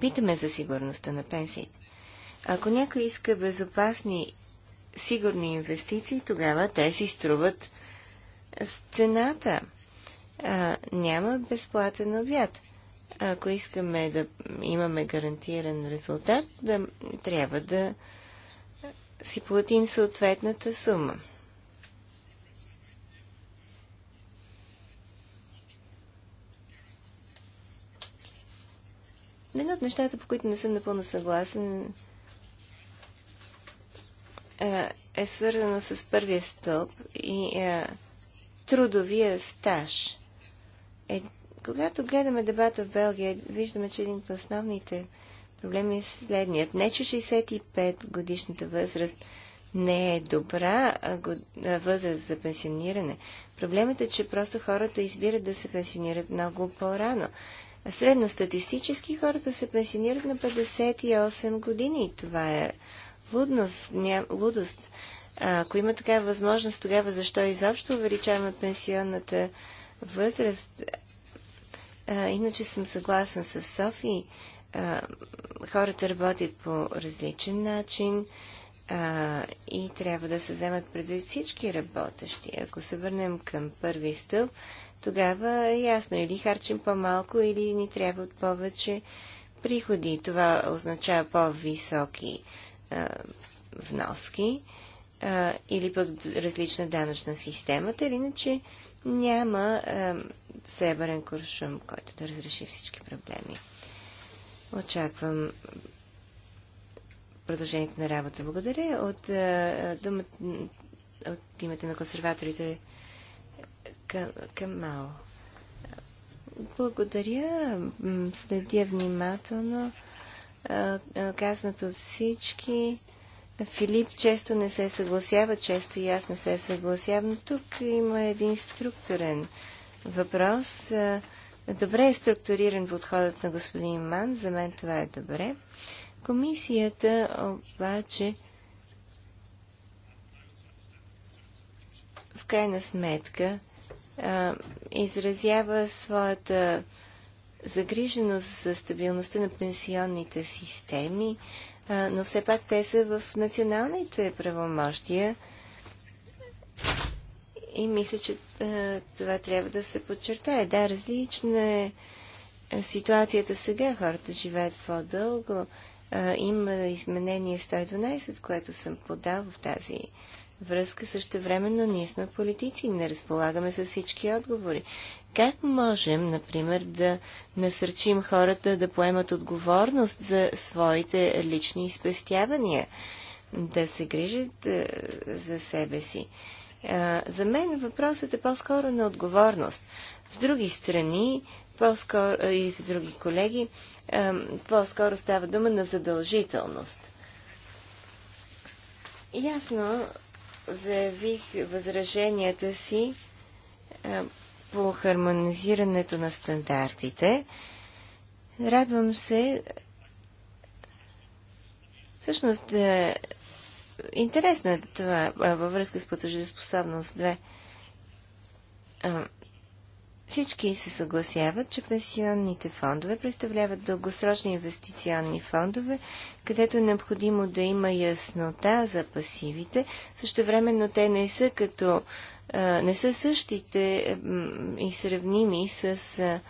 питаме за сигурността на пенсиите. Ако някой иска безопасни сигурни инвестиции, тогава те си струват цената. А, няма безплатен обяд. Ако искаме да имаме гарантиран резултат, да, трябва да си платим съответната сума. Едно от нещата, по които не съм напълно съгласен, е, е свързано с първия стълб и е, трудовия стаж. Е, когато гледаме дебата в Белгия, виждаме, че един от основните проблеми е следният. Не, че 65 годишната възраст не е добра а, възраст за пенсиониране. Проблемът е, че просто хората избират да се пенсионират много по-рано. Средностатистически хората се пенсионират на 58 години и това е лудност, ням, лудост. А, ако има такава възможност, тогава защо изобщо увеличаваме пенсионната възраст? А, иначе съм съгласен с Софи. А, хората работят по различен начин а, и трябва да се вземат предвид всички работещи. Ако се върнем към първи стълб, тогава е ясно или харчим по-малко, или ни трябват повече приходи. Това означава по-високи вноски или пък различна данъчна система, или иначе няма сребърен куршум, който да разреши всички проблеми. Очаквам продължението на работа. Благодаря. От, от името на консерваторите към, към Мао. Благодаря. Следя внимателно казват от всички. Филип често не се съгласява, често и аз не се съгласявам. Тук има един структурен въпрос. Добре е структуриран подходът на господин Ман, за мен това е добре. Комисията обаче в крайна сметка изразява своята загриженост за стабилността на пенсионните системи, но все пак те са в националните правомощия. И мисля, че това трябва да се подчертае. Да, различна е ситуацията сега. Хората живеят по-дълго. Има изменение 112, което съм подал в тази връзка. Също времено ние сме политици, не разполагаме с всички отговори. Как можем, например, да насърчим хората да поемат отговорност за своите лични спестявания, да се грижат е, за себе си? за мен въпросът е по-скоро на отговорност. В други страни по-скоро, е, и за други колеги е, по-скоро става дума на задължителност. Ясно заявих възраженията си по хармонизирането на стандартите. Радвам се. Всъщност, е, интересно е това във връзка с платежеспособност 2. Всички се съгласяват, че пенсионните фондове представляват дългосрочни инвестиционни фондове, където е необходимо да има яснота за пасивите. Също времено те не са като не са същите и сравними с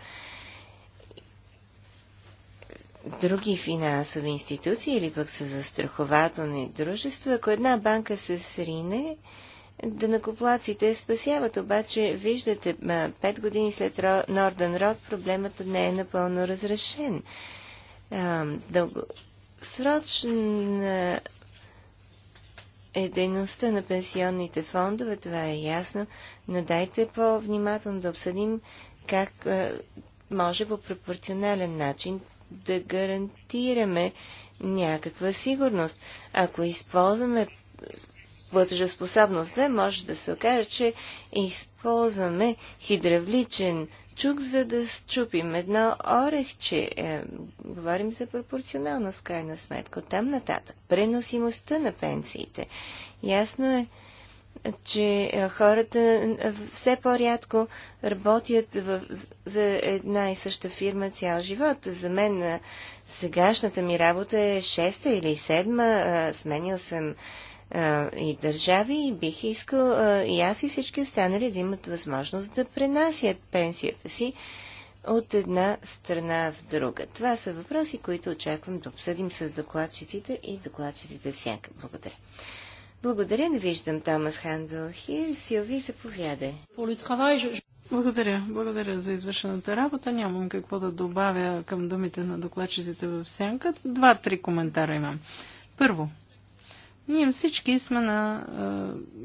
други финансови институции или пък са застрахователни дружества. Ако една банка се срине, Данакоплаците спасяват, обаче виждате, пет години след Норден Рок проблемът не е напълно разрешен. Дългосрочна е дейността на пенсионните фондове, това е ясно, но дайте по-внимателно да обсъдим как а, е, може по пропорционален начин да гарантираме някаква сигурност. Ако използваме платежоспособност 2, може да се окаже, че използваме хидравличен чук, за да счупим едно орехче. Е, говорим за пропорционалност, крайна сметка. от Там нататък. Преносимостта на пенсиите. Ясно е, че е, хората е, все по-рядко работят в, за една и съща фирма цял живот. За мен е, сегашната ми работа е шеста или седма. Сменил съм и държави и бих искал и аз и всички останали да имат възможност да пренасят пенсията си от една страна в друга. Това са въпроси, които очаквам да обсъдим с докладчиците и докладчиците всяка. Благодаря. Благодаря, не виждам Томас Хандъл Хир. Силви, заповядай. Благодаря. Благодаря за извършената работа. Нямам какво да добавя към думите на докладчиците в сянка. Два-три коментара имам. Първо, ние всички сме на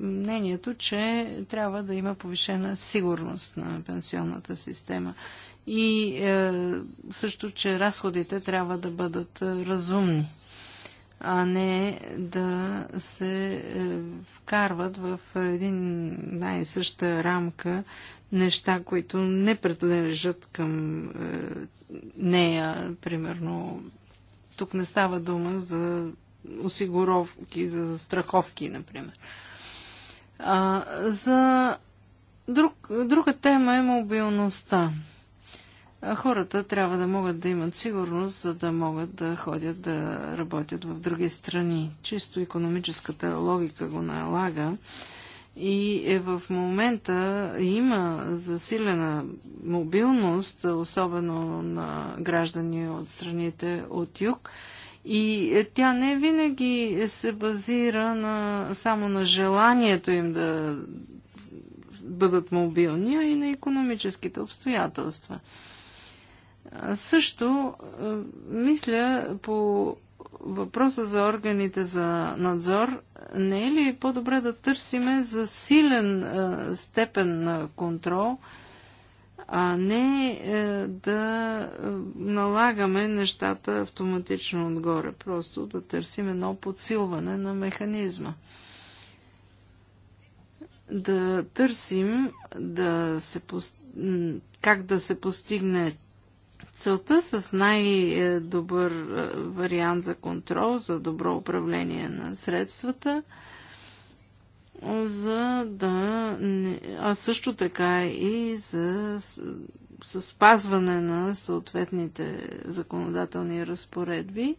мнението, че трябва да има повишена сигурност на пенсионната система и е, също, че разходите трябва да бъдат е, разумни, а не да се е, вкарват в един най-съща рамка неща, които не принадлежат към нея, примерно тук не става дума за осигуровки, за страховки, например. А, за друг, друга тема е мобилността. Хората трябва да могат да имат сигурност, за да могат да ходят да работят в други страни. Чисто економическата логика го налага. И е в момента има засилена мобилност, особено на граждани от страните от юг. И е, тя не винаги се базира на, само на желанието им да бъдат мобилни, а и на економическите обстоятелства. Също е, мисля по въпроса за органите за надзор, не е ли по-добре да търсиме засилен е, степен на контрол – а не е, да е, налагаме нещата автоматично отгоре, просто да търсим едно подсилване на механизма. Да търсим да се пост... как да се постигне целта с най-добър е, вариант за контрол, за добро управление на средствата – за да. А също така и за спазване на съответните законодателни разпоредби,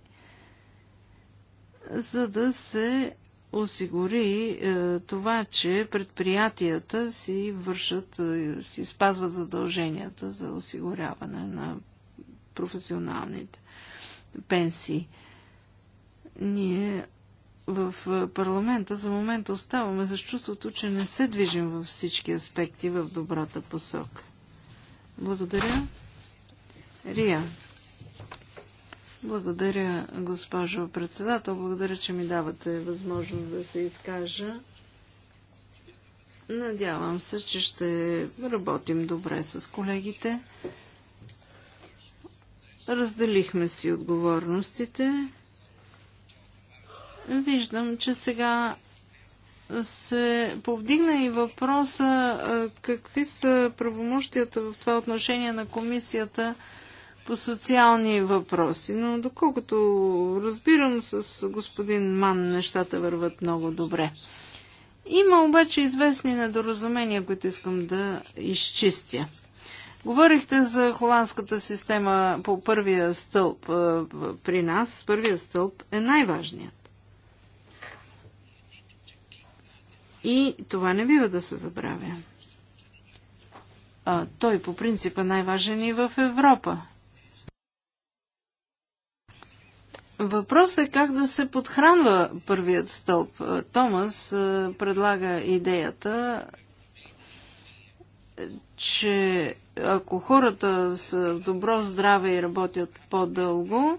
за да се осигури е, това, че предприятията си вършат, е, си спазват задълженията за осигуряване на професионалните пенсии. Ние в парламента за момента оставаме с чувството, че не се движим във всички аспекти в добрата посока. Благодаря. Рия. Благодаря, госпожо председател. Благодаря, че ми давате възможност да се изкажа. Надявам се, че ще работим добре с колегите. Разделихме си отговорностите. Виждам, че сега се повдигна и въпроса какви са правомощията в това отношение на комисията по социални въпроси. Но доколкото разбирам с господин Ман, нещата върват много добре. Има обаче известни недоразумения, които искам да изчистя. Говорихте за холандската система по първия стълб при нас. Първия стълб е най-важният. И това не бива да се забравя. А, той по принцип е най-важен и в Европа. Въпросът е как да се подхранва първият стълб. Томас предлага идеята, че ако хората са в добро здраве и работят по-дълго,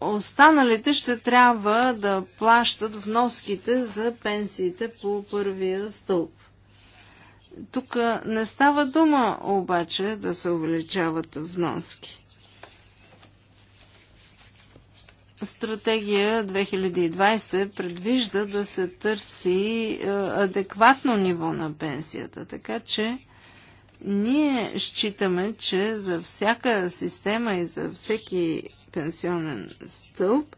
останалите ще трябва да плащат вноските за пенсиите по първия стълб. Тук не става дума обаче да се увеличават вноски. Стратегия 2020 предвижда да се търси е, адекватно ниво на пенсията, така че ние считаме, че за всяка система и за всеки пенсионен стълб,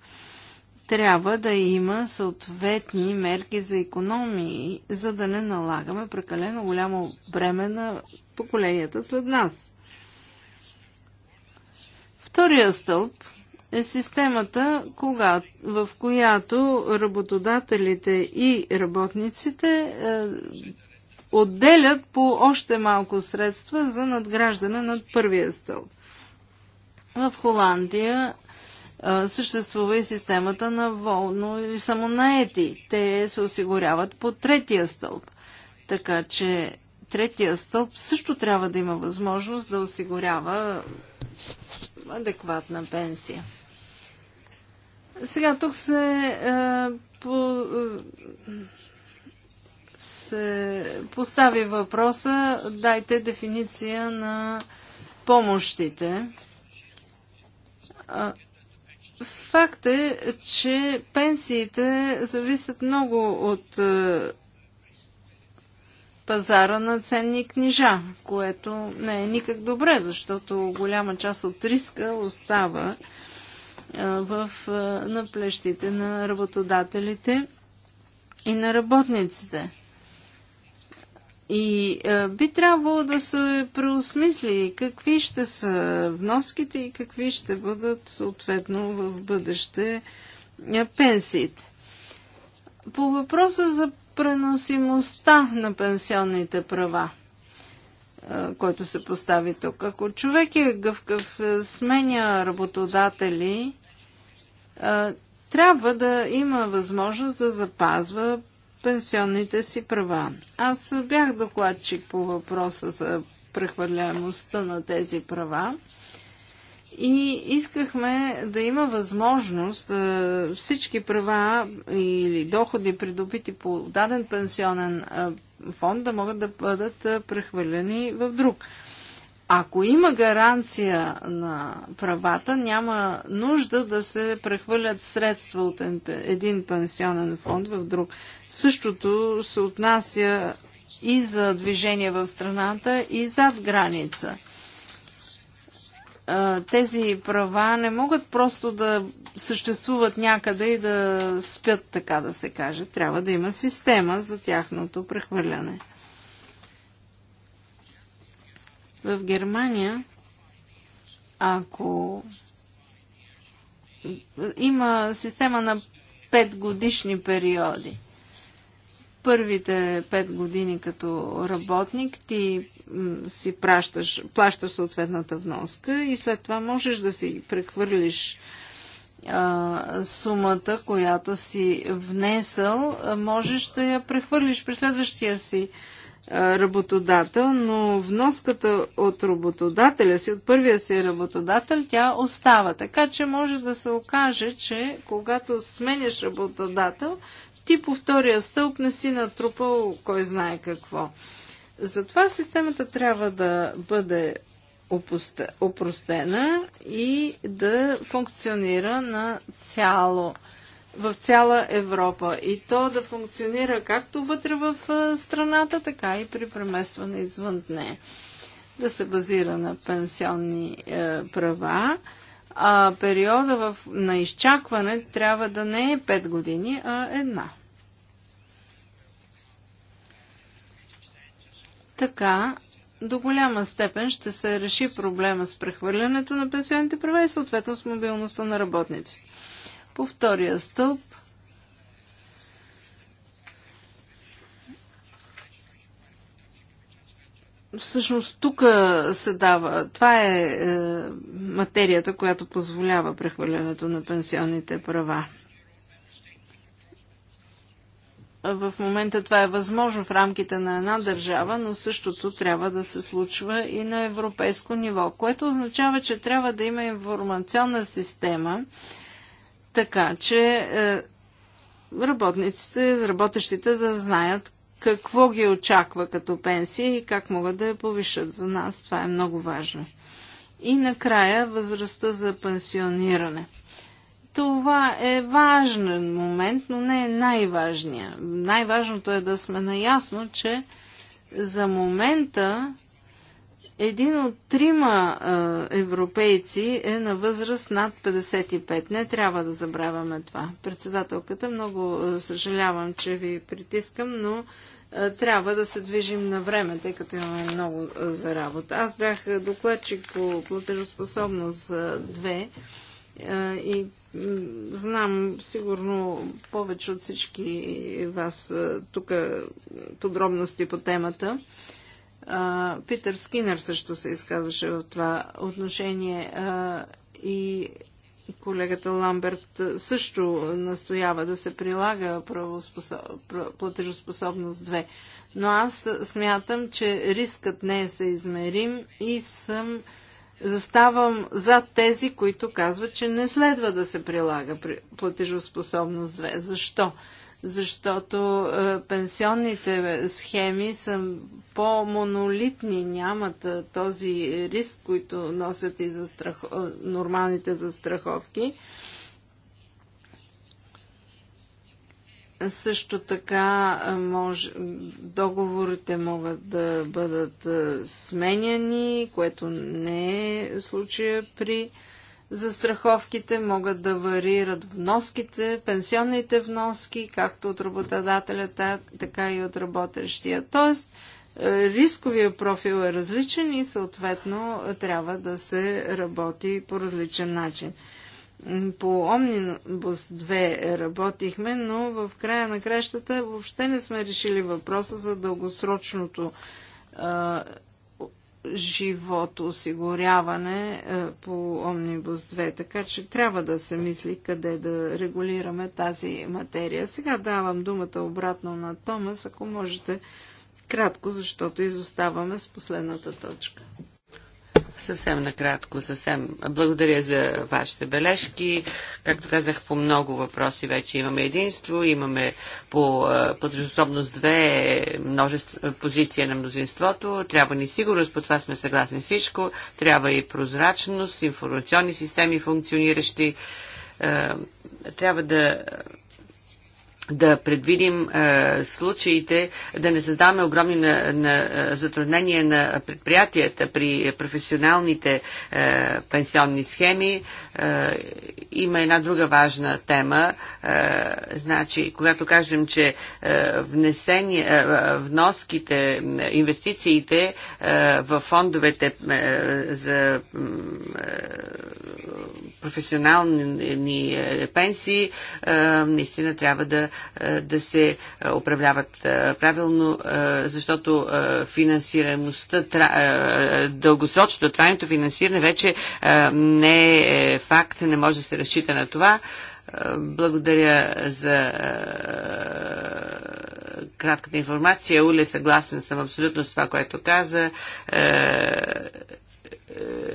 трябва да има съответни мерки за економии, за да не налагаме прекалено голямо бреме на поколенията след нас. Втория стълб е системата, кога, в която работодателите и работниците е, отделят по още малко средства за надграждане над първия стълб. В Холандия съществува и системата на волно или самонаети. Те се осигуряват по третия стълб. Така че третия стълб също трябва да има възможност да осигурява адекватна пенсия. Сега тук се, е, по, се постави въпроса, дайте дефиниция на помощите. Факт е, че пенсиите зависят много от е, пазара на ценни книжа, което не е никак добре, защото голяма част от риска остава е, в, е, на плещите на работодателите и на работниците. И а, е, би трябвало да се преосмисли какви ще са вноските и какви ще бъдат съответно в бъдеще е, пенсиите. По въпроса за преносимостта на пенсионните права, е, който се постави тук. Ако човек е гъвкав, е, сменя работодатели, трябва да има възможност да запазва пенсионните си права. Аз бях докладчик по въпроса за прехвърляемостта на тези права и искахме да има възможност да е, всички права или доходи, придобити по даден пенсионен е, фонд, да могат да бъдат е, прехвърлени в друг. Ако има гаранция на правата, няма нужда да се прехвърлят средства от един пенсионен фонд в друг. Същото се отнася и за движение в страната и зад граница. Тези права не могат просто да съществуват някъде и да спят, така да се каже. Трябва да има система за тяхното прехвърляне. В Германия, ако има система на 5 годишни периоди, първите пет години като работник ти си пращаш, плащаш съответната вноска и след това можеш да си прехвърлиш сумата, която си внесъл, можеш да я прехвърлиш при следващия си работодател, но вноската от работодателя си, от първия си работодател, тя остава. Така че може да се окаже, че когато сменяш работодател, ти по втория стълб не си натрупал кой знае какво. Затова системата трябва да бъде опростена и да функционира на цяло в цяла Европа и то да функционира както вътре в страната, така и при преместване извън нея. Да се базира на пенсионни е, права, а периода в, на изчакване трябва да не е 5 години, а една. Така, до голяма степен ще се реши проблема с прехвърлянето на пенсионните права и съответно с мобилността на работниците. По втория стълб Всъщност тук се дава, това е, е материята, която позволява прехвърлянето на пенсионните права. В момента това е възможно в рамките на една държава, но същото трябва да се случва и на европейско ниво, което означава, че трябва да има информационна система, така че е, работниците, работещите да знаят какво ги очаква като пенсия и как могат да я повишат. За нас това е много важно. И накрая възрастта за пенсиониране. Това е важен момент, но не е най-важният. Най-важното е да сме наясно, че за момента един от трима а, европейци е на възраст над 55. Не трябва да забравяме това. Председателката, много съжалявам, че ви притискам, но а, трябва да се движим на време, тъй като имаме много за работа. Аз бях докладчик по платежоспособност 2 и знам сигурно повече от всички вас тук подробности по темата. Питър Скинър също се изказваше в това отношение и колегата Ламберт също настоява да се прилага платежоспособност 2. Но аз смятам, че рискът не е съизмерим и съм заставам зад тези, които казват, че не следва да се прилага платежоспособност 2. Защо? защото е, пенсионните схеми са по-монолитни, нямат е, този риск, който носят и за страх... Е, нормалните застраховки. Също така може, договорите могат да бъдат сменяни, което не е случая при застраховките, могат да варират вноските, пенсионните вноски, както от работодателя, така и от работещия. Тоест, е, рисковия профил е различен и съответно трябва да се работи по различен начин. По Омнибус 2 работихме, но в края на кращата въобще не сме решили въпроса за дългосрочното е, осигуряване е, по Омнибус 2, така че трябва да се мисли къде да регулираме тази материя. Сега давам думата обратно на Томас, ако можете кратко, защото изоставаме с последната точка. Съвсем накратко, съвсем благодаря за вашите бележки. Както казах, по много въпроси вече имаме единство, имаме по платежоспособност две множество, позиция на мнозинството. Трябва ни сигурност, по това сме съгласни всичко. Трябва и прозрачност, информационни системи функциониращи. Трябва да да предвидим е, случаите, да не създаваме огромни на, на, затруднения на предприятията при професионалните е, пенсионни схеми. Е, има една друга важна тема. Е, значи, когато кажем, че е, внесени, е, вноските, инвестициите е, в фондовете е, за е, професионални пенсии, е, наистина трябва да е, да се е, управляват е, правилно, защото финансираността, дългосрочното, трайното финансиране вече не е факт, не може да се разчита на това. Благодаря за кратката информация. Уле, съгласен съм абсолютно с това, което каза.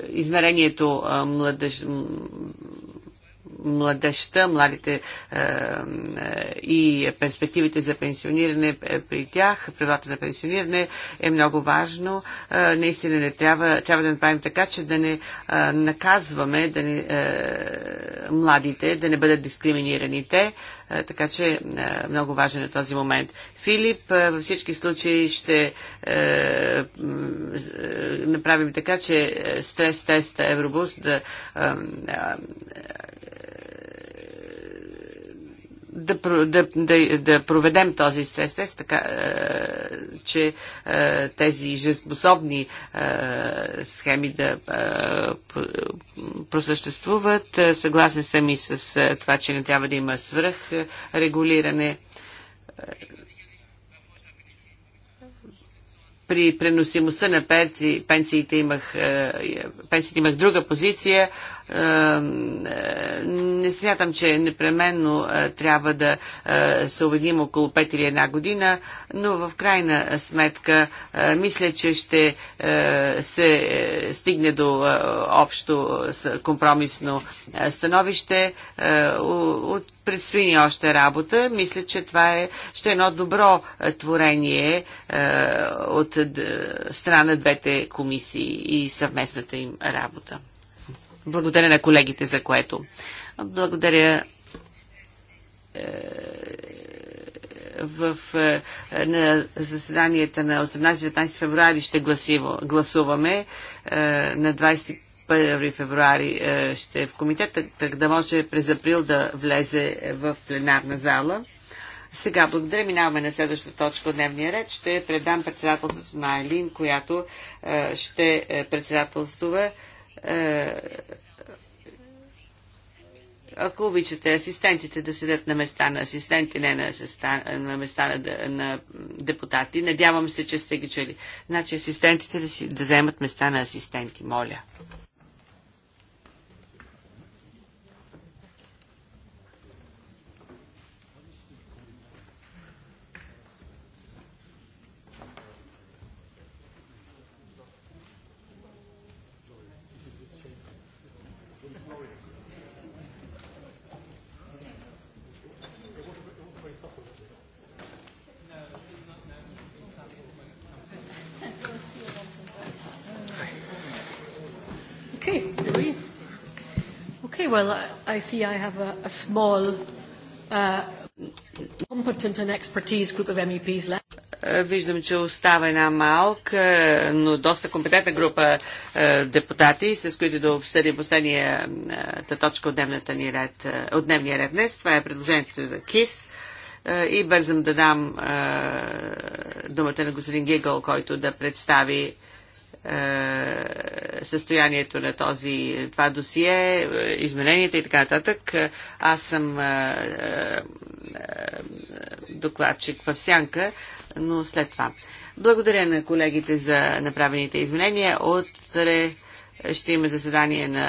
Измерението младеж, младеща, младите е, е, и перспективите за пенсиониране е, при тях, правилата на пенсиониране е много важно. Е, наистина не трябва, трябва да направим така, че да не е, наказваме да не, е, младите, да не бъдат дискриминирани те, е, така че е, много важен е този момент. Филип, е, във всички случаи ще е, е, направим така, че е, стрес-теста Евробус да е, е, да, да, да, да проведем този стрес тест, така, е, че е, тези жеспособни е, схеми да е, просъществуват. Е, съгласен съм и с е, това, че не трябва да има свръх е, регулиране. Е, при преносимостта на пенсиите имах, пенсиите имах друга позиция е, не смятам, че непременно е, трябва да е, се убедим около 5 или една година, но в крайна сметка мисля, че ще се стигне до общо компромисно становище. От предстои ни още работа. Мисля, че това е, ще едно добро творение от страна двете комисии и съвместната им работа. Благодаря на колегите за което. Благодаря е, в, е, на заседанията на 18-19 февруари ще гласуваме. Е, на 21 февруари ще е в комитет, так, да може през април да влезе в пленарна зала. Сега, благодаря, минаваме на следващата точка от дневния ред. Ще предам председателството на Елин, която ще председателствува е, ако обичате асистентите да седят на места на асистенти, не на, асиста, на места на, на депутати. Надявам се, че сте ги чули. Значи асистентите да, си, да вземат места на асистенти, моля. well, I see I have a, a small uh, competent and expertise group of MEPs left. Е, виждам, че остава една малка, е, но доста компетентна група е, депутати, с които да обсъдим последната е, точка от, дневната ни ред, от дневния ред днес. Това е предложението за КИС. Е, и бързам да дам е, думата на господин Гигъл, който да представи е, състоянието на този, това досие, е, измененията и така нататък. Аз съм е, докладчик в сянка, но след това. Благодаря на колегите за направените изменения. Отре ще има заседание на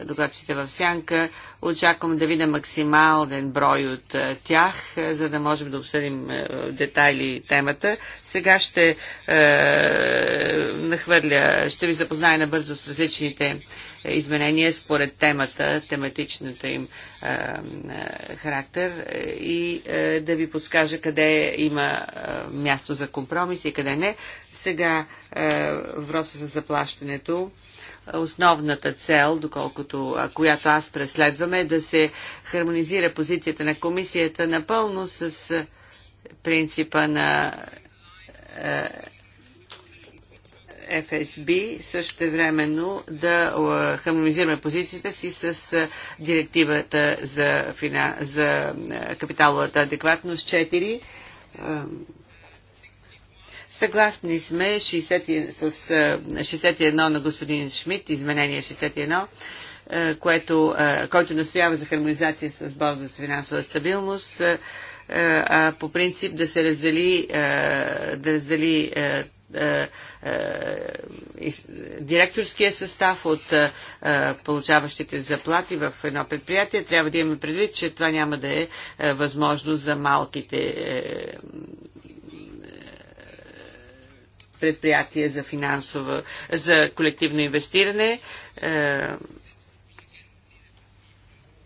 е, докладчите в Сянка. Очаквам да видя максимален брой от е, тях, е, за да можем да обсъдим детайли темата. Сега ще е, нахвърля, ще ви запозная набързо с различните изменения според темата, тематичната им е, характер и е, да ви подскажа къде има място за компромис и къде не. Сега въпросът за заплащането. Основната цел, доколкото, която аз преследвам, е да се хармонизира позицията на комисията напълно с принципа на ФСБ, също времено да хармонизираме позицията си с директивата за, финанс за капиталовата адекватност 4 Съгласни сме 60, с 61 на господин Шмидт, изменение 61, което, който настоява за хармонизация с Борда за финансова стабилност, а по принцип да се раздели, да раздели директорския състав от получаващите заплати в едно предприятие. Трябва да имаме предвид, че това няма да е възможно за малките е, предприятие за финансово, за колективно инвестиране. Е,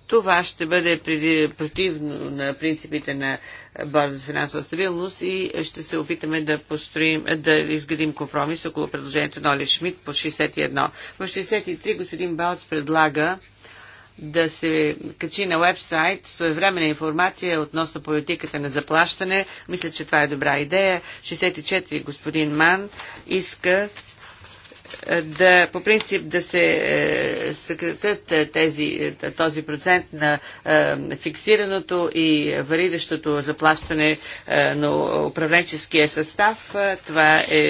това ще бъде противно на принципите на Борда за финансова стабилност и ще се опитаме да построим, да изградим компромис около предложението на Оли Шмидт по 61. В 63 господин Балц предлага да се качи на вебсайт своевременна информация относно политиката на заплащане. Мисля, че това е добра идея. 64 господин Ман иска да, по принцип да се е, съкратят е, тези, е, този процент на е, фиксираното и вариращото заплащане е, на управленческия състав. Е, това е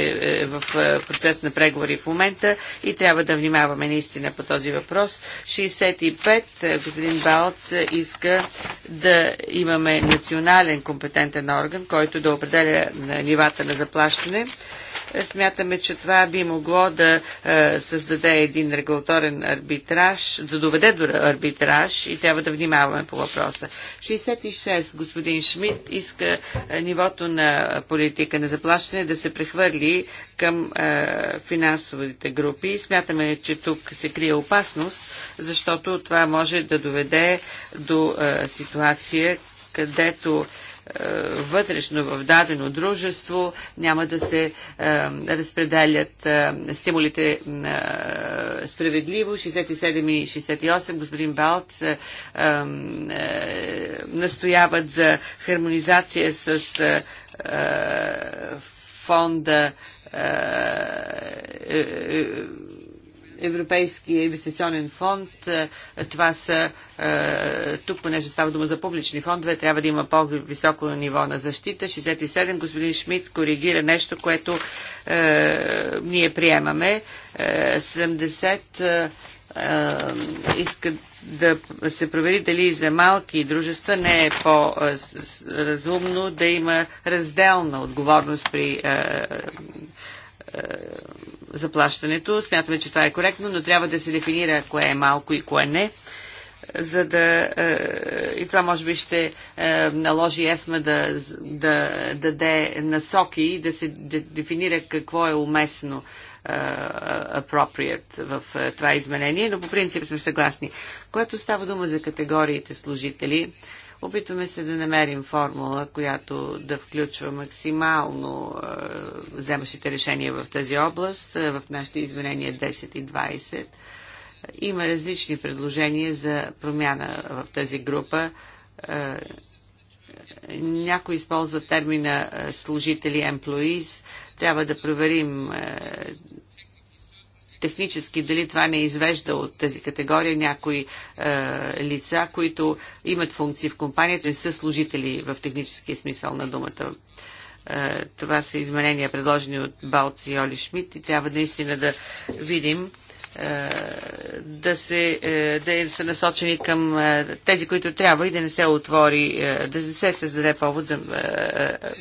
в процес на преговори в момента и трябва да внимаваме наистина по този въпрос. 65 господин Балц иска да имаме национален компетентен орган, който да определя нивата на заплащане. Смятаме, че това би могло да е, създаде един регулаторен арбитраж, да доведе до арбитраж и трябва да внимаваме по въпроса. 66. Господин Шмидт иска е, нивото на политика на заплащане да се прехвърли към е, финансовите групи. Смятаме, че тук се крие опасност, защото това може да доведе до ситуация, където вътрешно в дадено дружество, няма да се разпределят стимулите справедливо. 67 и 68, господин Балт, е, е, настояват за хармонизация с е, фонда Европейския инвестиционен фонд, е, това са, е, тук понеже става дума за публични фондове, трябва да има по-високо ниво на защита. 67, господин Шмидт коригира нещо, което е, ние приемаме. 70 е, е искат да се провери дали за малки дружества не е по-разумно да има разделна отговорност при е, е, заплащането. Смятаме, че това е коректно, но трябва да се дефинира кое е малко и кое не за да... Е, и това може би ще е, наложи ЕСМА да, да, да даде насоки и да се дефинира какво е уместно е, appropriate в това изменение, но по принцип сме съгласни. Което става дума за категориите служители, Опитваме се да намерим формула, която да включва максимално е, вземащите решения в тази област, е, в нашите изменения 10 и 20. Има различни предложения за промяна в тази група. Е, някой използва термина е, служители employees. Трябва да проверим е, технически дали това не извежда от тази категория някои е, лица, които имат функции в компанията, не са служители в техническия смисъл на думата. Е, това са изменения, предложени от Балци и Оли Шмидт и трябва наистина да видим е, да, се, е, да са насочени към е, тези, които трябва и да не се отвори, да не се създаде повод за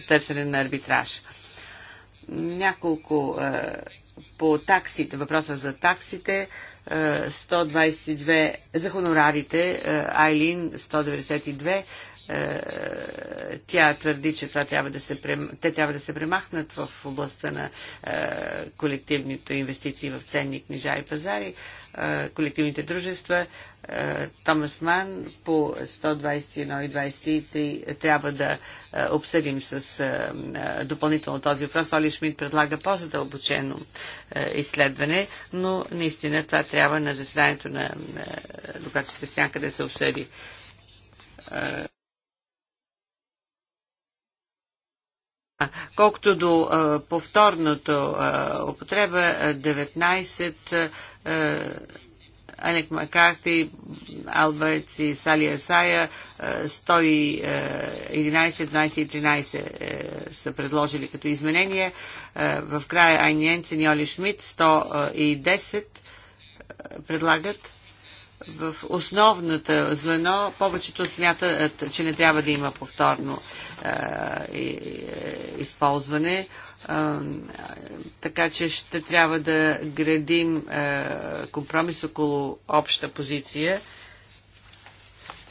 търсене на арбитраж. Няколко по таксите, въпроса за таксите, 122, е, за хонорарите, е, Айлин 192, е, тя твърди, че това трябва да се те трябва да се премахнат в областта на колективните инвестиции в ценни книжа и пазари, колективните дружества. Е, Томас Ман по 121 и 23 е, трябва да е, обсъдим с допълнително този въпрос. Оли Шмидт предлага по-задълбочено изследване, но наистина това трябва на заседанието на докладчите в сянка да се обсъди. Колкото до повторното употреба, 19 Анек Макарти, Алберт и Салия Сая 111, е, 12 и 13 е, е, са предложили като изменение. В края Айниен, Ньоли Шмидт 110 предлагат в основната звено повечето смятат, че не трябва да има повторно е, използване. Е, така че ще трябва да градим е, компромис около обща позиция.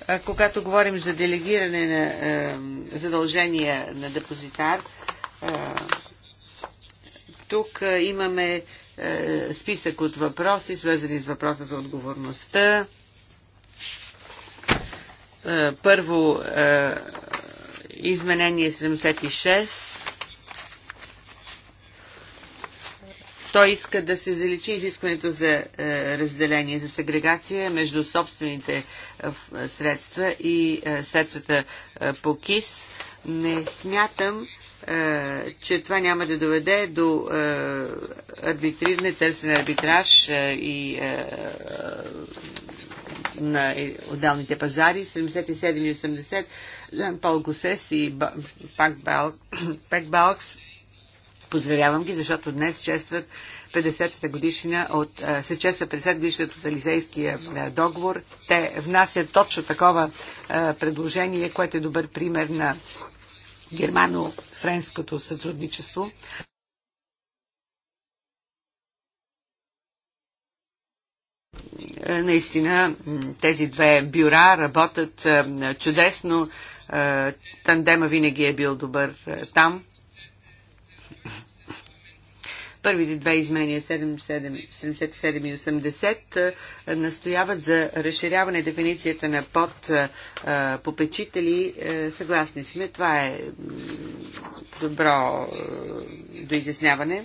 А когато говорим за делегиране на е, задължения на депозитар, е, тук имаме е, списък от въпроси, свързани с въпроса за отговорността. Е, първо е, изменение 76. Той иска да се заличи изискването за разделение, за сегрегация между собствените средства и средствата по КИС. Не смятам, е, че това няма да доведе до е, арбитриране, търсене арбитраж е, и на отделните пазари, 77 и 80, Жан Пол Гусес и *clears throat* Пак Балкс. Поздравявам ги, защото днес честват 50-та годишна от, се чества 50 годишна от Елизейския договор. Те внасят точно такова предложение, което е добър пример на германо-френското сътрудничество. Е, наистина тези две бюра работят е, чудесно. Е, тандема винаги е бил добър там. Първите две изменения 77, 77 и 80 настояват за разширяване дефиницията на под попечители. Е, съгласни сме, това е добро доизясняване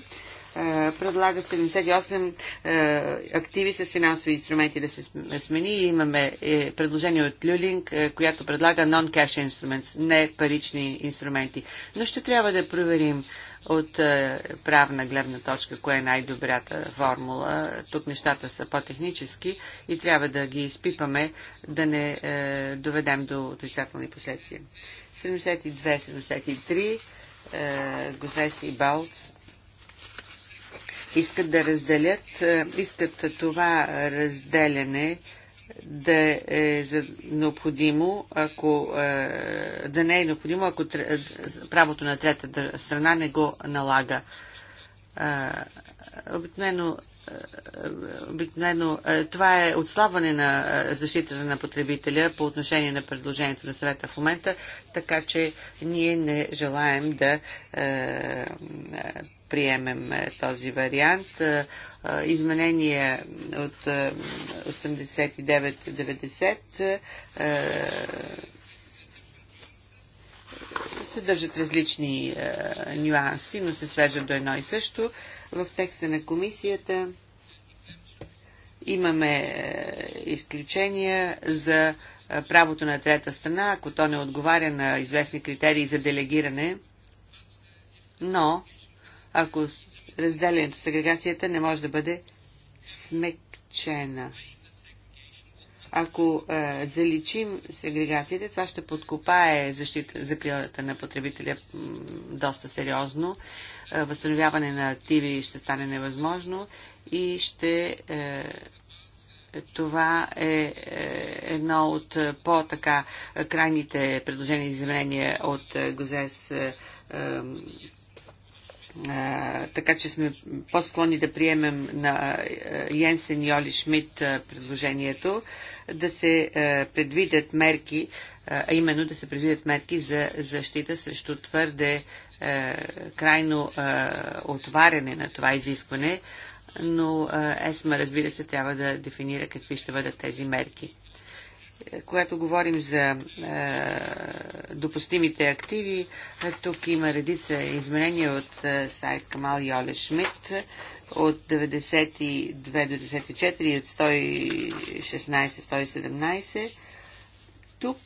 предлагат 78 активи с финансови инструменти да се смени. Имаме е, предложение от Люлинг, е, която предлага non-cash instruments, не парични инструменти. Но ще трябва да проверим от е, правна гледна точка, кое е най-добрата формула. Тук нещата са по-технически и трябва да ги изпипаме, да не е, доведем до отрицателни последствия. 72-73 е, Гозес и Балц искат да разделят, е, искат това разделяне да е за необходимо, ако е, да не е необходимо, ако е, правото на трета страна не го налага. Е, обикновено обикновено е, това е отслабване на е, защитата на потребителя по отношение на предложението на съвета в момента, така че ние не желаем да е, приемем този вариант. Изменение от 89-90 съдържат различни нюанси, но се свежат до едно и също. В текста на комисията имаме е, изключения за е, правото на трета страна, ако то не отговаря на известни критерии за делегиране, но ако разделянето, сегрегацията не може да бъде смекчена. Ако е, заличим сегрегацията, това ще подкопае защита, закрилата на потребителя доста сериозно. Е, възстановяване на активи ще стане невъзможно и ще е, това е, е едно от по-така крайните предложения и изменения от ГОЗЕС. Така че сме по-склонни да приемем на Йенсен и Оли Шмидт предложението да се предвидят мерки, а именно да се предвидят мерки за защита срещу твърде е, крайно е, отваряне на това изискване, но е, ЕСМА, разбира се, трябва да дефинира какви ще бъдат тези мерки. Когато говорим за е, допустимите активи, тук има редица изменения от е, сайт Камал и Оле Шмидт от 92 до 94 и от 116-117. Тук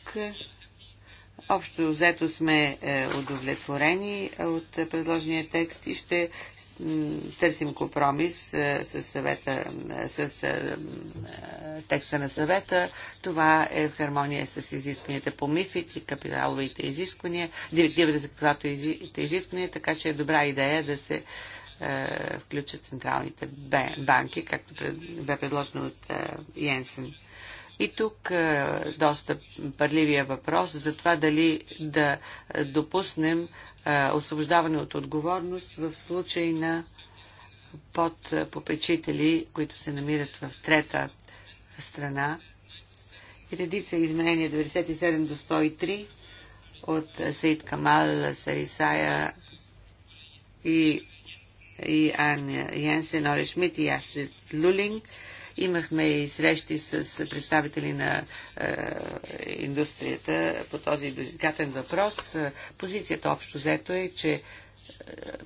Общо взето сме е, удовлетворени е, от е, предложения текст и ще търсим компромис с, съвета, с текста на съвета. Това е в хармония с изискванията по МИФИТ и капиталовите изисквания, директивата за капиталовите изисквания, така че е добра идея да се включат централните банки, както бе предложено от Йенсен. И тук е, доста парливия въпрос за това дали да допуснем е, освобождаване от отговорност в случай на под попечители, които се намират в трета страна. И редица изменения 97 до 103 от Саид Камал, Сарисая и, и Ан Йенсен, Оре Шмидт и Астрид Лулинг – Имахме и срещи с представители на е, индустрията по този деликатен въпрос. Е, позицията общо взето е, че е,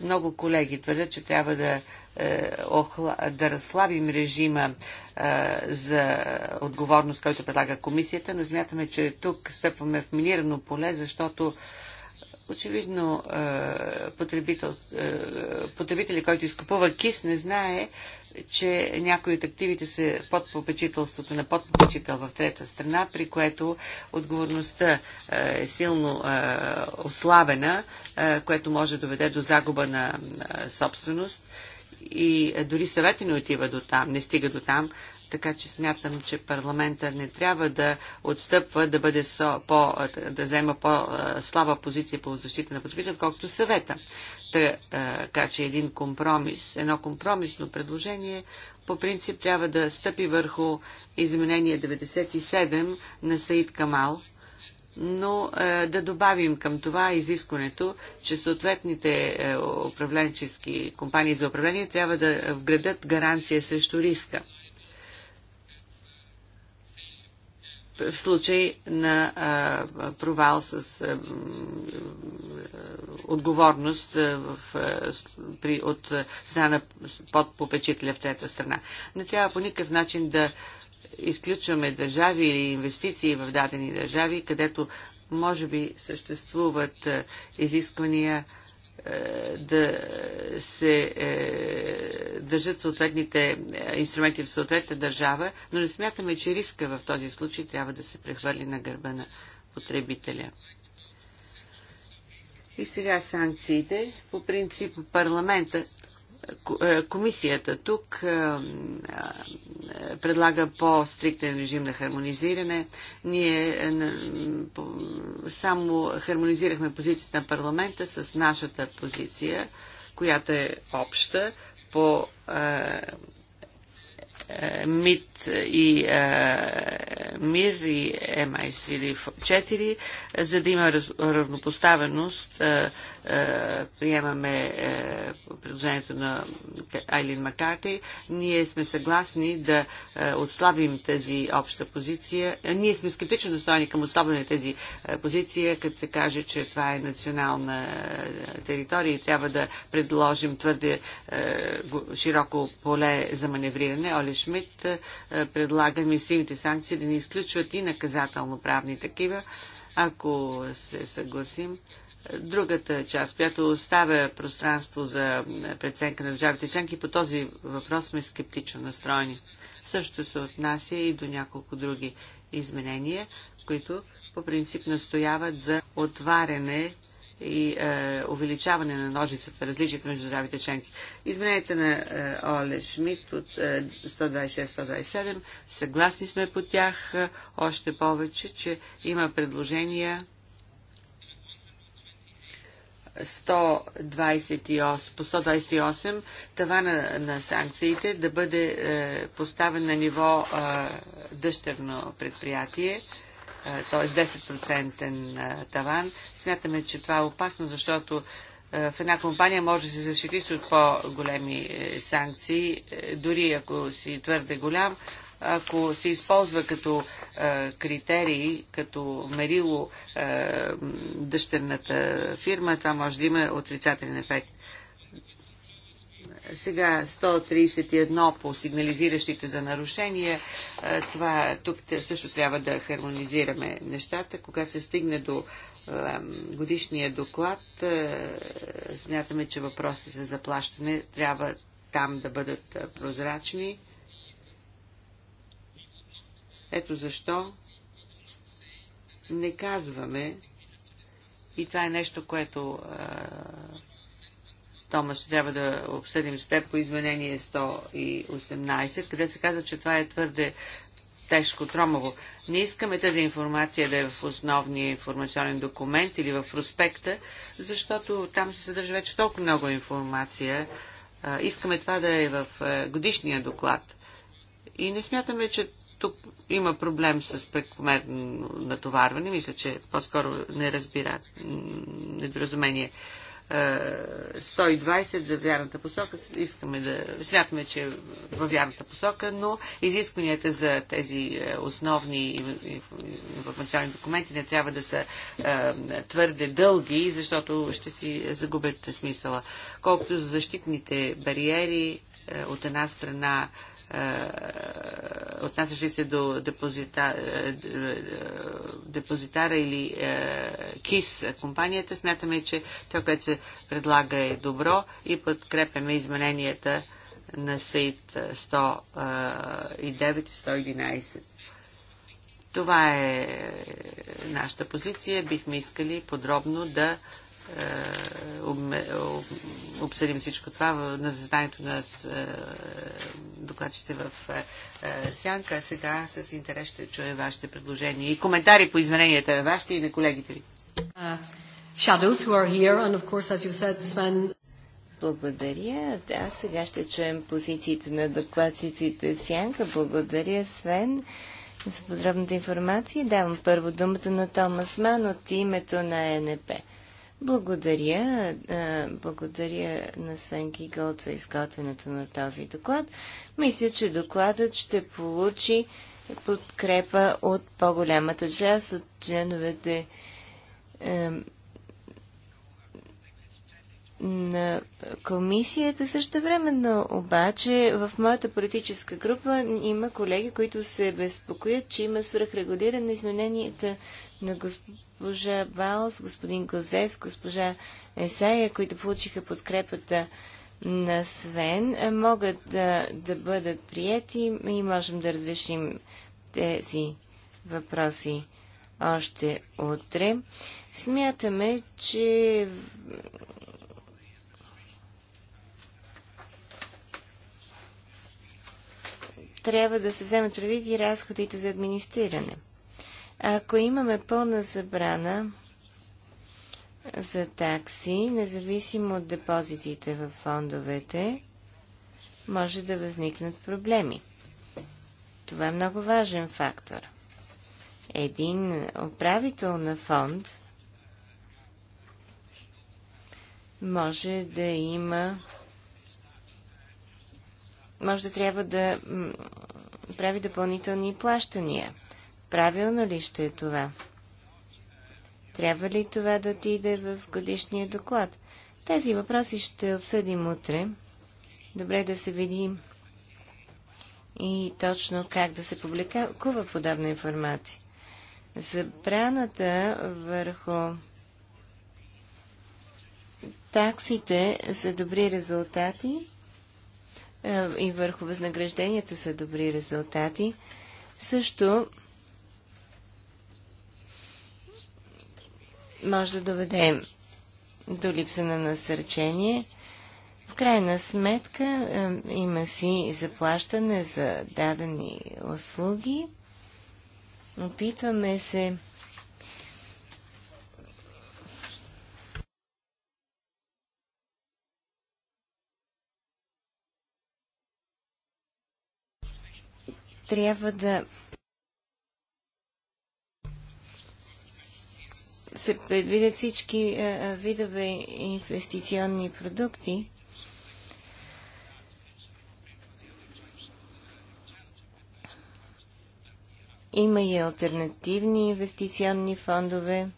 много колеги твърдят, че трябва да, е, охла, да разслабим режима е, за отговорност, който предлага комисията, но смятаме, че тук стъпваме в минирано поле, защото очевидно е, потребител, потребители, който изкупува кис, не знае че някои от активите са под попечителството на подпопечител в трета страна, при което отговорността е, е силно е, ослабена, е, което може да доведе до загуба на е, собственост и е, дори съвета не отива до там, не стига до там, така че смятам, че парламента не трябва да отстъпва, да, бъде со, по, да взема по-слаба е, позиция по защита на потребителите, колкото съвета. Та, е, е, така че един компромис, едно компромисно предложение по принцип трябва да стъпи върху изменение 97 на Саид Камал, но е, да добавим към това изискването, че съответните управленчески компании за управление трябва да вградат гаранция срещу риска. в случай на а, провал с а, отговорност в, при, от страна под попечителя в трета страна. Не трябва по никакъв начин да изключваме държави или инвестиции в дадени държави, където може би съществуват изисквания е, да се е, държат съответните е, инструменти в съответната държава, но не смятаме, че риска в този случай трябва да се прехвърли на гърба на потребителя. И сега санкциите. По принцип парламента е, комисията тук е, е, предлага по-стриктен режим на хармонизиране. Ние само хармонизирахме позицията на парламента с нашата позиция, която е обща по МИД и а, МИР и МИС или 4, за да има раз, равнопоставеност. а, а, приемаме а, предложението на Айлин Макарти. Ние сме съгласни да а, отслабим тази обща позиция. Ние сме скептично настроени към отслабване тази позиция, като се каже, че това е национална територия и трябва да предложим твърде а, широко поле за маневриране. Оле Шмидт е, предлагаме силните санкции да не изключват и наказателно-правни такива, ако се съгласим. Другата част, която оставя пространство за е, преценка на държавите членки, по този въпрос сме скептично настроени. Също се отнася и до няколко други изменения, които по принцип настояват за отваряне и е, увеличаване на ножицата, различията между здравите членки. Измененията на е, Оле Шмидт от е, 126-127, съгласни сме по тях, е, още повече, че има предложения 128, по 128 тавана на санкциите да бъде е, поставен на ниво е, дъщерно предприятие. Е, т.е. 10% таван. Смятаме, че това е опасно, защото в една компания може да се защити от по-големи е, санкции, е, дори ако си твърде голям, ако се използва като е, критерии, като мерило е, дъщерната фирма, това може да има отрицателен ефект. Сега 131 по сигнализиращите за нарушения. Това, тук също трябва да хармонизираме нещата. Когато се стигне до годишния доклад, смятаме, че въпросите за заплащане трябва там да бъдат прозрачни. Ето защо не казваме, и това е нещо, което Тома, ще трябва да обсъдим с теб по изменение 118, къде се казва, че това е твърде тежко, тромаво. Не искаме тази информация да е в основния информационен документ или в проспекта, защото там се съдържа вече толкова много информация. Искаме това да е в годишния доклад. И не смятаме, че тук има проблем с прекомерно натоварване. Мисля, че по-скоро не разбира недоразумение. 120 за вярната посока. Искаме да, смятаме, че е във вярната посока, но изискванията за тези е, основни информационни документи не трябва да са е, твърде дълги, защото ще си загубят смисъла. Колкото за защитните бариери, е, от една страна е, отнасящи се до депозита, е, е, депозитара или КИС компанията, смятаме, че това, което се предлага е добро и подкрепяме измененията на СИД 109 111. Това е нашата позиция. Бихме искали подробно да е, обсъдим всичко това на заседанието на е, докладчите в е, Сянка. Сега с интерес ще чуем вашите предложения и коментари по измененията на вашите и на колегите ви. Благодаря. Да, сега ще чуем позициите на докладчиците Сянка. Благодаря, Свен, за подробната информация. Давам първо думата на Томас Ман от името на ЕНП. Благодаря. Благодаря на Сенки Голд за изготвянето на този доклад. Мисля, че докладът ще получи подкрепа от по-голямата част от членовете е, на комисията. Също времено обаче в моята политическа група има колеги, които се безпокоят, че има свръхрегулиране на измененията на господин госпожа Балс, господин Козес, госпожа Есая, които получиха подкрепата на Свен, е, могат да, да бъдат прияти и можем да разрешим тези въпроси още утре. Смятаме, че трябва да се вземат предвид и разходите за администриране – ако имаме пълна забрана за такси, независимо от депозитите в фондовете, може да възникнат проблеми. Това е много важен фактор. Един управител на фонд може да има може да трябва да прави допълнителни плащания – Правилно ли ще е това? Трябва ли това да отиде в годишния доклад? Тези въпроси ще обсъдим утре. Добре да се видим и точно как да се публикува подобна информация. Забраната върху таксите са добри резултати е, и върху възнагражденията са добри резултати също може да доведе до липса на насърчение. В крайна сметка има си заплащане за дадени услуги. Опитваме се трябва да се предвидят всички е, е, видове инвестиционни продукти. Има и альтернативни инвестиционни фондове.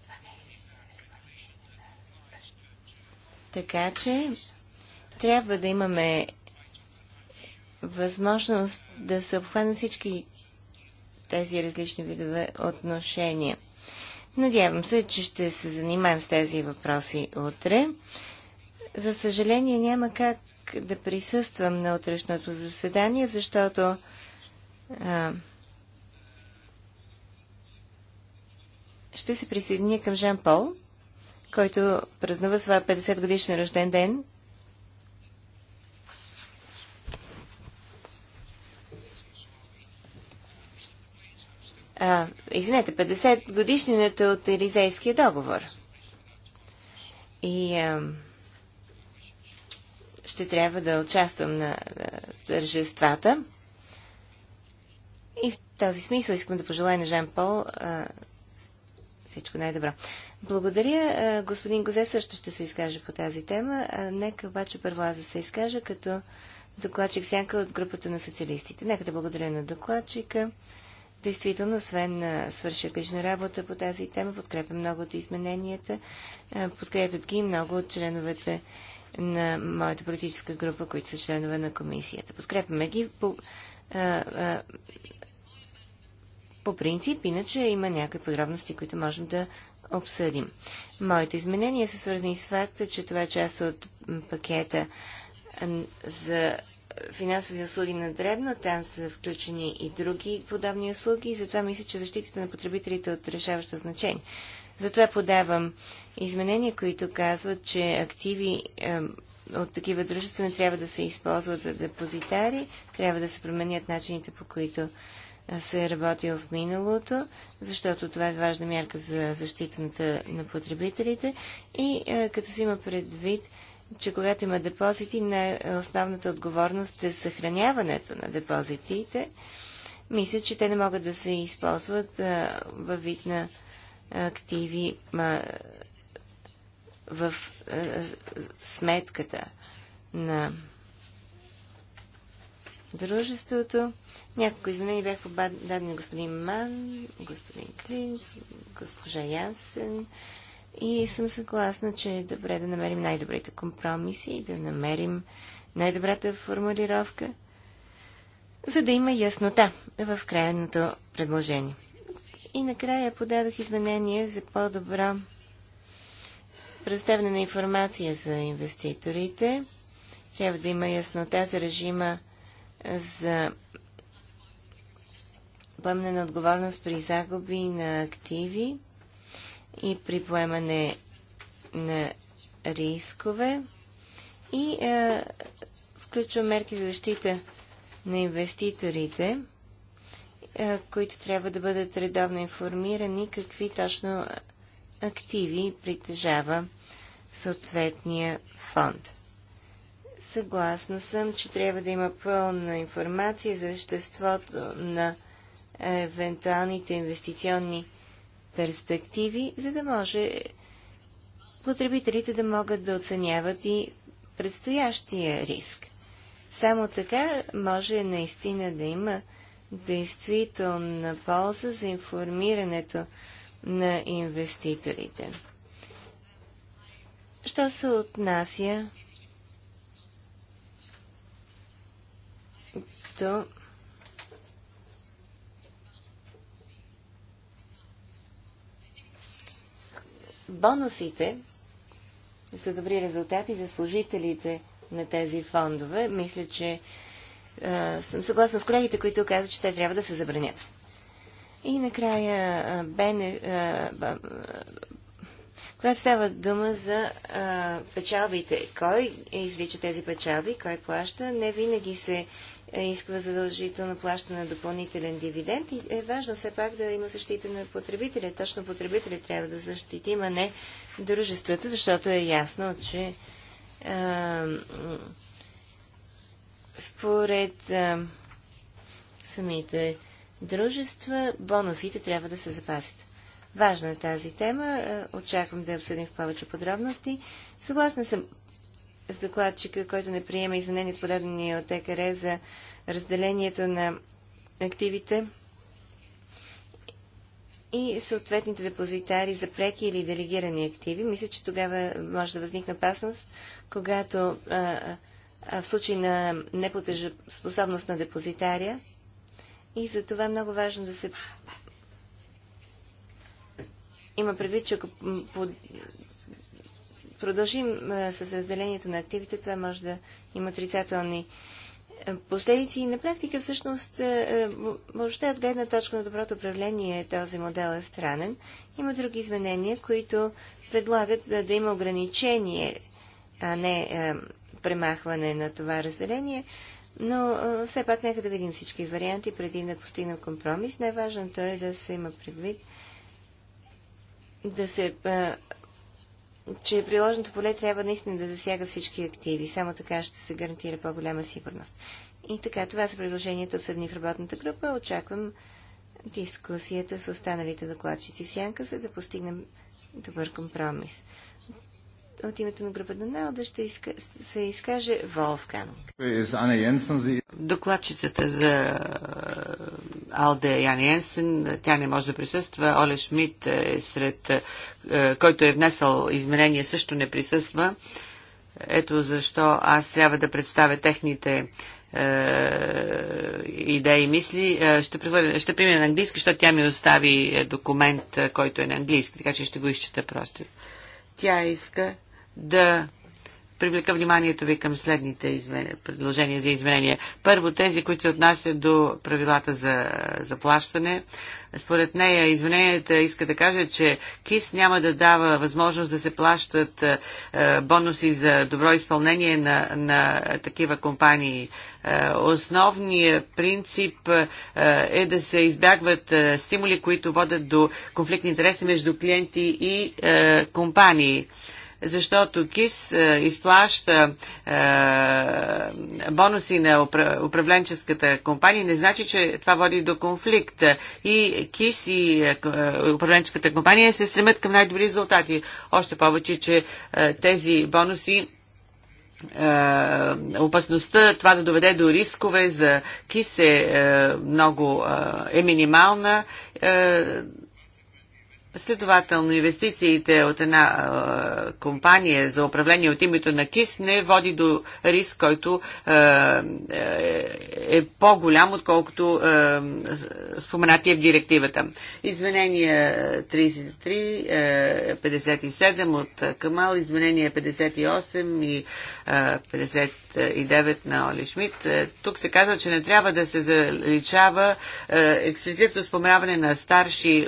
Така че трябва да имаме възможност да се обхвана всички тези различни видове отношения – Надявам се, че ще се занимаем с тези въпроси утре. За съжаление няма как да присъствам на утрешното заседание, защото а, ще се присъединя към Жан Пол, който празнува своя 50 годишен рожден ден извинете, 50 годишнината от Елизейския договор. И а, ще трябва да участвам на, тържествата. И в този смисъл искам да пожелая на Жан Пол а, всичко най-добро. Благодаря, господин Гозе също ще се изкаже по тази тема. Нека обаче първо аз да се изкажа като докладчик сянка от групата на социалистите. Нека да благодаря на докладчика Действително, освен на свърши работа по тази тема, подкрепя много от измененията, подкрепят ги и много от членовете на моята политическа група, които са членове на комисията. Подкрепяме ги по, а, а, по принцип, иначе има някои подробности, които можем да обсъдим. Моите изменения са свързани с факта, че това е част от пакета за финансови услуги на дребно, там са включени и други подобни услуги и затова мисля, че защитата на потребителите е от решаващо значение. Затова подавам изменения, които казват, че активи е, от такива дружества не трябва да се използват за депозитари, трябва да се променят начините по които е, се е работил в миналото, защото това е важна мярка за защитата на потребителите и е, като се има предвид, че когато има депозити, не основната отговорност е съхраняването на депозитите. Мисля, че те не могат да се използват а, във вид на активи а, в а, сметката на дружеството. Няколко изменения бяха дадени господин Ман, господин Клинц, госпожа Янсен, и съм съгласна, че е добре да намерим най-добрите компромиси и да намерим най-добрата формулировка, за да има яснота в крайното предложение. И накрая подадох изменение за по-добро представяне на информация за инвеститорите. Трябва да има яснота за режима за поемане на отговорност при загуби на активи и при поемане на рискове и е, включва мерки за защита на инвеститорите, е, които трябва да бъдат редовно информирани какви точно активи притежава съответния фонд. Съгласна съм, че трябва да има пълна информация за съществото на евентуалните инвестиционни перспективи, за да може потребителите да могат да оценяват и предстоящия риск. Само така може наистина да има действителна полза за информирането на инвеститорите. Що се отнася до Бонусите за добри резултати за служителите на тези фондове, мисля, че а, съм съгласна с колегите, които казват, че те трябва да се забранят. И накрая, а, бене, а, когато става дума за а, печалбите, кой извлича тези печалби, кой плаща, не винаги се е изква задължително плащане на допълнителен дивиденд и е важно все пак да има защита на потребителя. Точно потребителя трябва да защитим, а не дружествата, защото е ясно, че а, според а, самите дружества бонусите трябва да се запазят. Важна е тази тема. Е, очаквам да я обсъдим в повече подробности. Съгласна съм с докладчика, който не приема изменението подадени от ЕКР за разделението на активите и съответните депозитари за преки или делегирани активи. Мисля, че тогава може да възникне опасност, когато а, а, в случай на неплатежоспособност на депозитария и за това е много важно да се има предвид, че ако продължим а, е, с разделението на активите, това може да има отрицателни е, последици. И на практика, всъщност, е, въобще от гледна точка на доброто управление този модел е странен. Има други изменения, които предлагат да, да има ограничение, а не а, премахване на това разделение. Но а, все пак нека да видим всички варианти преди да постигнем компромис. Най-важното е да се има предвид да се а, че приложното поле трябва наистина да засяга всички активи. Само така ще се гарантира по-голяма сигурност. И така, това са предложенията обсъдни в работната група. Очаквам дискусията с останалите докладчици в сянка, за да постигнем добър компромис. От името на групата на Налда ще изка... се изкаже Волфганг. Е, Докладчицата за Алде Ян Йенсен, тя не може да присъства. Оле Шмидт, е сред, е, който е внесъл изменения, също не присъства. Ето защо аз трябва да представя техните е, идеи и мисли. Е, ще, превър... ще примя на английски, защото тя ми остави документ, който е на английски, така че ще го изчета просто. Тя иска да привлека вниманието ви към следните измен... предложения за изменения. Първо, тези, които се отнасят до правилата за заплащане. Според нея измененията иска да каже, че КИС няма да дава възможност да се плащат е, бонуси за добро изпълнение на, на такива компании. Е, основният принцип е, е да се избягват е, стимули, които водят до конфликт на интереси между клиенти и е, компании защото КИС е, изплаща е, бонуси на управленческата компания, не значи, че това води до конфликт. И КИС и е, управленческата компания се стремят към най-добри резултати. Още повече, че тези бонуси опасността това да доведе до рискове за кис е, много е минимална. Следователно, инвестициите от една е, компания за управление от името на КИС не води до риск, който е, е, е по-голям, отколкото е, споменатия в директивата. Извинение 33, е, 57 от Камал, извинение 58 и е, 59 на Оли Шмидт. Е, тук се казва, че не трябва да се заличава е, експлицитно споменаване на старши,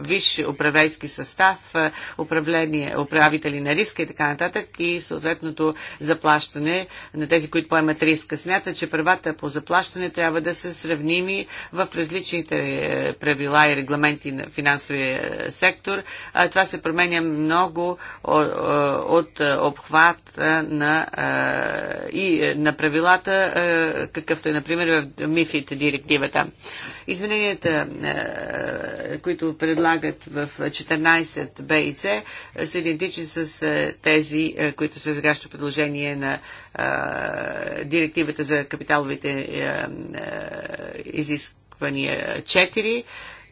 виши висш управлейски състав, е, управление, управители на риска и така нататък и съответното заплащане на тези, които поемат риска. Смята, че правата по заплащане трябва да са сравними в различните е, правила и регламенти на финансовия е, сектор. Това се променя много от обхват на, и на правилата, какъвто е, например, в МИФИТ директивата. Измененията, е, които предлагат в 14 Б и С, е, са идентични с е, тези, които са сегашното предложение на директивата за капиталовите изисквания 4.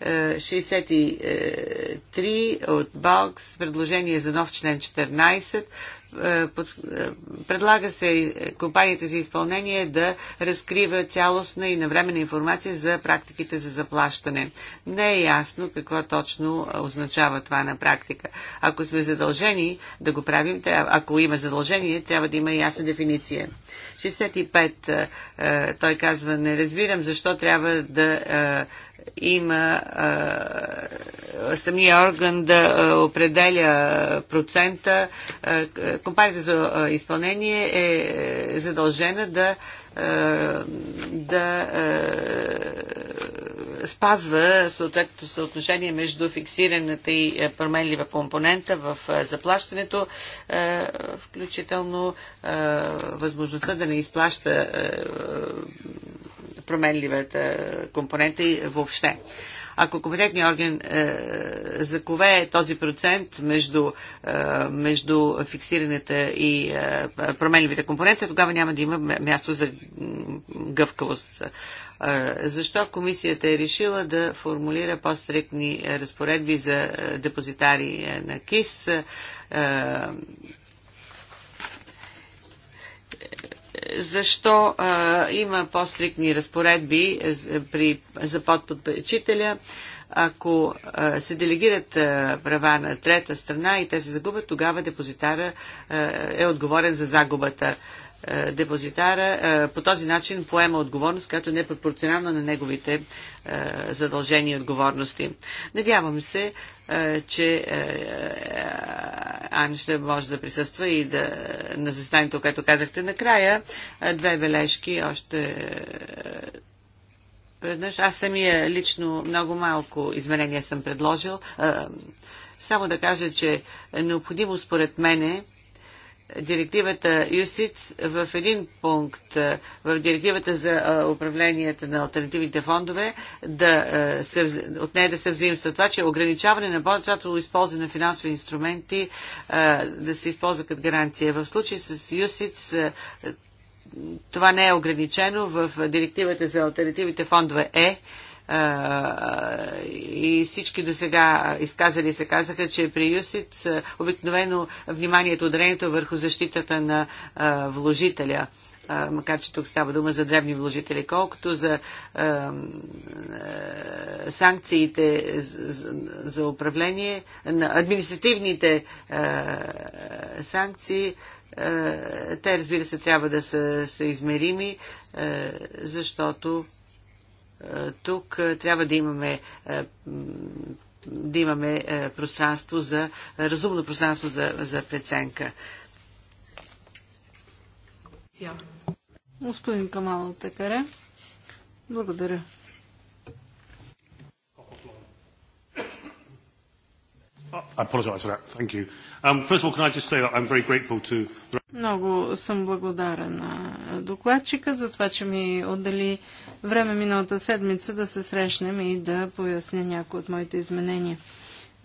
63 от Балкс, предложение за нов член 14, е, е, предлага се е, компаниите за изпълнение да разкрива цялостна и навременна информация за практиките за заплащане. Не е ясно какво точно означава това на практика. Ако сме задължени да го правим, ако има задължение, трябва да има ясна дефиниция. 65 е, е, той казва, не разбирам защо трябва да е, има самия орган да определя процента. Компанията за изпълнение е задължена да да спазва съответното съотношение между фиксираната и е, променлива компонента в е, заплащането, е, включително възможността да не изплаща променливата компонента и въобще. Ако компетентният орган е, закове този процент между, е, между фиксираната и е, променливите компонента, тогава няма да има място за гъвкавост. Защо комисията е решила да формулира по-стрикни е, разпоредби за е, депозитари е, на КИС? защо има по-стрикни разпоредби за подпочителя, ако се делегират права на трета страна и те се загубят, тогава депозитара е отговорен за загубата. Е, депозитара е, по този начин поема отговорност, която не е пропорционална на неговите е, задължения и отговорности. Надявам се, че Ан ще може да присъства и да на застанието, което казахте накрая. Две бележки още веднъж. Аз самия лично много малко изменения съм предложил. Само да кажа, че е необходимо според мене директивата ЮСИЦ в един пункт е, в директивата за е, управлението на альтернативните фондове да е, се, от нея да се взаимства това, че ограничаване на по използване на финансови инструменти да се използва като гаранция. В случай с ЮСИЦ това не е ограничено в директивата за альтернативните фондове Е и всички до сега изказали се казаха, че при ЮСИЦ обикновено вниманието, ударението върху защитата на вложителя макар че тук става дума за древни вложители, колкото за санкциите за, за управление, на административните санкции, те разбира се трябва да са, са измерими, защото тук трябва да имаме да имаме пространство за, разумно пространство за, за преценка. Господин Камал Текаре, благодаря. Um, Много съм благодарен на докладчика за това, че ми отдели време е миналата седмица да се срещнем и да поясня някои от моите изменения.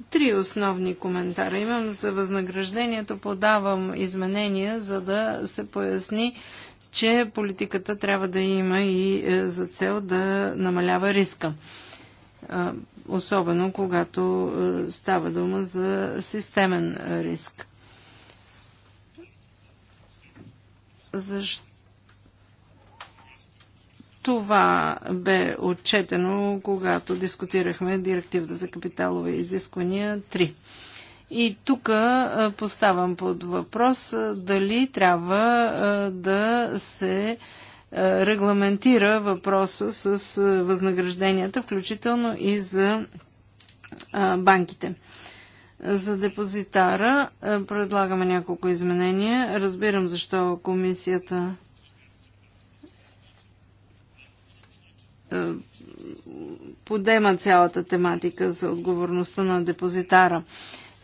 Три основни коментара имам за възнаграждението. Подавам изменения, за да се поясни, че политиката трябва да има и е, за цел да намалява риска. Е, особено когато става дума за системен риск. Защо? Това бе отчетено, когато дискутирахме директивата за капиталови изисквания 3. И тук поставам под въпрос дали трябва да се регламентира въпроса с възнагражденията, включително и за банките. За депозитара предлагаме няколко изменения. Разбирам защо комисията Е, подема цялата тематика за отговорността на депозитара.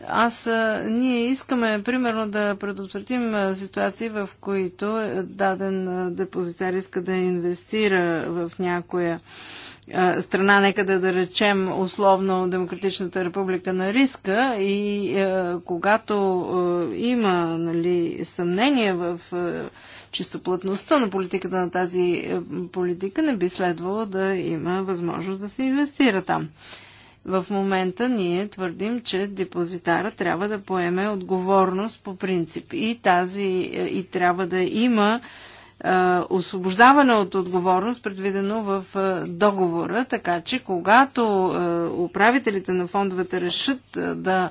Аз, е, ние искаме, примерно, да предотвратим е, ситуации, в които даден депозитар иска да инвестира в някоя страна, нека да, да речем условно Демократичната република на риска и е, когато е, има нали, съмнение в е, чистоплътността на политиката на тази е, политика не би следвало да има възможност да се инвестира там. В момента ние твърдим, че депозитара трябва да поеме отговорност по принцип и тази е, и трябва да има е, освобождаване от отговорност, предвидено в договора, така че когато управителите на фондовете решат да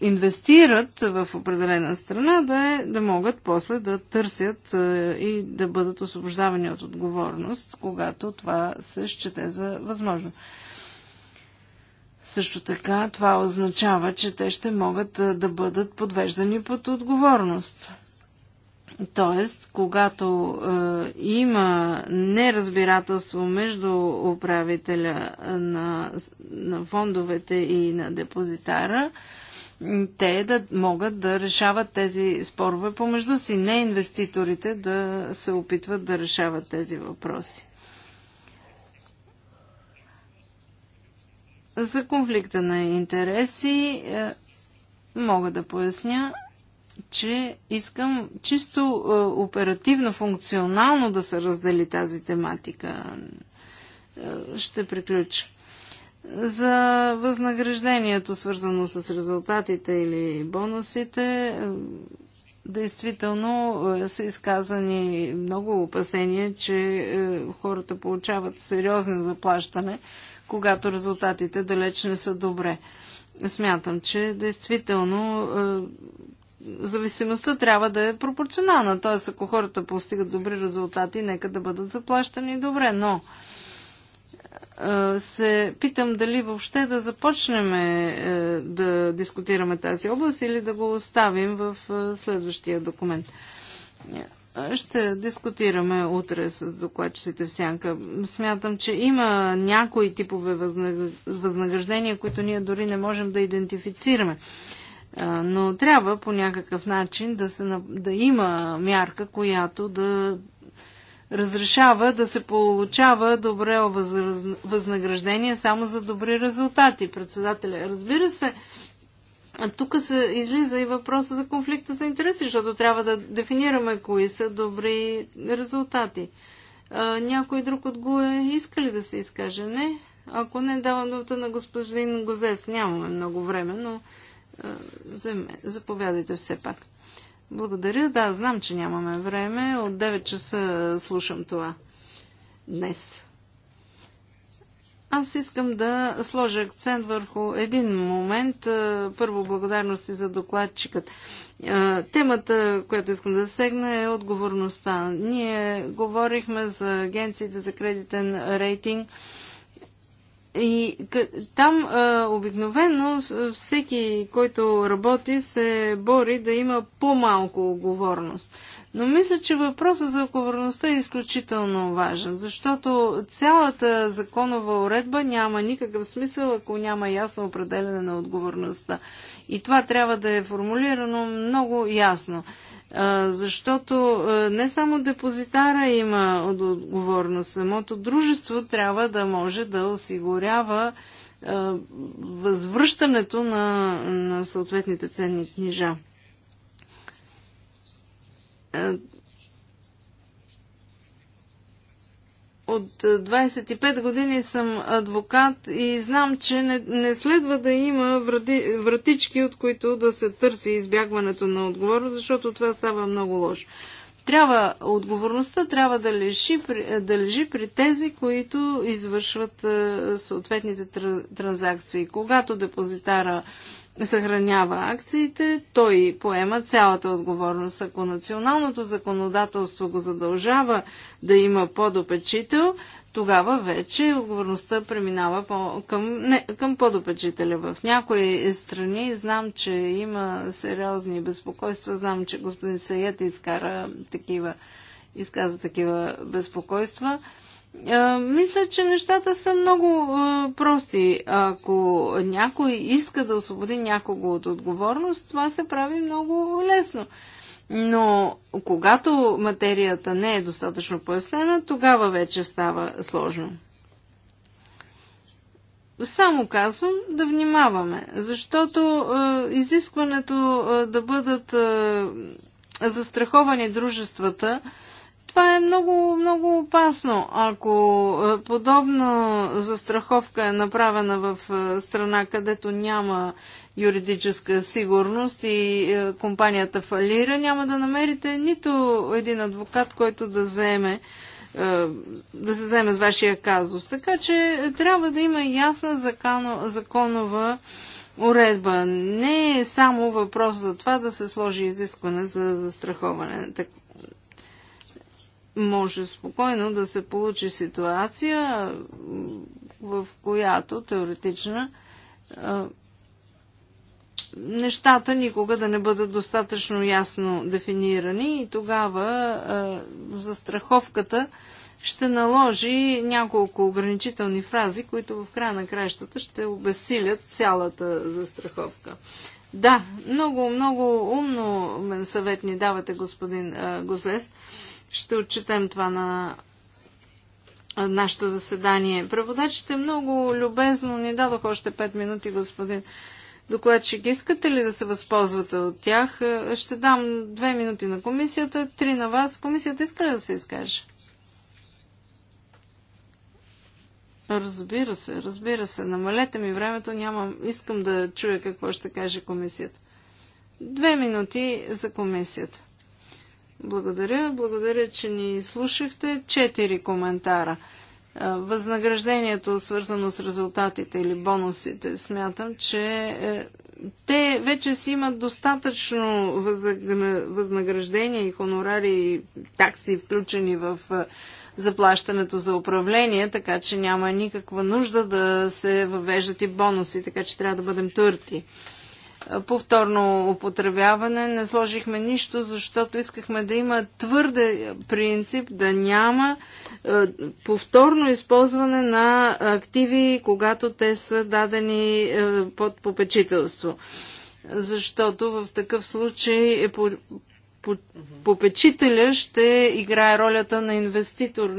инвестират в определена страна, да, е, да могат после да търсят е, и да бъдат освобождавани от отговорност, когато това се счете за възможно. Също така това означава, че те ще могат е, да бъдат подвеждани под отговорност. Тоест, когато е, има неразбирателство между управителя на, на фондовете и на депозитара, те да могат да решават тези спорове помежду си, не инвеститорите да се опитват да решават тези въпроси. За конфликта на интереси е, мога да поясня, че искам чисто е, оперативно, функционално да се раздели тази тематика. Е, ще приключа. За възнаграждението, свързано с резултатите или бонусите, е, действително са изказани много опасения, че хората получават сериозно заплащане, когато резултатите далеч не са добре. Смятам, че действително зависимостта трябва да е пропорционална. Т.е. ако хората постигат добри резултати, нека да бъдат заплащани добре. Но се питам дали въобще да започнем е, да дискутираме тази област или да го оставим в е, следващия документ. Ще дискутираме утре с докладчиците в Сянка. Смятам, че има някои типове възнаграждения, които ние дори не можем да идентифицираме. Но трябва по някакъв начин да, се, да има мярка, която да разрешава да се получава добре възнаграждение само за добри резултати. Председателя, разбира се, тук се излиза и въпроса за конфликта за интереси, защото трябва да дефинираме кои са добри резултати. А, някой друг от го е искали да се изкаже? Не. Ако не, давам думата на господин Гозес. Нямаме много време, но Заповядайте все пак. Благодаря. Да, знам, че нямаме време. От 9 часа слушам това. Днес. Аз искам да сложа акцент върху един момент. Първо, благодарности за докладчикът. Темата, която искам да засегна е отговорността. Ние говорихме за агенциите за кредитен рейтинг – и там а, обикновено всеки, който работи, се бори да има по-малко отговорност. Но мисля, че въпросът за отговорността е изключително важен, защото цялата законова уредба няма никакъв смисъл, ако няма ясно определене на отговорността. И това трябва да е формулирано много ясно защото не само депозитара има отговорност, самото дружество трябва да може да осигурява възвръщането на, на съответните ценни книжа от 25 е, години съм адвокат и знам, че не, не следва да има врати, вратички, от които да се търси избягването на отговорност, защото това става много лошо. Трябва, отговорността трябва да лежи, е, да лежи при тези, които извършват е, съответните транзакции. Когато депозитара съхранява акциите, той поема цялата отговорност. Ако националното законодателство го задължава да има подопечител, тогава вече отговорността преминава по, към, не, към подопечителя. В някои страни знам, че има сериозни безпокойства. Знам, че господин Саят изкара такива, изказа такива безпокойства мисля, че нещата са много прости. Ако някой иска да освободи някого от отговорност, това се прави много лесно. Но когато материята не е достатъчно пояснена, тогава вече става сложно. Само казвам да внимаваме, защото е, изискването е, да бъдат е, застраховани дружествата е, това е много, много опасно. Ако е, подобна застраховка е направена в е, страна, където няма юридическа сигурност и е, компанията фалира, няма да намерите нито един адвокат, който да заеме да се заеме с вашия казус. Така че трябва да има ясна законова уредба. Не е само въпрос за това да се сложи изискване за застраховане може спокойно да се получи ситуация, в която теоретична нещата никога да не бъдат достатъчно ясно дефинирани и тогава застраховката ще наложи няколко ограничителни фрази, които в края на краищата ще обесилят цялата застраховка. Да, много, много умно съвет ни давате, господин Гозест. Ще отчетем това на нашето заседание. Преводачите много любезно ни дадох още 5 минути, господин докладчик. Искате ли да се възползвате от тях? Ще дам 2 минути на комисията, 3 на вас. Комисията иска ли да се изкаже? Разбира се, разбира се. Намалете ми времето, нямам... Искам да чуя какво ще каже комисията. Две минути за комисията. Благодаря. Благодаря, че ни слушахте. Четири коментара. Възнаграждението, свързано с резултатите или бонусите, смятам, че е, те вече си имат достатъчно възнаграждение и хонорари и такси включени в е, заплащането за управление, така че няма никаква нужда да се въвеждат и бонуси, така че трябва да бъдем турти повторно употребяване. Не сложихме нищо, защото искахме да има твърде принцип да няма е, повторно използване на активи, когато те са дадени е, под попечителство. Защото в такъв случай е по попечителя ще играе ролята на инвеститор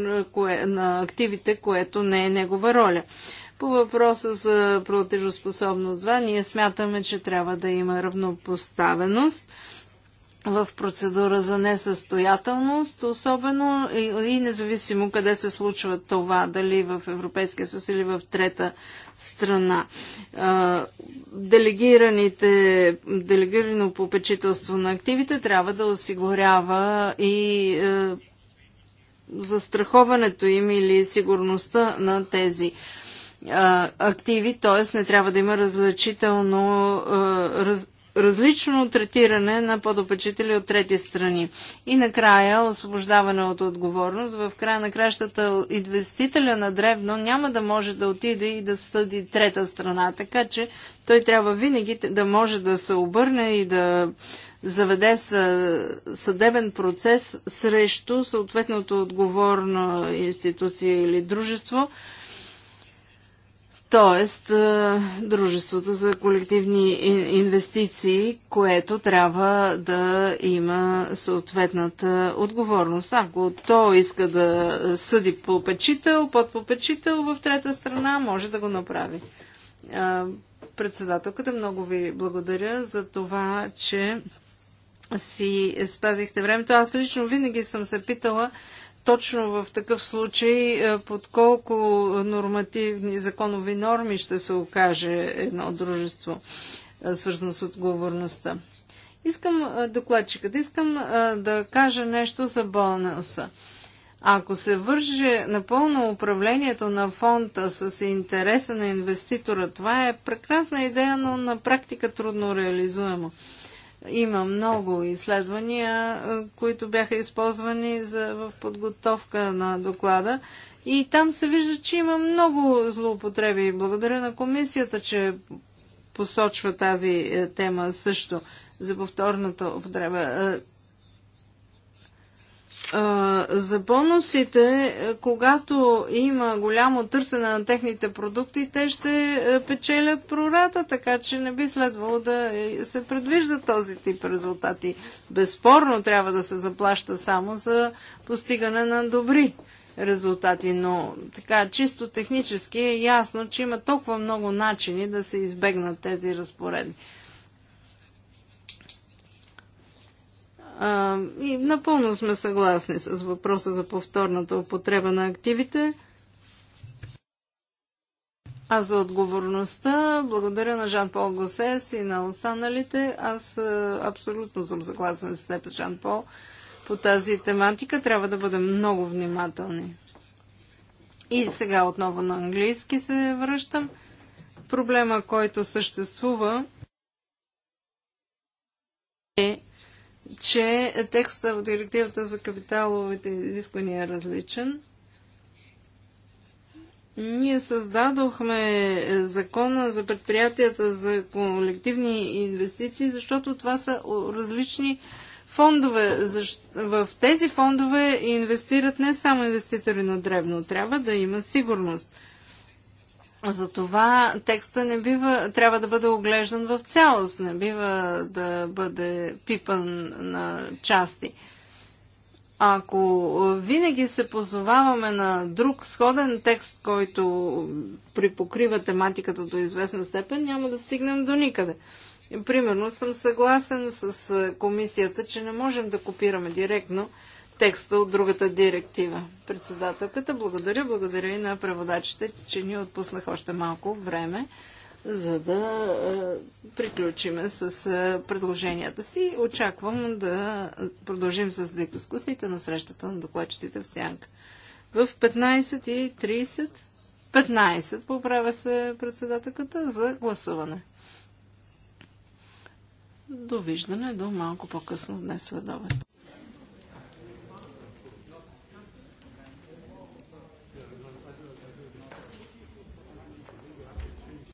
е, на активите, което не е негова роля. По въпроса за платежоспособност 2, ние смятаме, че трябва да има равнопоставеност в процедура за несъстоятелност, особено и, и независимо къде се случва това, дали в Европейския съюз или в трета страна. делегираните, делегирано попечителство на активите трябва да осигурява и застраховането им или сигурността на тези активи, т.е. не трябва да има различително, раз, различно третиране на подопечители от трети страни. И накрая освобождаване от отговорност. В края на кращата инвестителя на древно няма да може да отиде и да съди трета страна, така че той трябва винаги да може да се обърне и да заведе съдебен процес срещу съответното отговорна институция или дружество, Тоест, е, дружеството за колективни инвестиции, което трябва да има съответната отговорност. Ако то иска да съди попечител, подпопечител в трета страна, може да го направи. Е, председателката, много ви благодаря за това, че си спазихте времето. Аз лично винаги съм се питала, точно в такъв случай е, под колко нормативни законови норми ще се окаже едно дружество, е, свързано с отговорността. Искам е, докладчикът, искам да кажа нещо за бонуса. Ако се върже напълно управлението на фонда с интереса на инвеститора, това е прекрасна идея, но на практика трудно реализуемо. Има много изследвания, които бяха използвани за, в подготовка на доклада. И там се вижда, че има много злоупотреби. Благодаря на комисията, че посочва тази е, тема също за повторната употреба. Е, за бонусите, е, когато има голямо търсене на техните продукти, те ще е, печелят прората, така че не би следвало да е, се предвижда този тип резултати. Безспорно трябва да се заплаща само за постигане на добри резултати, но така чисто технически е ясно, че има толкова много начини да се избегнат тези разпоредби. А, и напълно сме съгласни с въпроса за повторната употреба на активите. А за отговорността, благодаря на Жан-Пол Госес и на останалите. Аз абсолютно съм съгласен с теб, Жан-Пол, по тази тематика. Трябва да бъдем много внимателни. И сега отново на английски се връщам. Проблема, който съществува е че текста в директивата за капиталовите изисквания е различен. Ние създадохме закона за предприятията за колективни инвестиции, защото това са различни фондове. В тези фондове инвестират не само инвеститори на древно, трябва да има сигурност. Затова текста не бива, трябва да бъде оглеждан в цялост, не бива да бъде пипан на части. Ако винаги се позоваваме на друг сходен текст, който припокрива тематиката до известна степен, няма да стигнем до никъде. Примерно съм съгласен с комисията, че не можем да копираме директно текста от другата директива. Председателката, благодаря, благодаря и на преводачите, че ни отпуснах още малко време, за да е, приключиме с е, предложенията си. Очаквам да продължим с дискусиите на срещата на докладчетите в Сянка. В 15.30, 15 поправя се председателката за гласуване. Довиждане до малко по-късно днес следобед.